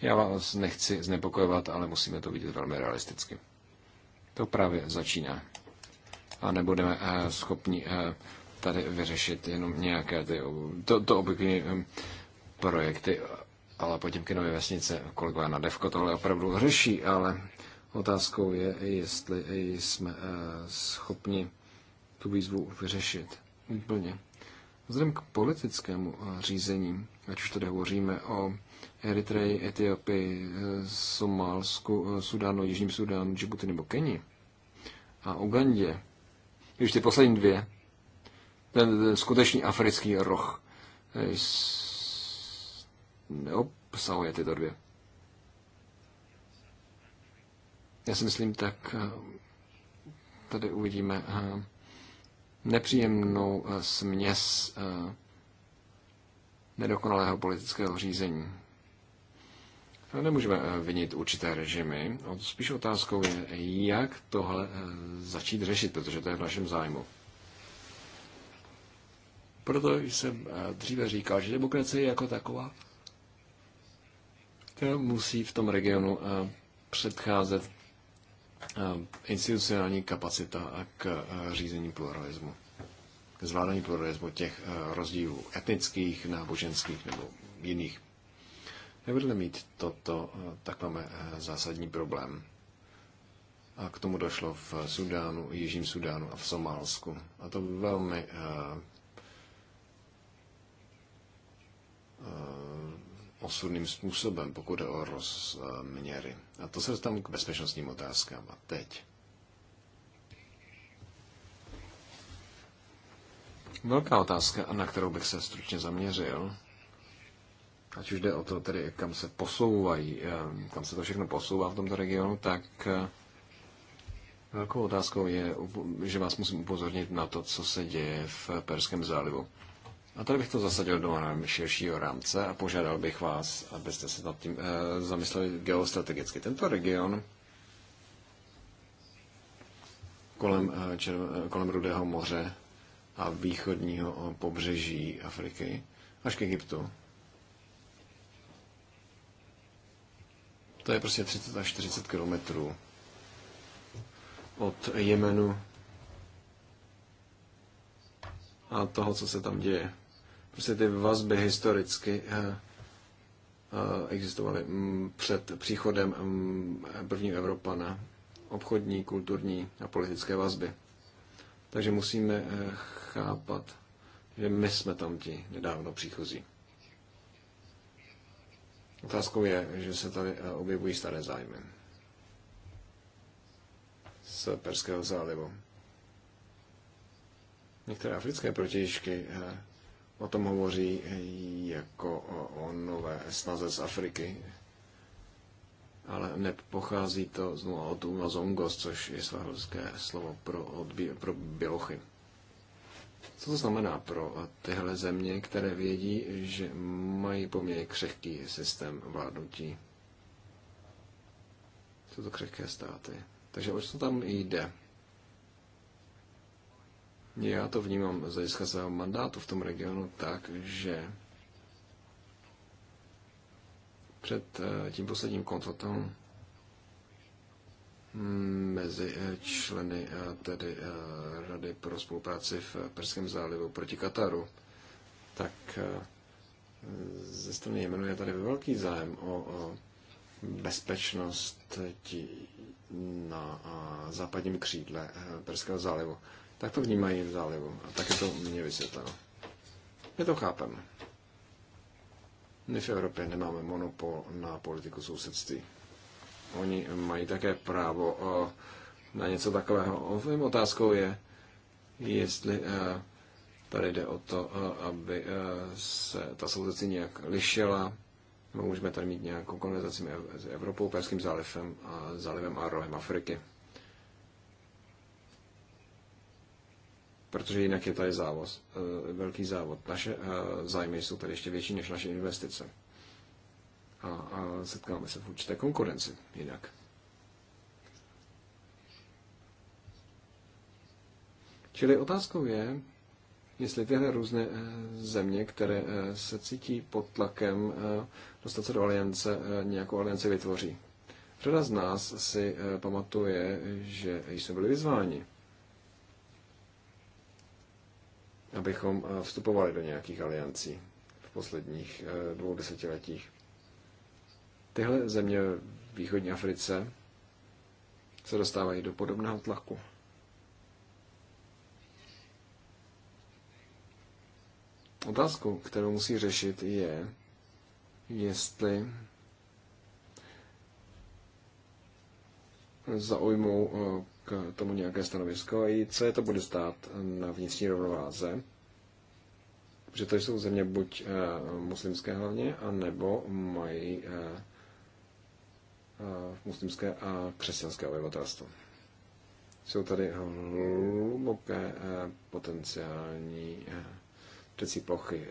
Já vás nechci znepokojovat, ale musíme to vidět velmi realisticky. To právě začíná. A nebudeme eh, schopni tady vyřešit jenom nějaké ty, to, to obvykle projekty, ale Potěmkinovy vesnice, kolegové na Devko tohle opravdu řeší, ale otázkou je, jestli jsme eh, schopni tu výzvu vyřešit úplně. Vzhledem k politickému eh, řízení, ať už tady hovoříme o Eritreji, Etiopii, eh, Somálsku, Sudánu, Jižním Sudánu, Džibuti nebo Keni a Ugandě, když ty poslední dvě, ten, ten skutečný africký roh, neobsahuje tyto dvě. Já si myslím, tak eh, tady uvidíme eh, nepříjemnou eh, směs nedokonalého politického řízení. Nemůžeme vinit určité režimy. Spíš otázkou je, jak tohle začít řešit, protože to je v našem zájmu. Proto jsem dříve říkal, že demokracie jako taková musí v tom regionu eh, předcházet eh, institucionální kapacita k eh, řízení pluralismu, k zvládání pluralismu těch rozdílů etnických, náboženských nebo jiných. Nebudeme mít toto, tak máme zásadní problém. A k tomu došlo v Sudánu, Jižním Sudánu a v Somálsku. A to velmi osudným způsobem, pokud jde o rozměry. A to se dostávám k bezpečnostním otázkám. A teď. Velká otázka, na kterou bych se stručně zaměřil, ať už jde o to, tedy, kam se posouvají, eh, kam se to všechno posouvá v tomto regionu, tak eh, velkou otázkou je, že vás musím upozornit na to, co se děje v Perském zálivu. A tady bych to zasadil do mnohem širšího rámce a požádal bych vás, abyste se nad tím e, zamysleli geostrategicky. Tento region kolem, e, eh, červen, eh, kolem Rudého moře a východního pobřeží Afriky až k Egyptu. To je prostě 30 až 40 kilometrů od Jemenu a toho, co se tam děje. Prostě ty vazby historicky eh, eh, existovaly mm, před příchodem mm, prvního Evropana. Obchodní, kulturní a politické vazby. Takže musíme eh, chápat, že my jsme tam ti nedávno příchozí. Otázkou je, že se tady objevují staré zájmy z Perského zálivu. Některé africké protějšky o tom hovoří jako o nové snaze z Afriky, ale nepochází to znovu od umazongos, což je svahelské slovo pro, odbí, pro bělochy. Co to znamená pro tyhle země, které vědí, že mají poměrně křehký systém vládnutí? Jsou to křehké státy. Takže o co tam jde? Já to vnímám z hlediska svého mandátu v tom regionu tak, že před eh, tím posledním konfliktem mezi eh, členy eh, tedy Rady pro spolupráci v Perském zálivu proti Kataru, tak ze strany Jemenu je tady velký zájem o, o bezpečnost na západním křídle Perského zálivu. Tak to vnímají v zálivu. A tak je to mě vysvětleno. My to chápeme. My v Evropě nemáme monopol na politiku sousedství. Oni mají také právo eh, na něco takového. Ovým otázkou je, jestli eh, tady jde o to, eh, aby se ta sousedství nějak lišila. Můžeme tady mít nějakou konverzaci s Evropou, Perským zálivem a, zálivem a rohem Afriky. protože jinak je tady závod, eh, velký závod. Naše eh, zájmy jsou tady ještě větší než naše investice. A, a setkáme se v určité konkurenci jinak. Čili otázkou je, jestli tyhle různé eh, země, které se cítí pod tlakem dostat se do aliance, nějakou alianci vytvoří. Řada z nás si pamatuje, že jsme byli vyzváni abychom eh, vstupovali do nějakých aliancí v posledních eh, dvou desetiletích. Tyhle země v východní Africe se dostávají do podobného tlaku. Otázku, kterou musí řešit, je, jestli zaujmou eh, tomu nějaké stanovisko i co to bude stát na vnitřní rovnováze. Protože to jsou země buď eh, muslimské hlavně, anebo mají eh, eh, muslimské a křesťanské obyvatelstvo. Jsou tady hluboké potenciální přecí plochy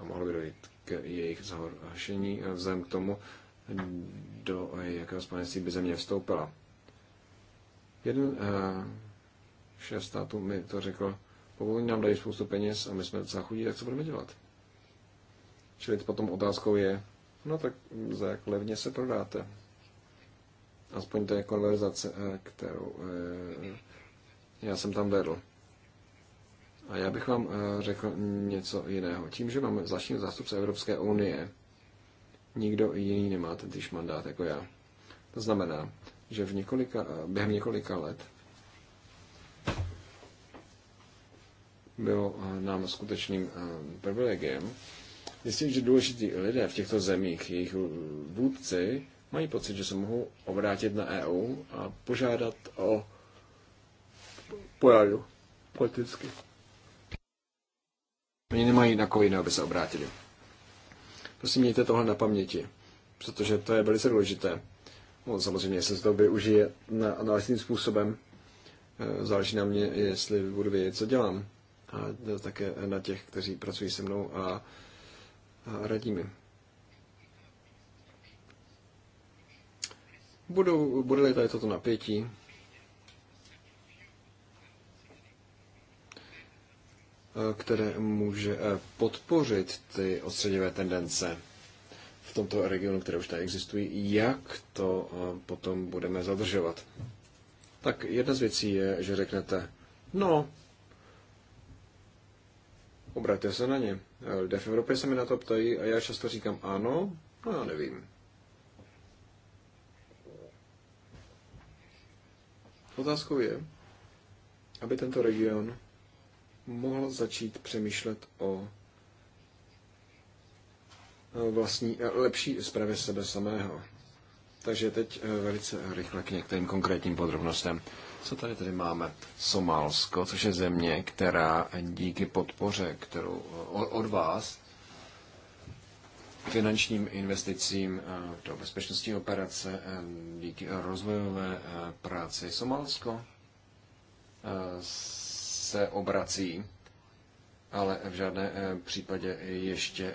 a mohlo by dojít k jejich zhoršení vzhledem k tomu, do jakého spojenství by země vstoupila. Jeden eh, šéf státu mi to řekl, pokud nám dají spoustu peněz a my jsme docela chudí, tak co budeme dělat? Čili potom otázkou je, no tak za jak levně se prodáte. Aspoň to je konverzace, eh, kterou eh, já jsem tam vedl. A já bych vám řekl něco jiného. Tím, že máme zvláštního zástupce Evropské unie, nikdo jiný nemá tentýž mandát jako já. To znamená, že v několika, během několika let bylo eh, nám skutečným eh, privilegiem Myslím, že důležití lidé v těchto zemích, jejich vůdci, mají pocit, že se mohou obrátit na EU a požádat o pojadu politicky. Oni nemají na koho jiného, aby se obrátili. Prosím, mějte tohle na paměti, protože to je velice důležité. No, samozřejmě, jestli se to využije na analytickým způsobem, eh, záleží na mě, jestli budu vědět, co dělám. A také na těch, kteří pracují se mnou a, a radí mi. Budou, bude-li tady toto napětí, eh, které může eh, podpořit ty odstředivé tendence, tomto regionu, které už tady existují, jak to eh, potom budeme zadržovat. Tak jedna z věcí je, že řeknete, no, obraťte se na ně. Lidé v Evropě se mi na to ptají a já často říkám ano, no já nevím. Otázkou je, aby tento region mohl začít přemýšlet o vlastní lepší zprávy sebe samého. Takže teď eh, velice rychle k některým konkrétním podrobnostem. Co tady tedy máme? Somálsko, což je země, která díky podpoře kterou od vás, finančním investicím eh, do bezpečnostní operace, eh, díky rozvojové práci Somálsko se obrací, ale v žádné případě ještě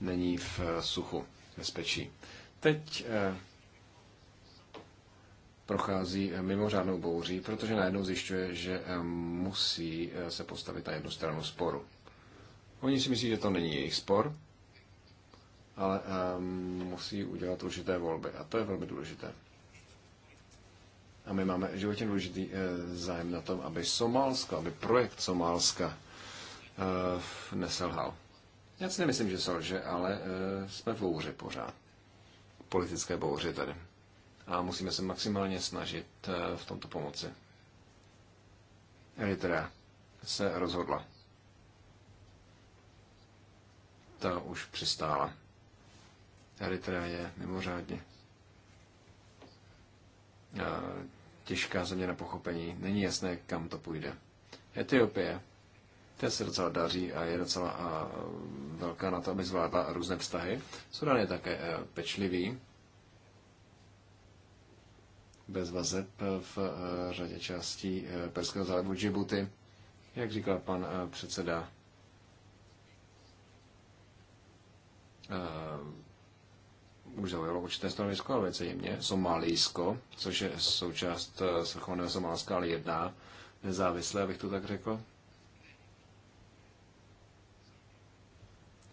není v eh, suchu, bezpečí. Teď eh, prochází eh, mimořádnou bouří, protože najednou zjišťuje, že musí se postavit na jednu stranu sporu. Oni si myslí, že to není jejich spor, ale musí udělat určité volby. A to je velmi důležité. A my máme životně důležitý zájem na tom, aby Somálsko, aby projekt Somálska neselhal. Já si nemyslím, že selže, ale eh, jsme v bouře pořád. Politické bouře tady. A musíme se maximálně snažit eh, v tomto pomoci. Eritrea se rozhodla. Ta už přistála. Eritrea je mimořádně eh, těžká země na pochopení. Není jasné, kam to půjde. Etiopie ten se docela daří a je docela a, velká na to, aby zvládla různé vztahy. Sudan je také a, e, pečlivý, bez vazeb v a, e, řadě částí a, e, Perského zálivu Djibouti. Jak říkal pan a, předseda, už zaujalo určité stanovisko, ale velice jemně, Somálísko, což je součást svrchovaného Somálska, ale jedná nezávisle, abych to tak řekl.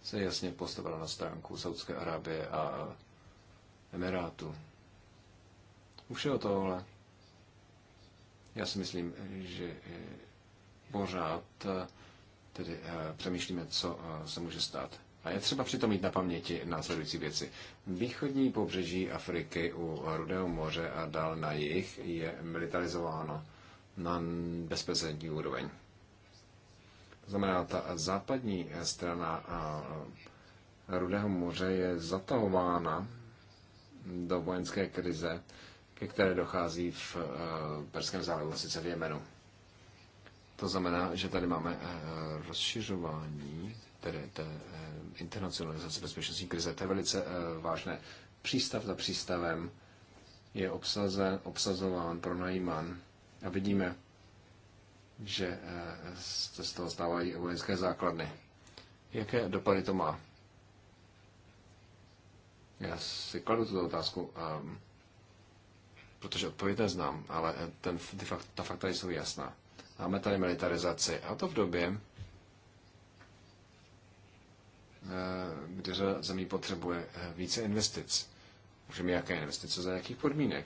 se jasně postavila na stránku Saudské Arábie a Emirátu. U všeho tohle já si myslím, že eh, pořád eh, tedy eh, přemýšlíme, co se může stát. A je třeba přitom mít na paměti následující věci. Východní pobřeží Afriky u Rudého moře a dál na jih je militarizováno na bezprecedentní úroveň. To znamená, ta západní strana Rudého moře je zatahována do vojenské krize, ke které dochází v e, Perském zálivu, sice v Jemenu. To znamená, že tady máme e, rozšiřování, tedy té e, internacionalizace bezpečnostní krize. To je velice vážné. Přístav za přístavem je obsazen, obsazován, pronajímán a vidíme, že eh, se z toho stávají vojenské základny. Jaké dopady to má? Já si kladu tuto otázku, um, protože odpověď neznám, ale eh, ten, ty fakt, ta fakta jsou jasná. Máme tady militarizaci a to v době, eh, kdy řada zemí potřebuje více investic. Můžeme jaké investice za jakých podmínek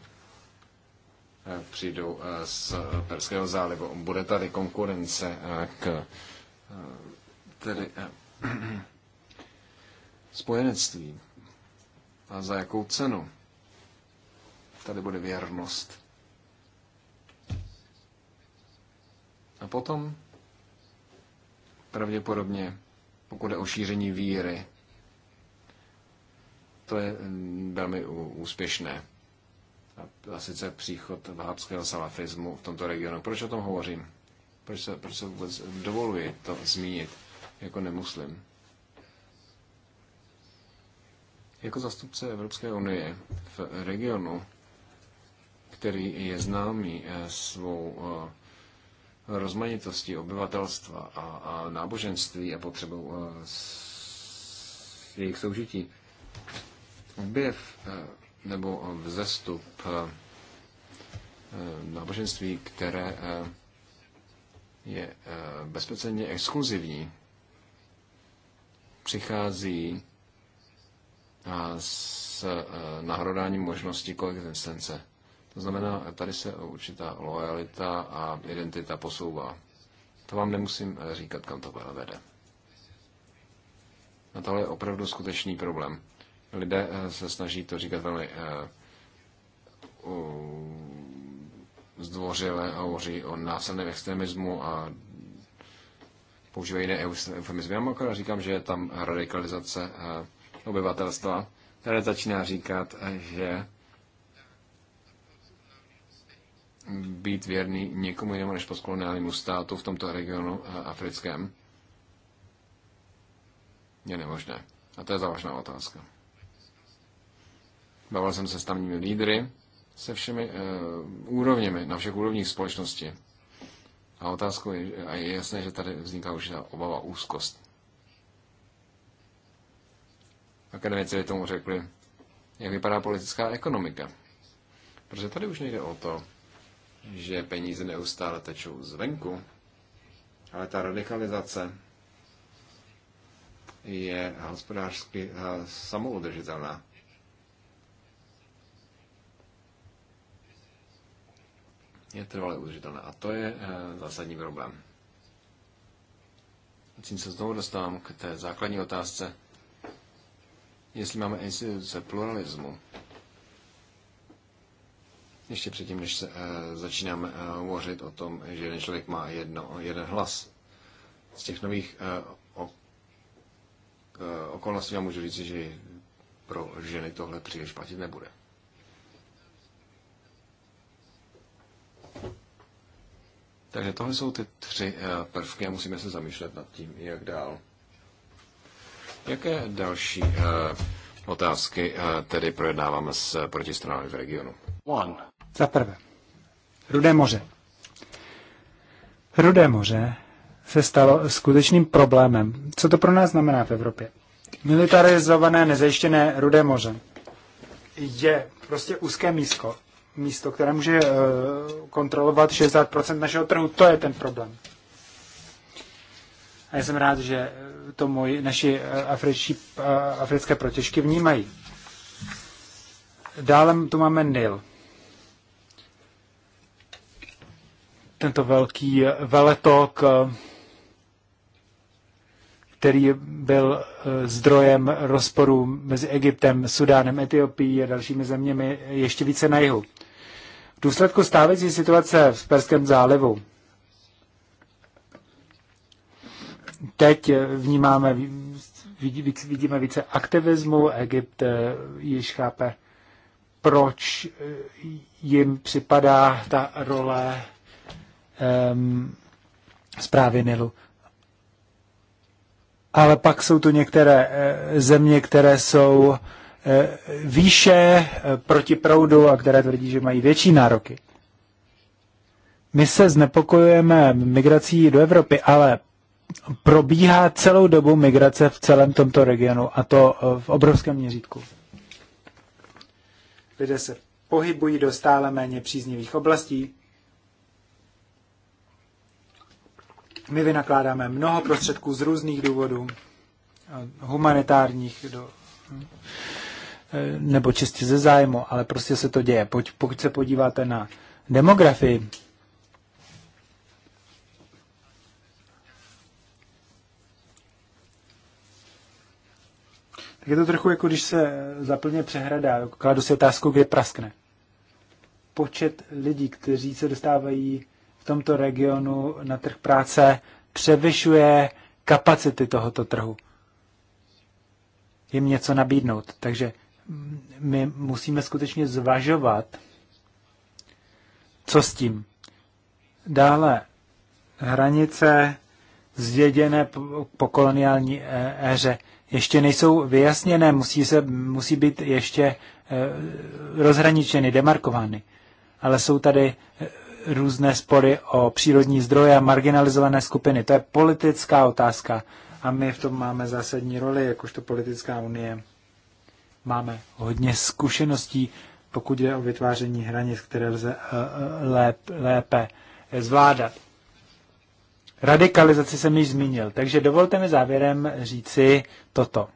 přijdou eh, z Perského zálivu. Bude tady konkurence eh, k eh, tedy spojenectví. A za jakou cenu? Tady bude věrnost. A potom pravděpodobně, pokud je o šíření víry, to je mm, velmi úspěšné a sice příchod vahabského salafismu v tomto regionu. Proč o tom hovořím? Proč se, proč se vůbec dovoluji to zmínit jako nemuslim? Jako zastupce Evropské unie v regionu, který je známý eh, svou eh, rozmanitostí obyvatelstva a, a náboženství a potřebou eh, jejich soužití. Objev nebo vzestup eh, eh, náboženství, které eh, je bezpečně exkluzivní, přichází s nahrodáním možností koexistence. To znamená, tady se určitá lojalita a identita posouvá. To vám nemusím říkat, kam to vede. A tohle je opravdu skutečný problém. Lidé eh, se snaží to říkat velmi eh, zdvořile a hovoří o násilném extremismu a používají jiné eufemizmy. Já mám říkám, že je tam radikalizace eh, obyvatelstva, které začíná říkat, že být věrný někomu jinému než postkoloniálnímu státu v tomto regionu africkém je nemožné. A to je závažná otázka. Bavil jsem se s tamními lídry, se všemi uh, úrovněmi, na všech úrovních společnosti. A otázkou je, a je jasné, že tady vzniká už ta obava, úzkost. Akademici tomu řekli, jak vypadá politická ekonomika. Protože tady už nejde o to, že peníze neustále tečou zvenku, ale ta radikalizace je hospodářsky eh, samoudržitelná. je trvale udržitelné. A to je eh, zásadní problém. Tím se znovu dostávám k té základní otázce, jestli máme instituce pluralismu, ještě předtím, než se e, začínáme e, hovořit o tom, že jeden člověk má jedno, jeden hlas. Z těch nových e, o, e, okolností já můžu říct, že pro ženy tohle příliš platit nebude. Takže tohle jsou ty tři eh, prvky a musíme se zamýšlet nad tím, jak dál. Jaké další eh, otázky eh, tedy projednáváme s protistranami v regionu? One. Za prvé, Rudé moře. Rudé moře se stalo skutečným problémem. Co to pro nás znamená v Evropě? Militarizované, nezajištěné Rudé moře je prostě úzké mísko, místo, které může eh, kontrolovat 60% našeho trhu. To je ten problém. A já jsem rád, že eh, to moji, naši eh, afričí, africké protěžky vnímají. Dále tu máme Nil. Tento velký veletok, který byl zdrojem rozporu mezi Egyptem, Sudánem, Etiopií a dalšími zeměmi ještě více na jihu v důsledku stávající situace v Perském zálivu. Teď eh, vnímáme, vidíme více aktivismu, Egypt eh, již chápe, proč eh, jim připadá ta role um, zprávy Nilu. Ale pak jsou tu některé země, které jsou Eh, výše eh, proti proudu a které tvrdí, že mají větší nároky. My se znepokojujeme migrací do Evropy, ale probíhá celou dobu migrace v celém tomto regionu a to eh, v obrovském měřítku. Lidé se pohybují do stále méně příznivých oblastí. My vynakládáme mnoho prostředků z různých důvodů, humanitárních, do Eh, nebo čistě ze zájmu, ale prostě se to děje. Pokud se podíváte na demografii, tak je to trochu jako když se zaplně přehrada, kladu si otázku, kde praskne. Počet lidí, kteří se dostávají v tomto regionu na trh práce, převyšuje kapacity tohoto trhu. Jim něco nabídnout. Takže my musíme skutečně zvažovat, co s tím. Dále hranice zděděné po koloniální éře ještě nejsou vyjasněné, musí, se, musí být ještě rozhraničeny, demarkovány. Ale jsou tady různé spory o přírodní zdroje a marginalizované skupiny. To je politická otázka a my v tom máme zásadní roli, jakožto politická unie máme hodně zkušeností, pokud jde o vytváření hranic, které lze eh, eh, lép, lépe zvládat. Radikalizaci jsem již zmínil, takže dovolte mi závěrem říci toto.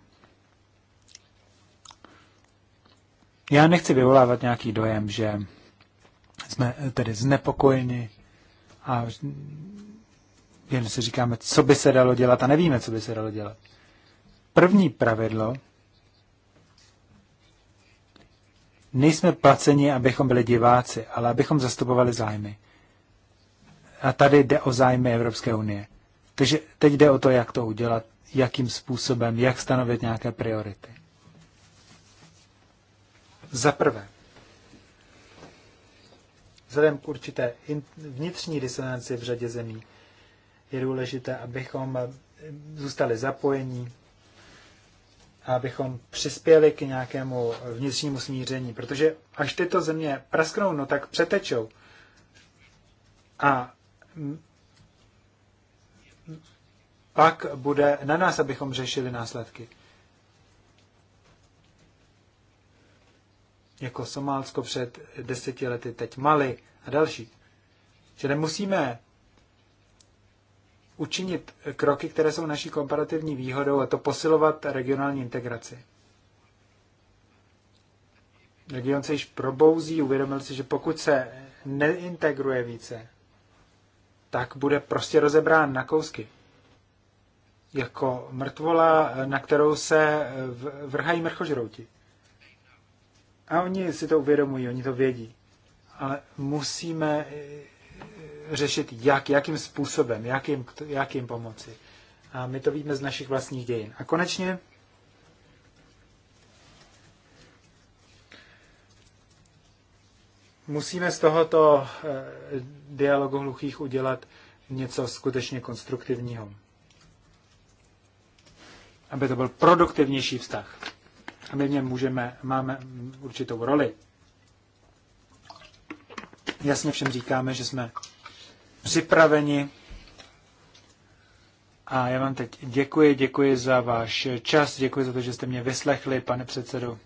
Já nechci vyvolávat nějaký dojem, že jsme tedy znepokojeni a jen si říkáme, co by se dalo dělat a nevíme, co by se dalo dělat. První pravidlo nejsme placeni, abychom byli diváci, ale abychom zastupovali zájmy. A tady jde o zájmy Evropské unie. Takže teď jde o to, jak to udělat, jakým způsobem, jak stanovit nějaké priority. Za prvé, vzhledem k určité vnitřní disonanci v řadě zemí, je důležité, abychom zůstali zapojení, abychom přispěli k nějakému vnitřnímu smíření, protože až tyto země prasknou, no tak přetečou. A pak bude na nás, abychom řešili následky. Jako Somálsko před deseti lety, teď Mali a další. Že nemusíme učinit kroky, které jsou naší komparativní výhodou, a to posilovat regionální integraci. Region se již probouzí, uvědomil si, že pokud se neintegruje více, tak bude prostě rozebrán na kousky. Jako mrtvola, na kterou se vrhají mrchožrouti. A oni si to uvědomují, oni to vědí. Ale musíme řešit, jak, jakým způsobem, jakým, jakým pomoci. A my to víme z našich vlastních dějin. A konečně musíme z tohoto eh, dialogu hluchých udělat něco skutečně konstruktivního. Aby to byl produktivnější vztah. A my v něm můžeme, máme určitou roli. Jasně všem říkáme, že jsme připraveni. A já vám teď děkuji, děkuji za váš čas, děkuji za to, že jste mě vyslechli, pane předsedo.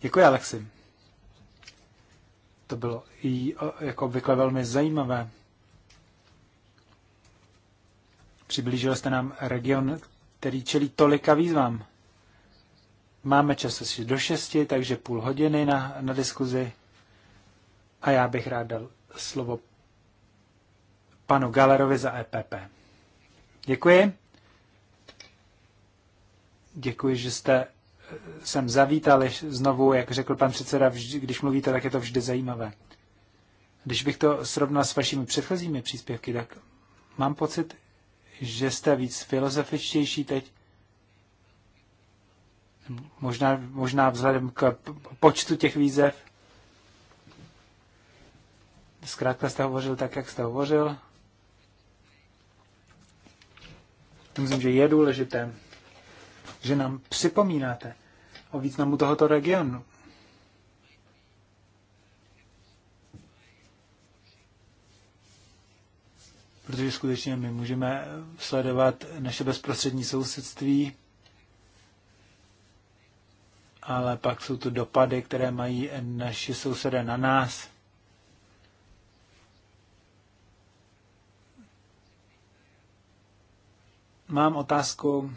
Děkuji, Alexi. To bylo i jako obvykle velmi zajímavé. Přiblížil jste nám region, který čelí tolika výzvám. Máme čas asi do šesti, takže půl hodiny na, na diskuzi. A já bych rád dal slovo panu Galerovi za EPP. Děkuji. Děkuji, že jste eh, sem zavítali znovu, jak řekl pan předseda, vždy, když mluvíte, tak je to vždy zajímavé. Když bych to srovnal s vašimi předchozími příspěvky, tak mám pocit, že jste víc filozofičtější teď. Možná, možná vzhledem k počtu těch výzev, Zkrátka jste hovořil tak, jak jste hovořil. Myslím, že je důležité, že nám připomínáte o významu tohoto regionu. Protože skutečně my můžeme sledovat naše bezprostřední sousedství, ale pak jsou tu dopady, které mají naši sousedé na nás. Mám otázku,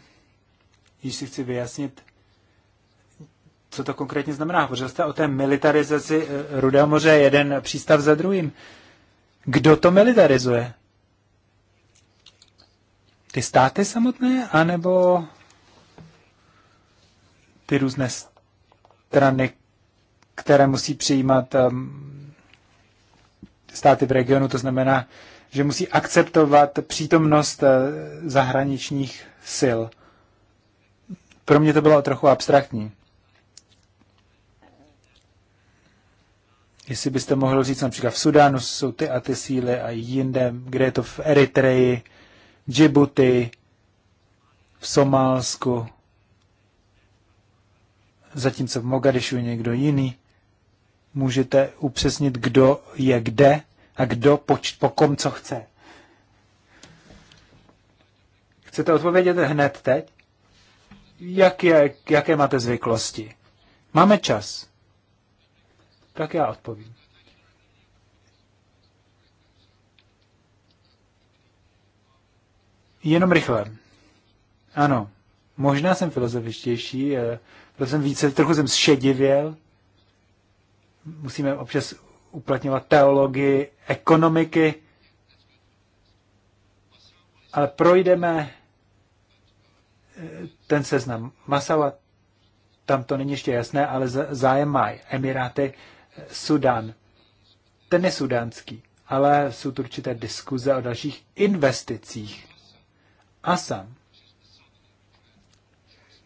když si chci vyjasnit, co to konkrétně znamená. Hovořil jste o té militarizaci eh, Rudého moře, jeden přístav za druhým. Kdo to militarizuje? Ty státy samotné, anebo ty různé strany, které musí přijímat um, státy v regionu, to znamená že musí akceptovat přítomnost eh, zahraničních sil. Pro mě to bylo trochu abstraktní. Jestli byste mohl říct například v Sudánu jsou ty a ty síly a jinde, kde je to v Eritreji, Djibouti, v Somálsku, zatímco v Mogadišu někdo jiný. Můžete upřesnit, kdo je kde a kdo poč- po kom co chce. Chcete odpovědět hned teď? Jak je, jaké máte zvyklosti? Máme čas. Tak já odpovím. Jenom rychle. Ano, možná jsem filozofičtější, eh, protože jsem více, trochu jsem šedivěl. Musíme občas uplatňovat teologii ekonomiky, ale projdeme eh, ten seznam Masawa, tam to není ještě jasné, ale zájem mají Emiráty, eh, Sudan. Ten je sudánský, ale jsou tu určité diskuze o dalších investicích. Asam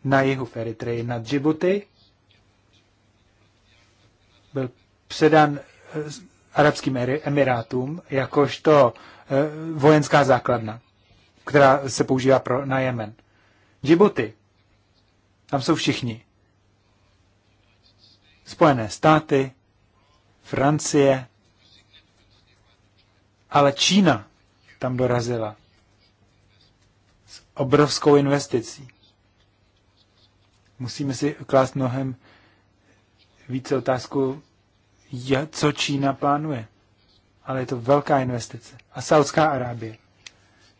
na jihu v na Djibouti, byl předán Arabským Emirátům jakožto e, vojenská základna, která se používá pro, na Jemen. Djibouti, tam jsou všichni. Spojené státy, Francie, ale Čína tam dorazila s obrovskou investicí. Musíme si klást mnohem více otázku je, co Čína plánuje. Ale je to velká investice. A Saudská Arábie.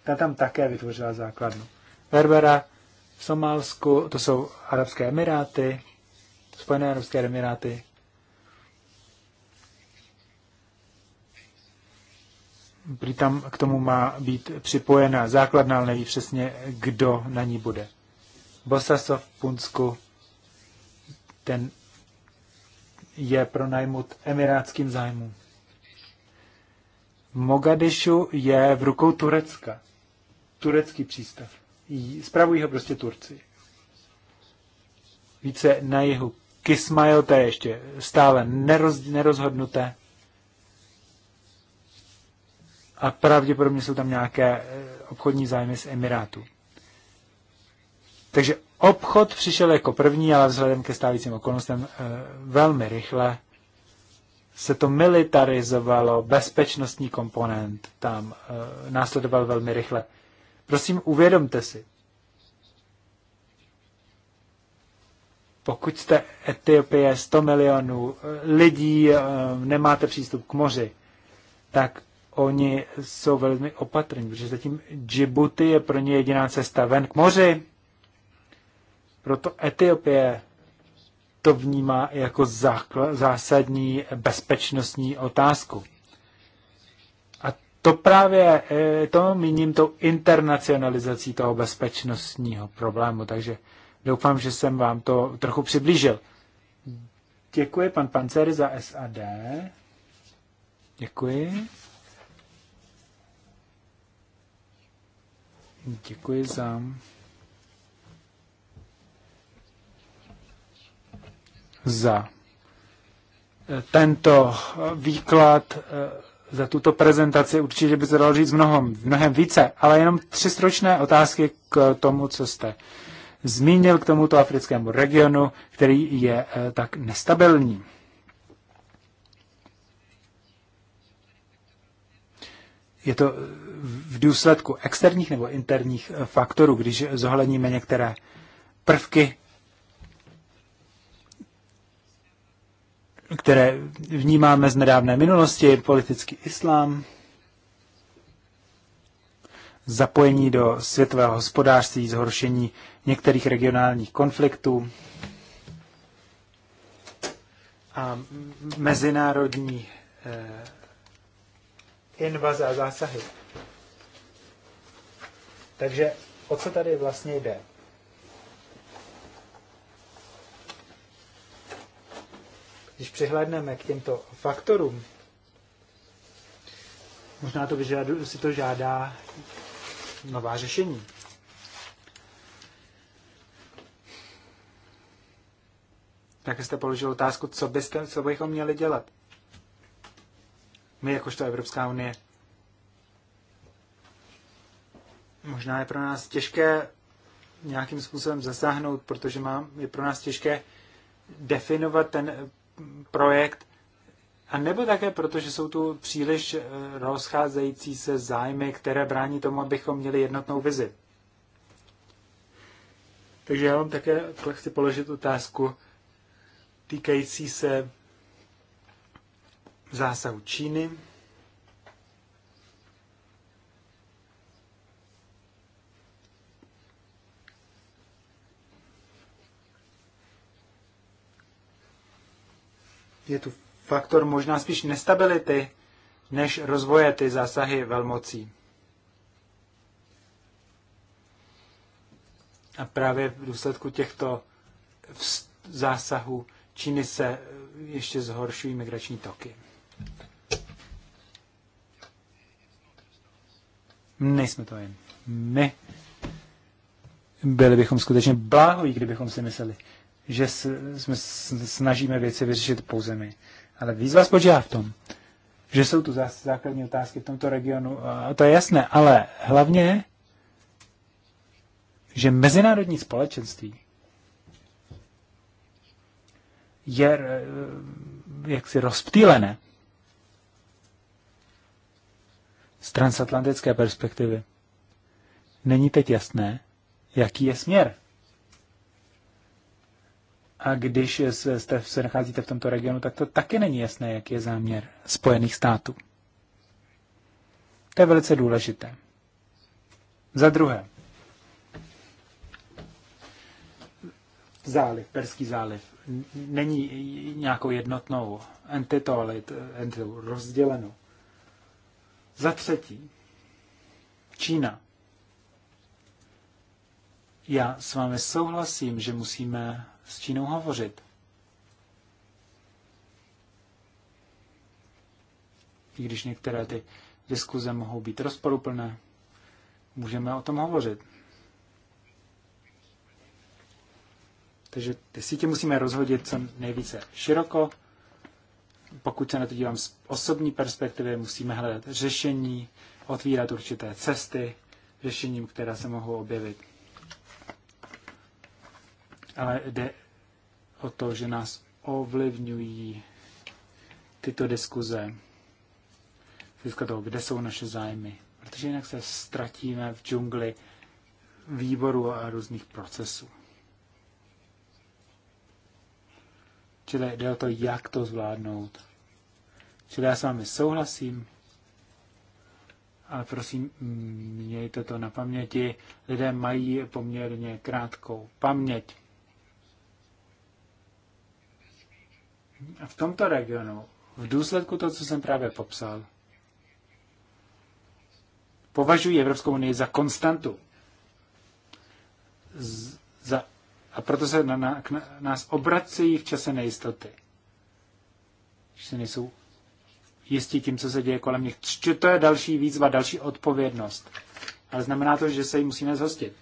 Ta tam také vytvořila základnu. Berbera v Somálsku, to jsou Arabské Emiráty, Spojené Arabské Emiráty. Prý tam k tomu má být připojena základna, ale neví přesně, kdo na ní bude. Bosaso v Punsku, ten je pronajmut emirátským zájmům. Mogadishu je v rukou Turecka. Turecký přístav. Spravují ho prostě Turci. Více na jihu Kismail, to je ještě stále neroz, nerozhodnuté. A pravděpodobně jsou tam nějaké eh, obchodní zájmy z Emirátů. Takže obchod přišel jako první, ale vzhledem ke stávajícím okolnostem eh, velmi rychle se to militarizovalo, bezpečnostní komponent tam eh, následoval velmi rychle. Prosím, uvědomte si, pokud jste Etiopie 100 milionů eh, lidí, nemáte přístup k moři, tak oni jsou velmi opatrní, protože zatím Djibouti je pro ně jediná cesta ven k moři. Proto Etiopie to vnímá jako zásadní bezpečnostní otázku. A to právě, e, to míním tou internacionalizací toho bezpečnostního problému, takže doufám, že jsem vám to trochu přiblížil. Děkuji pan Pancery za SAD. Děkuji. Děkuji za za eh, tento výklad, eh, za tuto prezentaci. Určitě by se dalo říct mnohem, mnohem více, ale jenom tři stročné otázky k tomu, co jste zmínil k tomuto africkému regionu, který je eh, tak nestabilní. Je to v důsledku externích nebo interních faktorů, když zohledníme některé prvky které vnímáme z nedávné minulosti, politický islám, zapojení do světového hospodářství, zhoršení některých regionálních konfliktů a mezinárodní eh, invaze a zásahy. Takže o co tady vlastně jde? Když přihlédneme k těmto faktorům, možná to vyžadu, si to žádá nová řešení. Tak jste položil otázku, co, byste, co bychom měli dělat. My, jakožto Evropská unie. Možná je pro nás těžké nějakým způsobem zasáhnout, protože mám, je pro nás těžké definovat ten projekt, a nebo také proto, že jsou tu příliš eh, rozcházející se zájmy, které brání tomu, abychom měli jednotnou vizi. Takže já vám také chci položit otázku týkající se zásahu Číny je tu faktor možná spíš nestability, než rozvoje ty zásahy velmocí. A právě v důsledku těchto zásahů Číny se ještě zhoršují migrační toky. Nejsme to jen my. Byli bychom skutečně bláhoví, kdybychom si mysleli, že jsme snažíme věci vyřešit pouze my. Ale výzva spočívá v tom, že jsou tu základní otázky v tomto regionu, a to je jasné, ale hlavně, že mezinárodní společenství je eh, jaksi rozptýlené z transatlantické perspektivy. Není teď jasné, jaký je směr. A když jste, se nacházíte v tomto regionu, tak to taky není jasné, jaký je záměr Spojených států. To je velice důležité. Za druhé, záliv, Perský záliv, není nějakou jednotnou entitou, ale entitou rozdělenou. Za třetí, Čína. Já s vámi souhlasím, že musíme s Čínou hovořit. I když některé ty diskuze mohou být rozporuplné, můžeme o tom hovořit. Takže ty sítě musíme rozhodit co nejvíce široko. Pokud se na to dívám z osobní perspektivy, musíme hledat řešení, otvírat určité cesty řešením, která se mohou objevit ale jde o to, že nás ovlivňují tyto diskuze hlediska toho, kde jsou naše zájmy. Protože jinak se ztratíme v džungli výboru a různých procesů. Čili jde o to, jak to zvládnout. Čili já s vámi souhlasím, ale prosím, mějte to na paměti. Lidé mají poměrně krátkou paměť. v tomto regionu, v důsledku toho, co jsem právě popsal, považují Evropskou unii za konstantu. Z, za, a proto se na, na, na nás obracejí v čase nejistoty. Že se nejsou jistí tím, co se děje kolem nich. Či to je další výzva, další odpovědnost. Ale znamená to, že se jí musíme zhostit.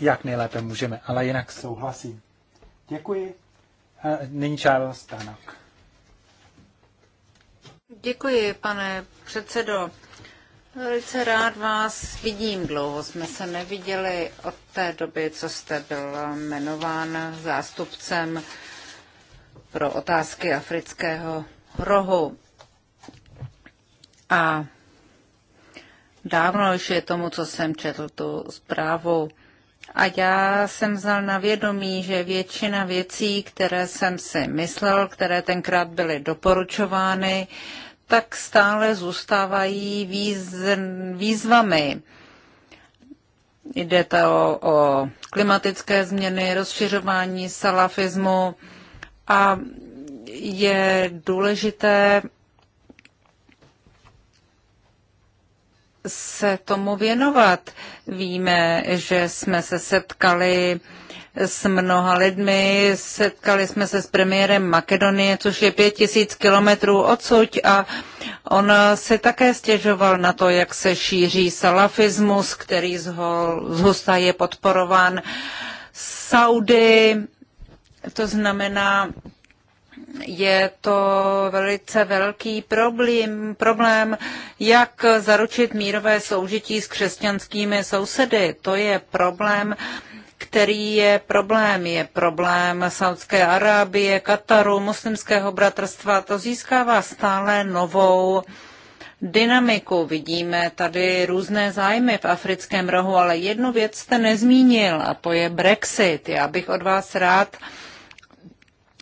Jak nejlépe můžeme, ale jinak souhlasím. Děkuji. Není Charles Tanok. Děkuji, pane předsedo. Velice rád vás vidím. Dlouho jsme se neviděli od té doby, co jste byl jmenován zástupcem pro otázky afrického rohu. A dávno už je tomu, co jsem četl tu zprávu. A já jsem vzal na vědomí, že většina věcí, které jsem si myslel, které tenkrát byly doporučovány, tak stále zůstávají výz, výzvami. Jde to o, o klimatické změny, rozšiřování salafismu a je důležité se tomu věnovat. Víme, že jsme se setkali s mnoha lidmi, setkali jsme se s premiérem Makedonie, což je pět tisíc kilometrů odsuť a on se také stěžoval na to, jak se šíří salafismus, který zhusta je podporován Saudy, to znamená, je to velice velký problém, problém, jak zaručit mírové soužití s křesťanskými sousedy. To je problém, který je problém. Je problém Saudské Arábie, Kataru, muslimského bratrstva. To získává stále novou dynamiku. Vidíme tady různé zájmy v africkém rohu, ale jednu věc jste nezmínil a to je Brexit. Já bych od vás rád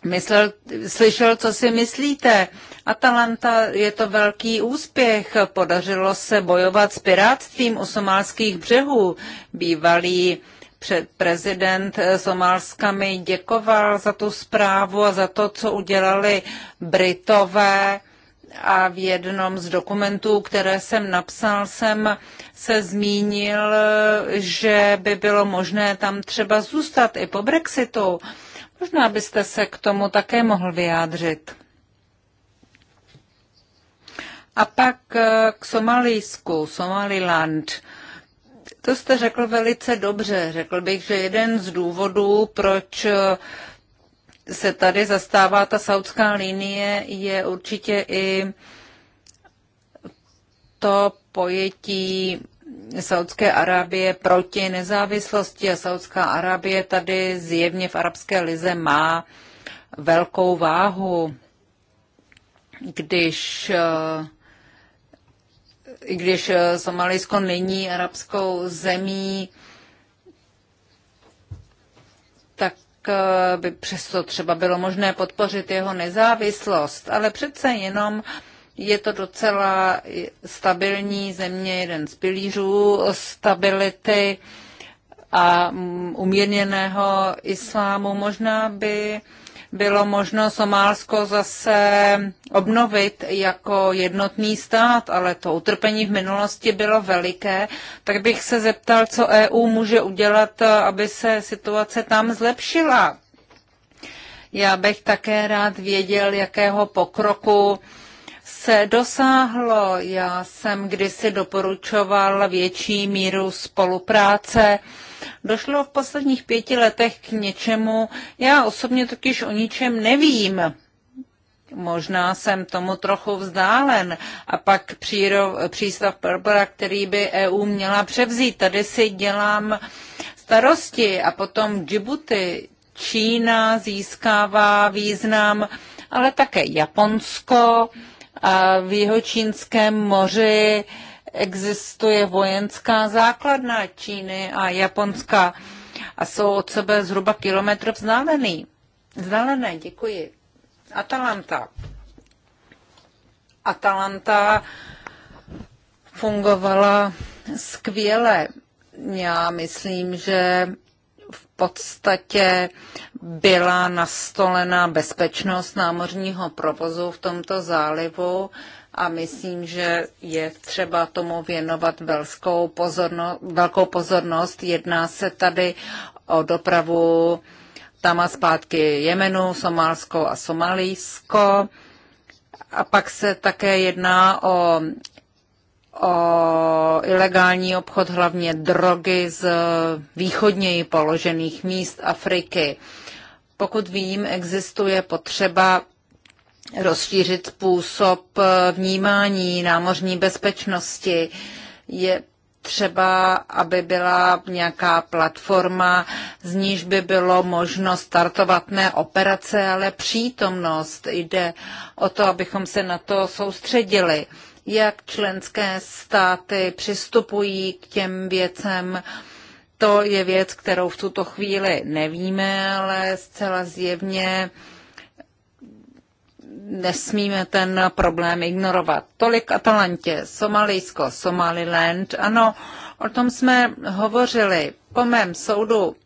myslel, slyšel, co si myslíte. Atalanta je to velký úspěch. Podařilo se bojovat s pirátstvím u somálských břehů. Bývalý před prezident Somálska mi děkoval za tu zprávu a za to, co udělali Britové. A v jednom z dokumentů, které jsem napsal, jsem se zmínil, že by bylo možné tam třeba zůstat i po Brexitu. Možná byste se k tomu také mohl vyjádřit. A pak eh, k Somalijsku, Somaliland. To jste řekl velice dobře. Řekl bych, že jeden z důvodů, proč eh, se tady zastává ta saudská linie, je určitě i to pojetí Saudské Arábie proti nezávislosti a Saudská Arábie tady zjevně v arabské lize má velkou váhu, když eh, i když eh, Somalisko není arabskou zemí, tak eh, by přesto třeba bylo možné podpořit jeho nezávislost, ale přece jenom je to docela stabilní země, jeden z pilířů stability a umírněného islámu. Možná by bylo možno Somálsko zase obnovit jako jednotný stát, ale to utrpení v minulosti bylo veliké, tak bych se zeptal, co EU může udělat, aby se situace tam zlepšila. Já bych také rád věděl, jakého pokroku se dosáhlo. Já jsem kdysi doporučoval větší míru spolupráce. Došlo v posledních pěti letech k něčemu, já osobně totiž o ničem nevím. Možná jsem tomu trochu vzdálen. A pak příro, přístav Perbera, který by EU měla převzít. Tady si dělám starosti a potom Djibouti. Čína získává význam, ale také Japonsko. A v jeho čínském moři existuje vojenská základna Číny a Japonska a jsou od sebe zhruba kilometr vzdálený. Vzdálené, děkuji. Atalanta. Atalanta fungovala skvěle. Já myslím, že podstatě byla nastolena bezpečnost námořního provozu v tomto zálivu a myslím, že je třeba tomu věnovat velkou pozornost. Velkou pozornost. Jedná se tady o dopravu tam a zpátky Jemenu, Somálsko a Somalísko. A pak se také jedná o o ilegální obchod hlavně drogy z východněji položených míst Afriky. Pokud vím, existuje potřeba rozšířit způsob vnímání námořní bezpečnosti. Je třeba, aby byla nějaká platforma, z níž by bylo možno startovat ne operace, ale přítomnost. Jde o to, abychom se na to soustředili jak členské státy přistupují k těm věcem. To je věc, kterou v tuto chvíli nevíme, ale zcela zjevně nesmíme ten problém ignorovat. Tolik Atalantě, Somalisko, Somaliland. Ano, o tom jsme hovořili. Po mém soudu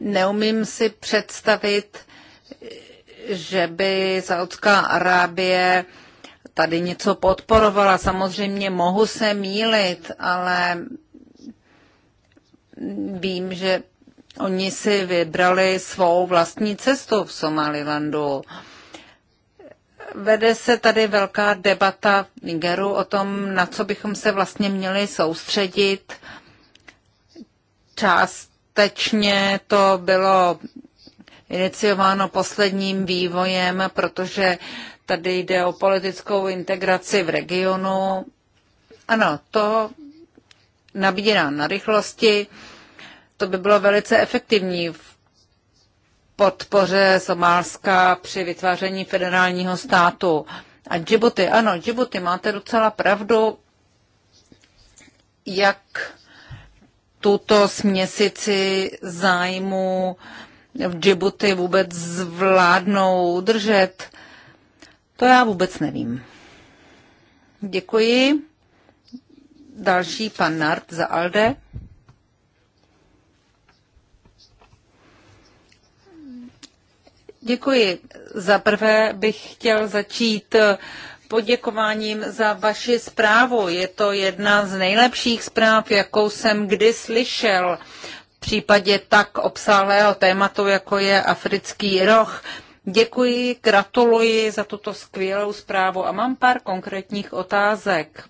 neumím si představit, že by Saudská Arábie tady něco podporovala. Samozřejmě mohu se mílit, ale vím, že oni si vybrali svou vlastní cestu v Somalilandu. Vede se tady velká debata v Nigeru o tom, na co bychom se vlastně měli soustředit. Částečně to bylo iniciováno posledním vývojem, protože tady jde o politickou integraci v regionu. Ano, to nabírá na rychlosti. To by bylo velice efektivní v podpoře Somálska při vytváření federálního státu. A Djibouti, ano, Djibouti, máte docela pravdu, jak tuto směsici zájmu v Djibouti vůbec zvládnou udržet, to já vůbec nevím. Děkuji. Další pan Nart za Alde. Děkuji. Za prvé bych chtěl začít poděkováním za vaši zprávu. Je to jedna z nejlepších zpráv, jakou jsem kdy slyšel případě tak obsáhlého tématu, jako je africký roh. Děkuji, gratuluji za tuto skvělou zprávu a mám pár konkrétních otázek.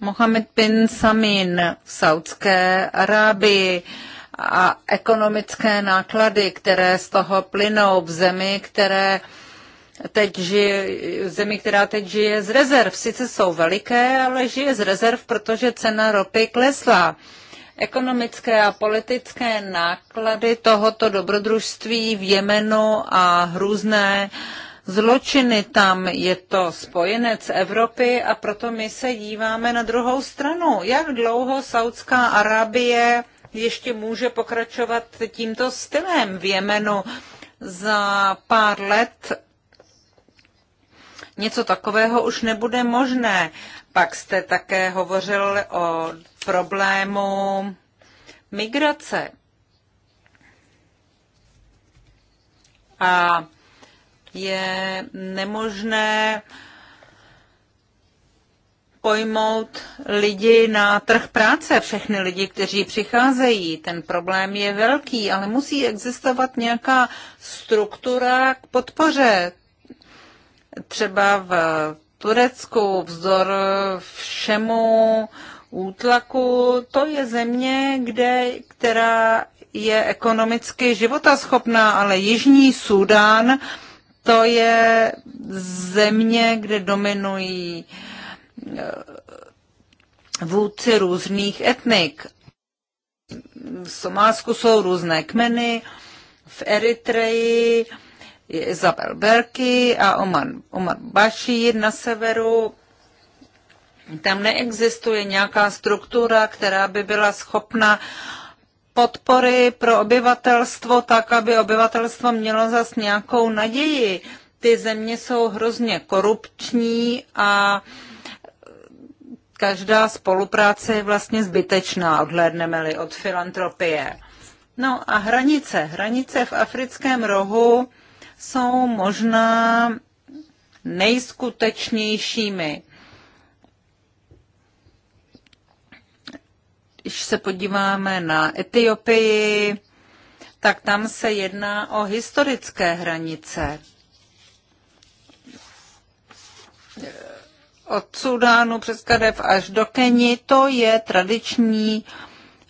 Mohamed bin Samin v Saudské Arábii a ekonomické náklady, které z toho plynou v zemi, které teď žije, zemi, která teď žije z rezerv. Sice jsou veliké, ale žije z rezerv, protože cena ropy klesla. Ekonomické a politické náklady tohoto dobrodružství v Jemenu a hrůzné zločiny tam, je to spojenec Evropy a proto my se díváme na druhou stranu. Jak dlouho Saudská Arábie ještě může pokračovat tímto stylem v Jemenu? Za pár let něco takového už nebude možné. Pak jste také hovořil o problému migrace. A je nemožné pojmout lidi na trh práce, všechny lidi, kteří přicházejí. Ten problém je velký, ale musí existovat nějaká struktura k podpoře. Třeba v Turecku vzdor všemu útlaku, to je země, kde, která je ekonomicky životaschopná, ale Jižní Súdán to je země, kde dominují eh, vůdci různých etnik. V Somálsku jsou různé kmeny, v Eritreji je Isabel Berky a Oman, Oman Bashir na severu. Tam neexistuje nějaká struktura, která by byla schopna podpory pro obyvatelstvo tak, aby obyvatelstvo mělo zas nějakou naději. Ty země jsou hrozně korupční a každá spolupráce je vlastně zbytečná, odhlédneme-li od filantropie. No a hranice. Hranice v africkém rohu jsou možná nejskutečnějšími. Když se podíváme na Etiopii, tak tam se jedná o historické hranice. Od Sudánu přes Kadev až do Keni, to je tradiční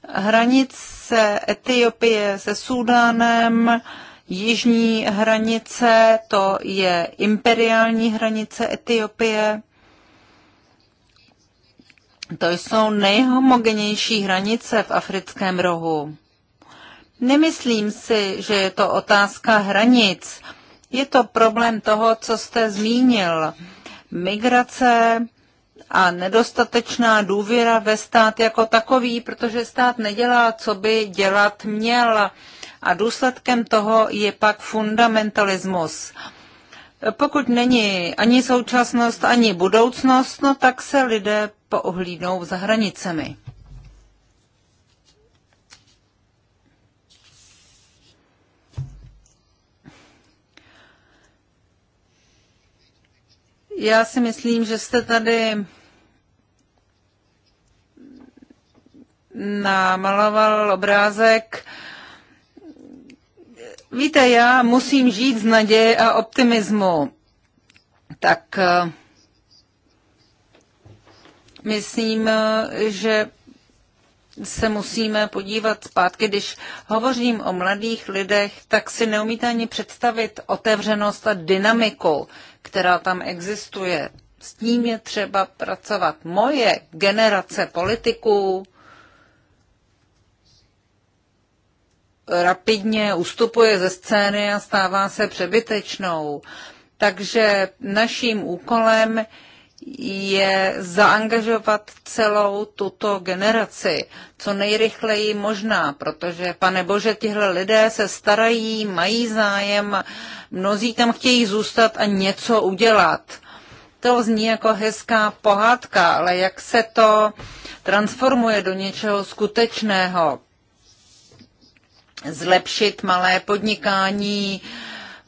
hranice Etiopie se Sudánem jižní hranice, to je imperiální hranice Etiopie. To jsou nejhomogenější hranice v africkém rohu. Nemyslím si, že je to otázka hranic. Je to problém toho, co jste zmínil. Migrace a nedostatečná důvěra ve stát jako takový, protože stát nedělá, co by dělat měl a důsledkem toho je pak fundamentalismus. Pokud není ani současnost, ani budoucnost, no tak se lidé poohlídnou za hranicemi. Já si myslím, že jste tady namaloval obrázek Víte, já musím žít z naděje a optimismu. Tak eh, myslím, eh, že se musíme podívat zpátky. Když hovořím o mladých lidech, tak si neumíte ani představit otevřenost a dynamiku, která tam existuje. S tím je třeba pracovat. Moje generace politiků rapidně ustupuje ze scény a stává se přebytečnou. Takže naším úkolem je zaangažovat celou tuto generaci, co nejrychleji možná, protože, pane bože, tihle lidé se starají, mají zájem, mnozí tam chtějí zůstat a něco udělat. To zní jako hezká pohádka, ale jak se to transformuje do něčeho skutečného? zlepšit malé podnikání,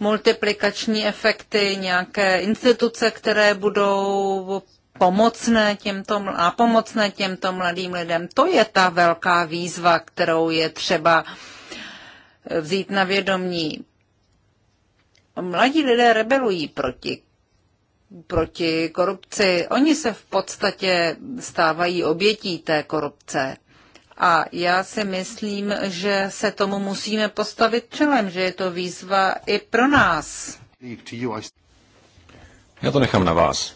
multiplikační efekty, nějaké instituce, které budou pomocné těmto, a pomocné těmto mladým lidem. To je ta velká výzva, kterou je třeba vzít na vědomí. Mladí lidé rebelují proti, proti korupci. Oni se v podstatě stávají obětí té korupce. A já si myslím, že se tomu musíme postavit čelem, že je to výzva i pro nás. Já to nechám na vás.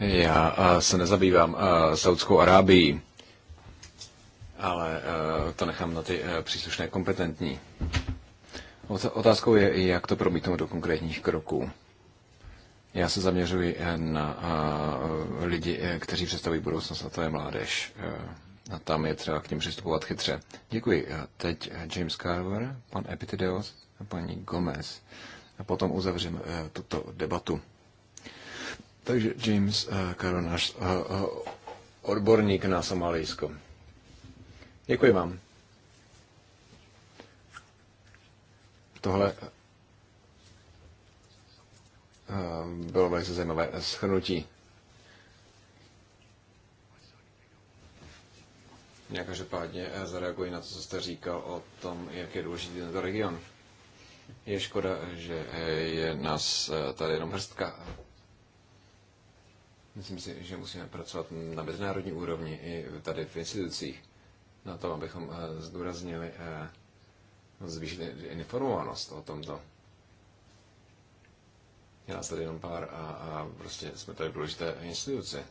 Já eh, se nezabývám eh, Saudskou Arábií, ale eh, to nechám na ty příslušné kompetentní. Otázkou je, jak to promítnout do konkrétních kroků. Já se zaměřuji eh, na eh, lidi, eh, kteří představují budoucnost, a to je mládež. A tam je třeba k ním přistupovat chytře. Děkuji. A teď James Carver, pan Epitideos a paní Gomez. A potom uzavřeme tuto debatu. Takže James Carver, náš odborník na Somalijsko. Děkuji vám. Tohle Eh, bylo velice zajímavé schrnutí. Já každopádně eh, zareaguji na to, co jste říkal o tom, jak je důležitý tento region. Je škoda, že eh, je nás tady jenom hrstka. Myslím si, že musíme pracovat na mezinárodní úrovni i tady v institucích na to, abychom zdůraznili zvýšit informovanost o tomto. Je nás tady jenom pár a, a prostě jsme tady důležité instituce.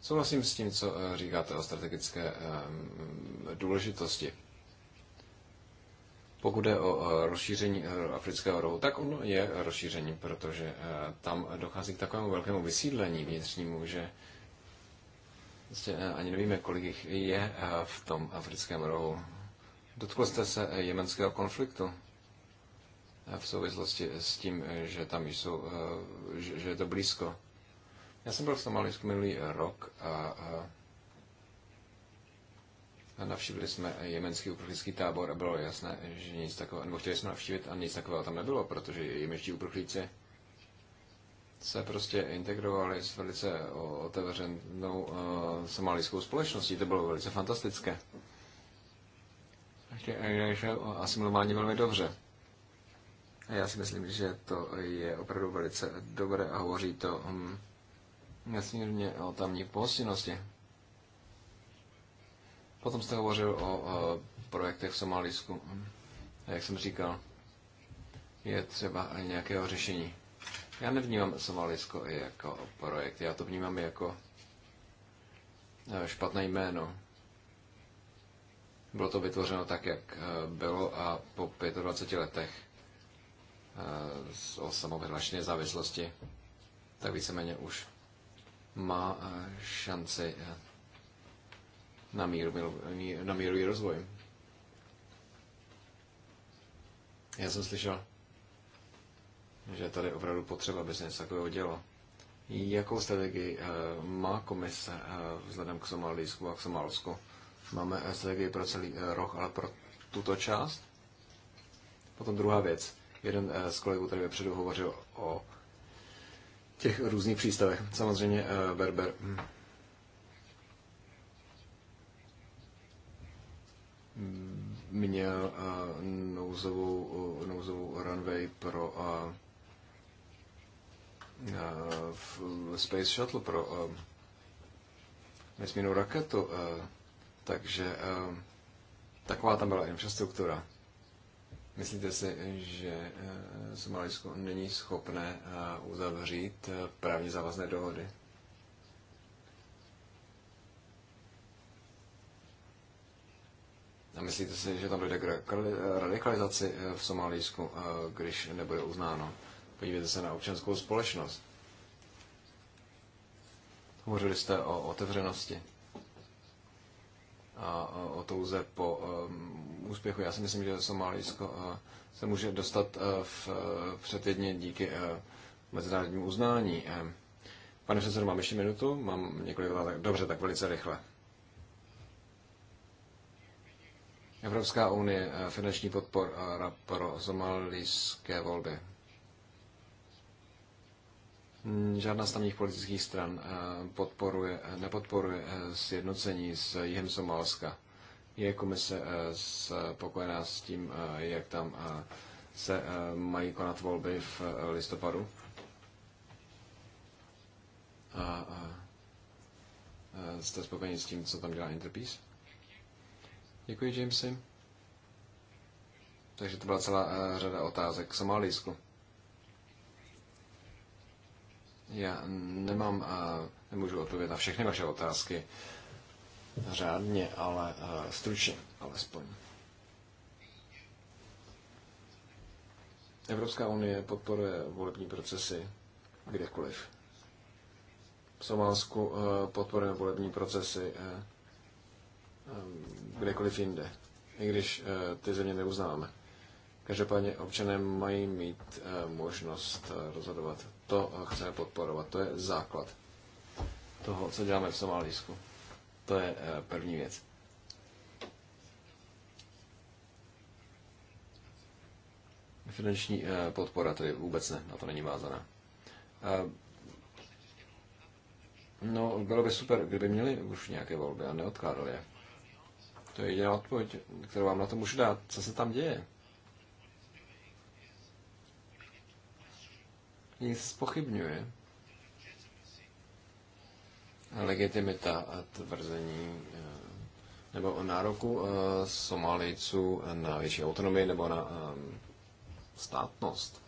Souhlasím s tím, co eh, říkáte o strategické eh, mm, důležitosti. Pokud je o eh, rozšíření afrického rohu, tak ono je rozšíření, protože tam dochází k takovému velkému vysídlení vnitřnímu, že vlastně ani nevíme, kolik jich je v tom africkém rohu. Dotkl jste se jemenského konfliktu? v souvislosti s tím, že tam jsou, eh, že je to blízko. Já jsem byl v Somalisku minulý rok a, a, navštívili jsme jemenský uprchlický tábor a bylo jasné, že nic takového, nebo chtěli jsme navštívit a nic takového tam nebylo, protože jemenští uprchlíci se prostě integrovali s velice otevřenou uh, eh, somalijskou společností. To bylo velice fantastické. Takže eh, asimilování velmi dobře. Já si myslím, že to je opravdu velice dobré a hovoří to um, nesmírně o tamní pohostinnosti. Potom jste hovořil o, o projektech v Somalisku. Jak jsem říkal, je třeba nějakého řešení. Já nevnímám Somalisko jako projekt, já to vnímám jako eh, špatné jméno. Bylo to vytvořeno tak, jak eh, bylo a po 25 letech Eh, o samovyhlašené závislosti, tak víceméně už má eh, šanci eh, na, míru, na i rozvoj. Já jsem slyšel, že tady je opravdu potřeba, aby se něco takového dělo. Jakou strategii má komise vzhledem k Somalijsku a k Somálsku? Máme strategii pro celý rok, ale pro tuto část? Potom druhá věc. Jeden eh, z kolegů tady vepředu hovořil o těch různých přístavech. Samozřejmě eh, Berber. Hm. měl eh, nouzovou, nouzovou runway pro Space Shuttle, pro vesmírnou raketu. Takže taková tam byla infrastruktura. Myslíte si, že eh, Somalisko není schopné eh, uzavřít eh, právně závazné dohody? A myslíte si, že tam dojde k radikalizaci v Somálísku, když nebude uznáno? Podívejte se na občanskou společnost. Hovořili jste o otevřenosti a o touze po um, úspěchu. Já si myslím, že uh, se může dostat uh, v uh, předjedně díky uh, mezinárodnímu uznání. Pane předsedo, mám ještě minutu, mám několik otázek. Dobře, tak velice rychle. Evropská unie, finanční podpora pro somalijské volby. Žádná z tamních politických stran eh, podporuje, eh, nepodporuje eh, sjednocení s jihem Somálska. Je komise spokojená s tím, jak tam se mají konat volby v listopadu? A jste spokojeni s tím, co tam dělá Interpeace? Děkuji, Jamesy. Takže to byla celá řada otázek k Somálisku. Já nemám, nemůžu odpovědět na všechny vaše otázky řádně, ale e, stručně alespoň. Evropská unie podporuje volební procesy kdekoliv. V Somálsku e, podporujeme volební procesy e, kdekoliv jinde, i když ty země neuznáme. Každopádně občané mají mít možnost rozhodovat to chceme podporovat. To je základ toho, co děláme v Somálisku. To je eh, první věc. Finanční eh, podpora to je vůbec ne, na to není vázaná. Eh, no, bylo by super, kdyby měli už nějaké volby a neodkládali je. To je jediná odpověď, kterou vám na to můžu dát. Co se tam děje? nic spochybňuje. Legitimita tvrzení eh, nebo o nároku eh, Somalijců na větší autonomii nebo na eh, státnost.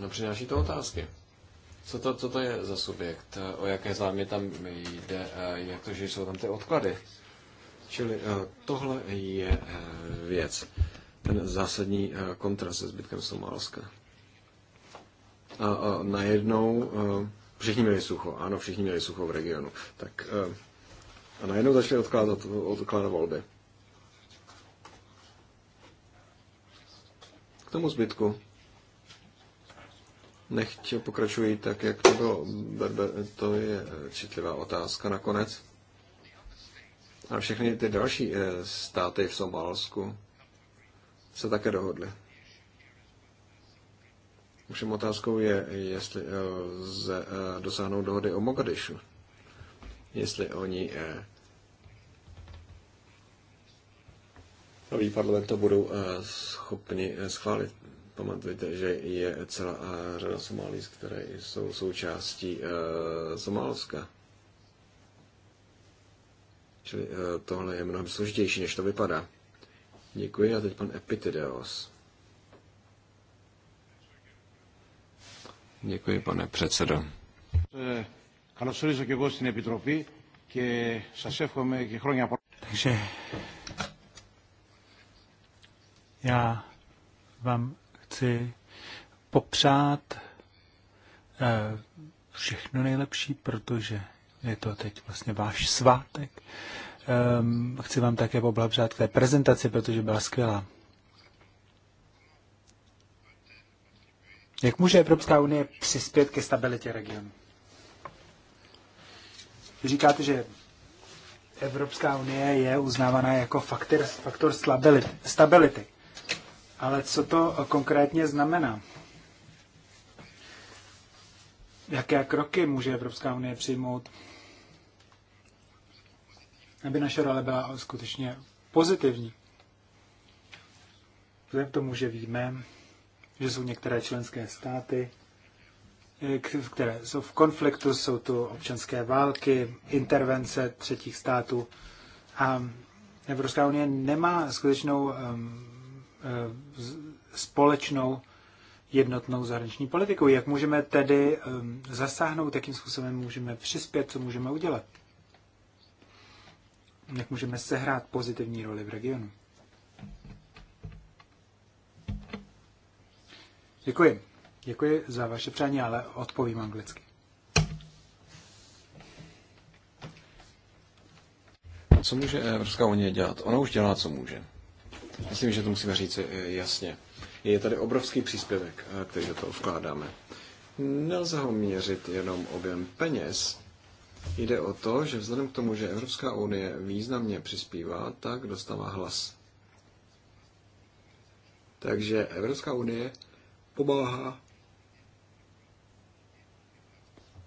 No, přináší to otázky. Co to, co to je za subjekt? O jaké zájmy tam jde? Jak to, že jsou tam ty odklady? Čili tohle je věc ten zásadní eh, kontrast se zbytkem Somálska. A, a najednou eh, všichni měli sucho, ano, všichni měli sucho v regionu. Tak eh, a najednou začali odkládat, odkládat volby. K tomu zbytku. Nechť pokračují tak, jak to bylo. Berber, to je citlivá otázka nakonec. A všechny ty další státy v Somálsku, se také dohodli. Všem otázkou je, jestli eh, lze eh, dosáhnou dohody o Mogadishu. Jestli oni eh, nový parlament to budou schopni schválit. Pamatujte, že je celá řada Somálí, které jsou součástí Somálska. Čili tohle je mnohem složitější, než to vypadá. Děkuji a teď pan Epitideos. Děkuji, pane předsedo. Takže já vám chci popřát eh, všechno nejlepší, protože je to teď vlastně váš svátek. Um, chci vám také poblahopřát k té prezentaci, protože byla skvělá. Jak může Evropská unie přispět ke stabilitě regionu? Vy říkáte, že Evropská unie je uznávaná jako faktor, faktor stability, stability. Ale co to konkrétně znamená? Jaké kroky může Evropská unie přijmout? aby naše role byla skutečně pozitivní. Vzhledem k tomu, že víme, že jsou některé členské státy, eh, které jsou v konfliktu, jsou tu občanské války, intervence třetích států a Evropská unie nemá skutečnou eh, společnou jednotnou zahraniční politikou. Jak můžeme tedy zasáhnout, jakým způsobem můžeme přispět, co můžeme udělat? jak můžeme sehrát pozitivní roli v regionu. Děkuji. Děkuji za vaše přání, ale odpovím anglicky. Co může Evropská unie dělat? Ona už dělá, co může. Myslím, že to musíme říct eh, jasně. Je tady obrovský příspěvek, eh, který do toho vkládáme. Nelze ho měřit jenom objem peněz, Jde o to, že vzhledem k tomu, že Evropská unie významně přispívá, tak dostává hlas. Takže Evropská unie pomáhá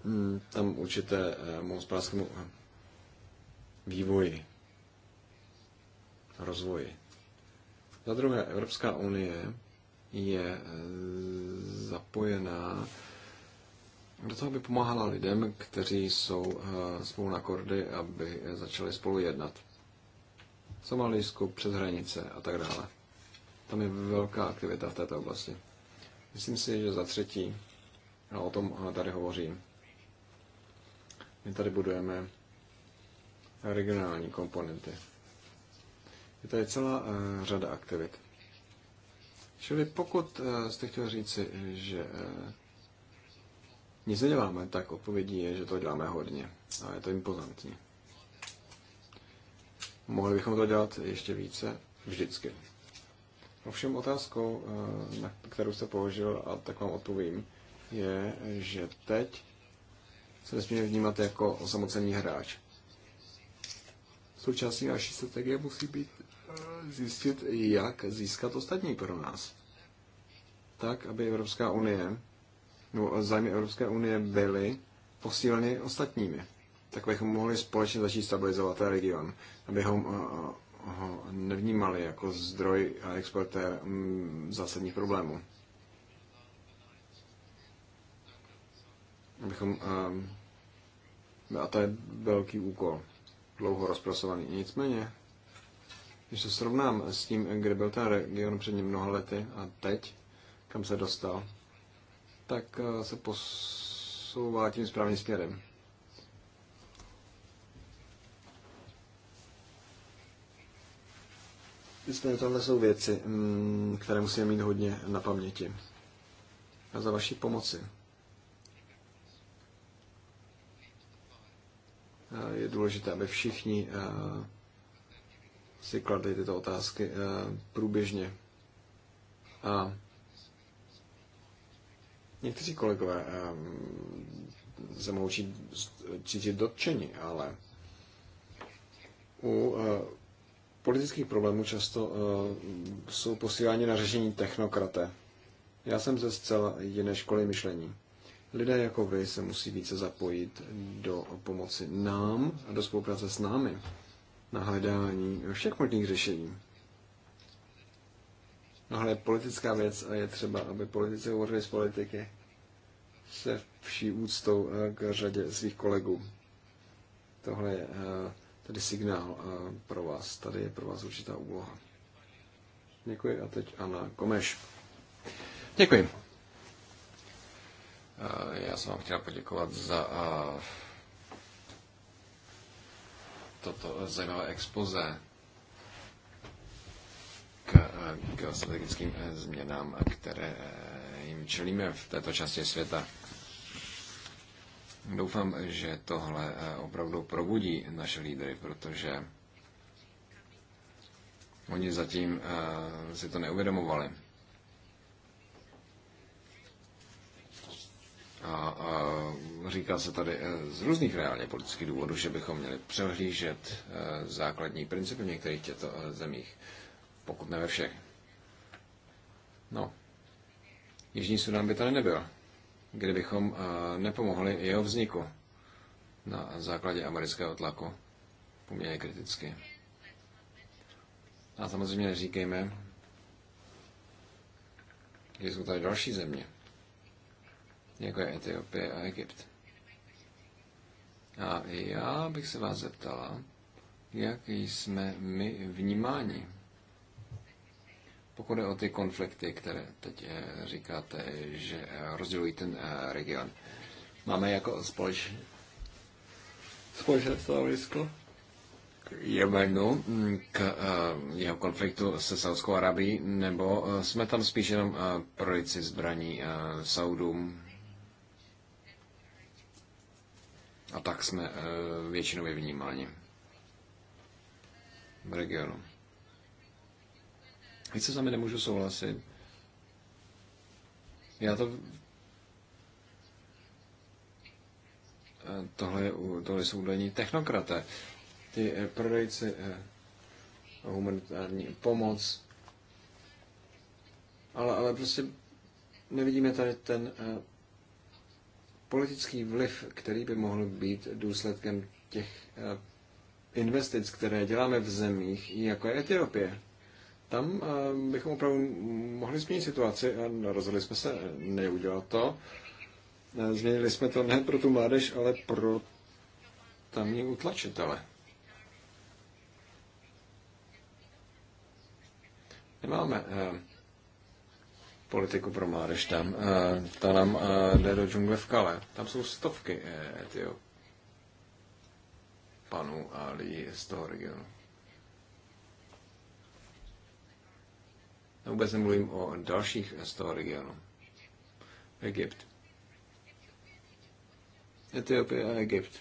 mm, tam určitému eh, hospodářskému vývoji, rozvoji. Za druhé, Evropská unie je eh, zapojená do toho by pomáhala lidem, kteří jsou eh, spolu na kordy, aby začali spolu jednat. Somalijsku, přes hranice a tak dále. Tam je velká aktivita v této oblasti. Myslím si, že za třetí, a o tom tady hovořím, my tady budujeme regionální komponenty. Je tady celá eh, řada aktivit. Čili pokud eh, jste chtěl říci, že nic neděláme, tak odpovědí je, že to děláme hodně a je to impozantní. Mohli bychom to dělat ještě více vždycky. Ovšem otázkou, eh, na kterou jste položil, a tak vám odpovím, je, že teď se nesmíme vnímat jako osamocený hráč. Součástí naší strategie musí být eh, zjistit, jak získat ostatní pro nás. Tak, aby Evropská unie nebo zájmy Evropské unie byly posíleny ostatními. Tak bychom mohli společně začít stabilizovat ten region, abychom eh, ho nevnímali jako zdroj a exportér mm, zásadních problémů. Abychom, eh, a to je velký úkol, dlouho rozprosovaný. Nicméně, když to srovnám s tím, kde byl ten region před mnoha lety a teď, kam se dostal, tak eh, se posouvá tím správným směrem. Nicméně tohle jsou věci, mm, které musíme mít hodně na paměti. A za vaší pomoci. Je důležité, aby všichni eh, si kladli tyto otázky eh, průběžně. A Někteří kolegové ehm, se mohou cítit dotčeni, ale u eh, politických problémů často eh, jsou posíláni na řešení technokraté. Já jsem ze zcela jiné školy myšlení. Lidé jako vy se musí více zapojit do pomoci nám a do spolupráce s námi na hledání všech možných řešení. No ale je politická věc a je třeba, aby politici hovořili z politiky se vší úctou eh, k řadě svých kolegů. Tohle je eh, tady signál eh, pro vás. Tady je pro vás určitá úloha. Děkuji a teď Anna Komeš. Děkuji. Já jsem vám chtěl poděkovat za toto zajímavé expoze k, k strategickým eh, změnám, eh, které eh, jim čelíme v této části světa. Doufám, že tohle opravdu probudí naše lídry, protože oni zatím si to neuvědomovali. A, a říká se tady z různých reálně politických důvodů, že bychom měli přehlížet základní principy v některých těchto zemích pokud ne ve všech. No, Jižní Sudán by tady nebyl, kdybychom eh, nepomohli jeho vzniku na základě amerického tlaku poměrně kriticky. A samozřejmě říkejme, že jsou tady další země, jako je Etiopie a Egypt. A já bych se vás zeptala, jak jsme my vnímáni pokud je o ty konflikty, které teď eh, říkáte, že eh, rozdělují ten eh, region, máme jako společ... společné stanovisko? Jemenu mm, k jeho konfliktu se Saudskou Arabií, nebo jsme tam spíš jenom prolici zbraní Saudům? A tak jsme většinově vnímáni v regionu. Když se sami nemůžu souhlasit, já to... Eh, tohle, tohle jsou údajní technokraté. Ty eh, prodejci eh, humanitární pomoc. Ale, ale prostě nevidíme tady ten politický vliv, který by mohl být důsledkem těch investic, které děláme v zemích, jako je Etiopie tam bychom opravdu mohli změnit situaci a rozhodli jsme se neudělat to. Změnili jsme to ne pro tu mládež, ale pro tamní utlačitele. Nemáme eh, politiku pro mládež tam. Eh, ta nám eh, jde do džungle v Kale. Tam jsou stovky Etiopanů a lidí z toho regionu. Vůbec nemluvím o dalších z toho regionu. Egypt. Etiopie a Egypt.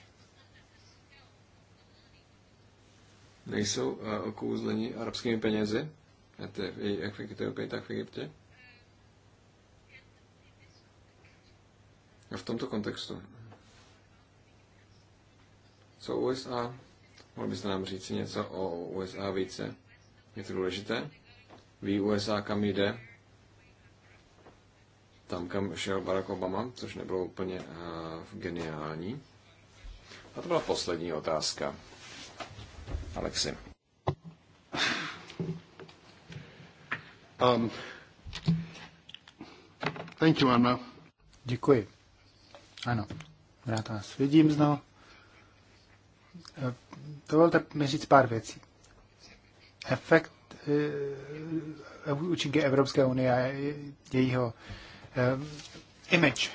Nejsou eh, okouzleni arabskými penězi, jak v Etiopii, tak v Egyptě? A v tomto kontextu. Co USA? Mohl byste nám říct něco o USA více? Je to důležité? Ví USA, kam jde? Tam, kam šel Barack Obama, což nebylo úplně uh, geniální. A to byla poslední otázka. Alexi. Um, thank you, Anna. Děkuji. Ano, rád vás vidím znovu. Eh, dovolte mi říct pár věcí. Efekt Eh, eh, účinky Evropské unie a jejího eh, image.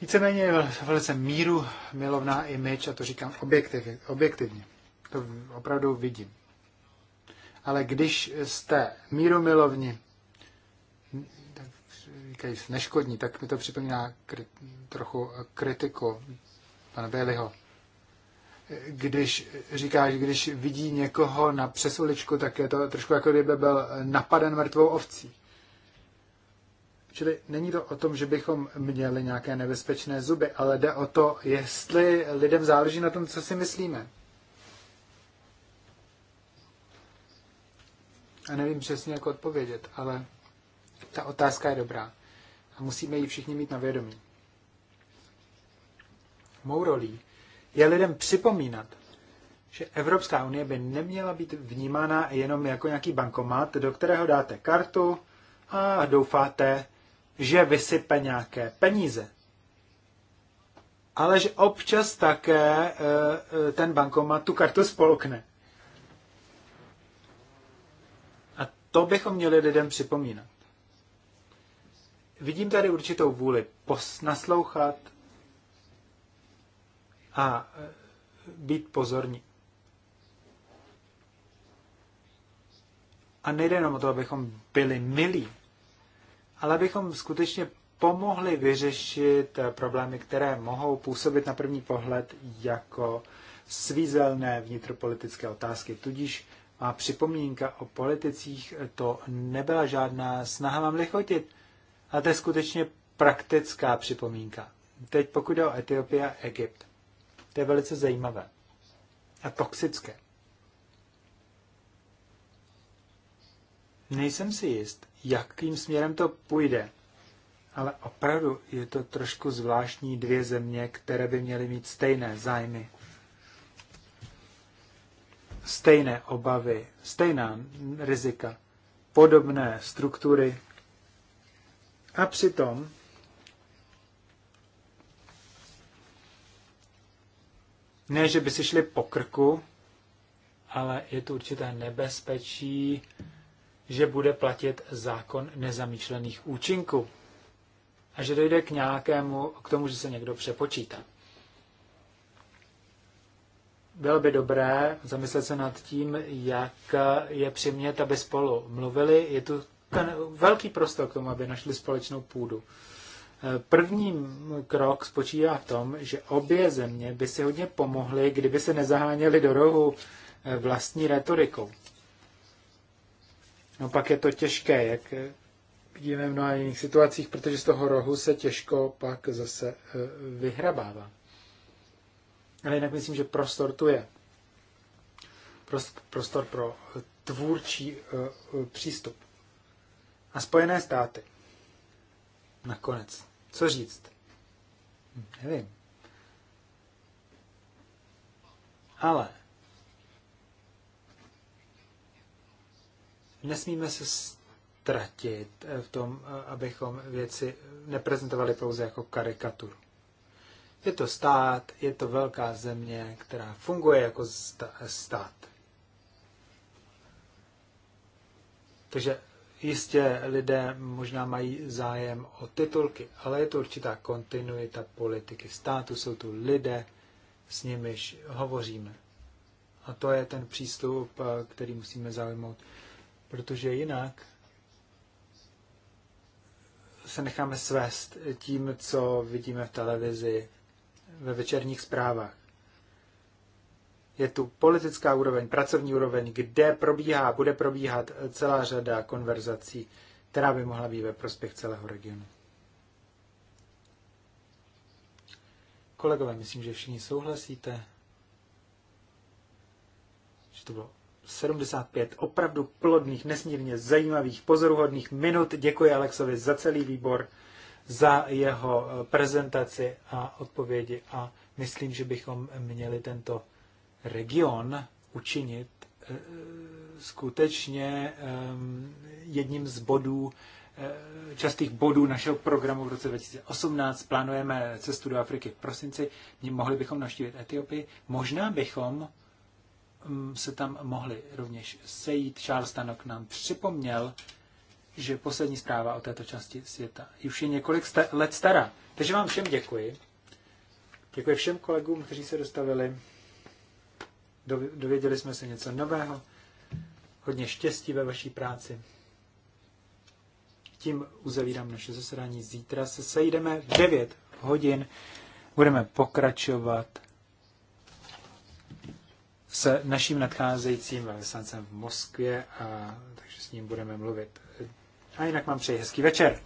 Víceméně je velice míru milovná image, a to říkám objektiv, objektivně. To opravdu vidím. Ale když jste míru milovní, tak říkají neškodní, tak mi to připomíná kri- trochu kritiku pana Baileyho když říkáš, když vidí někoho na přesuličku, tak je to trošku jako kdyby byl napaden mrtvou ovcí. Čili není to o tom, že bychom měli nějaké nebezpečné zuby, ale jde o to, jestli lidem záleží na tom, co si myslíme. A nevím přesně, jak odpovědět, ale ta otázka je dobrá. A musíme ji všichni mít na vědomí. Mou rolí je lidem připomínat, že Evropská unie by neměla být vnímána jenom jako nějaký bankomat, do kterého dáte kartu a doufáte, že vysype nějaké peníze. Ale že občas také e, e, ten bankomat tu kartu spolkne. A to bychom měli lidem připomínat. Vidím tady určitou vůli naslouchat, a e, být pozorní. A nejde jenom o to, abychom byli milí, ale abychom skutečně pomohli vyřešit e, problémy, které mohou působit na první pohled jako svízelné vnitropolitické otázky. Tudíž má připomínka o politicích e, to nebyla žádná snaha vám lichotit, ale to je skutečně praktická připomínka. Teď pokud jde o Etiopii a Egypt. To je velice zajímavé a toxické. Nejsem si jist, jakým směrem to půjde, ale opravdu je to trošku zvláštní dvě země, které by měly mít stejné zájmy, stejné obavy, stejná rizika, podobné struktury. A přitom ne, že by si šli po krku, ale je tu určité nebezpečí, že bude platit zákon nezamýšlených účinků a že dojde k nějakému, k tomu, že se někdo přepočítá. Bylo by dobré zamyslet se nad tím, jak je přimět, aby spolu mluvili. Je tu ten velký prostor k tomu, aby našli společnou půdu. První krok spočívá v tom, že obě země by si hodně pomohly, kdyby se nezaháněly do rohu eh, vlastní retorikou. No pak je to těžké, jak eh, vidíme v mnoha jiných situacích, protože z toho rohu se těžko pak zase eh, vyhrabává. Ale jinak myslím, že prostor tu je. Prostor pro tvůrčí přístup. A Spojené státy. Nakonec. Co říct? Nevím. Ale nesmíme se ztratit v tom, abychom věci neprezentovali pouze jako karikaturu. Je to stát, je to velká země, která funguje jako stát. Takže Jistě lidé možná mají zájem o titulky, ale je to určitá kontinuita politiky státu, jsou tu lidé, s nimiž hovoříme. A to je ten přístup, eh, který musíme zaujmout, protože jinak se necháme svést tím, co vidíme v televizi, ve večerních zprávách je tu politická úroveň, pracovní úroveň, kde probíhá, bude probíhat celá řada konverzací, která by mohla být ve prospěch celého regionu. Kolegové, myslím, že všichni souhlasíte, že to bylo 75 opravdu plodných, nesmírně zajímavých, pozoruhodných minut. Děkuji Alexovi za celý výbor, za jeho prezentaci a odpovědi a myslím, že bychom měli tento region učinit eh, skutečně ehm, jedním z bodů, eh, častých bodů našeho programu v roce 2018. Plánujeme cestu do Afriky v prosinci, mohli bychom navštívit Etiopii, možná bychom mm, se tam mohli rovněž sejít. Charles Tanok nám připomněl, že poslední zpráva o této části světa už je několik let stará. Takže vám všem děkuji. Děkuji všem kolegům, kteří se dostavili. Dověděli jsme se něco nového. Hodně štěstí ve vaší práci. Tím uzavírám naše zasedání. Zítra se sejdeme v 9 hodin. Budeme pokračovat s naším nadcházejícím velvyslancem v Moskvě, a, takže s ním budeme mluvit. A jinak mám přeji hezký večer.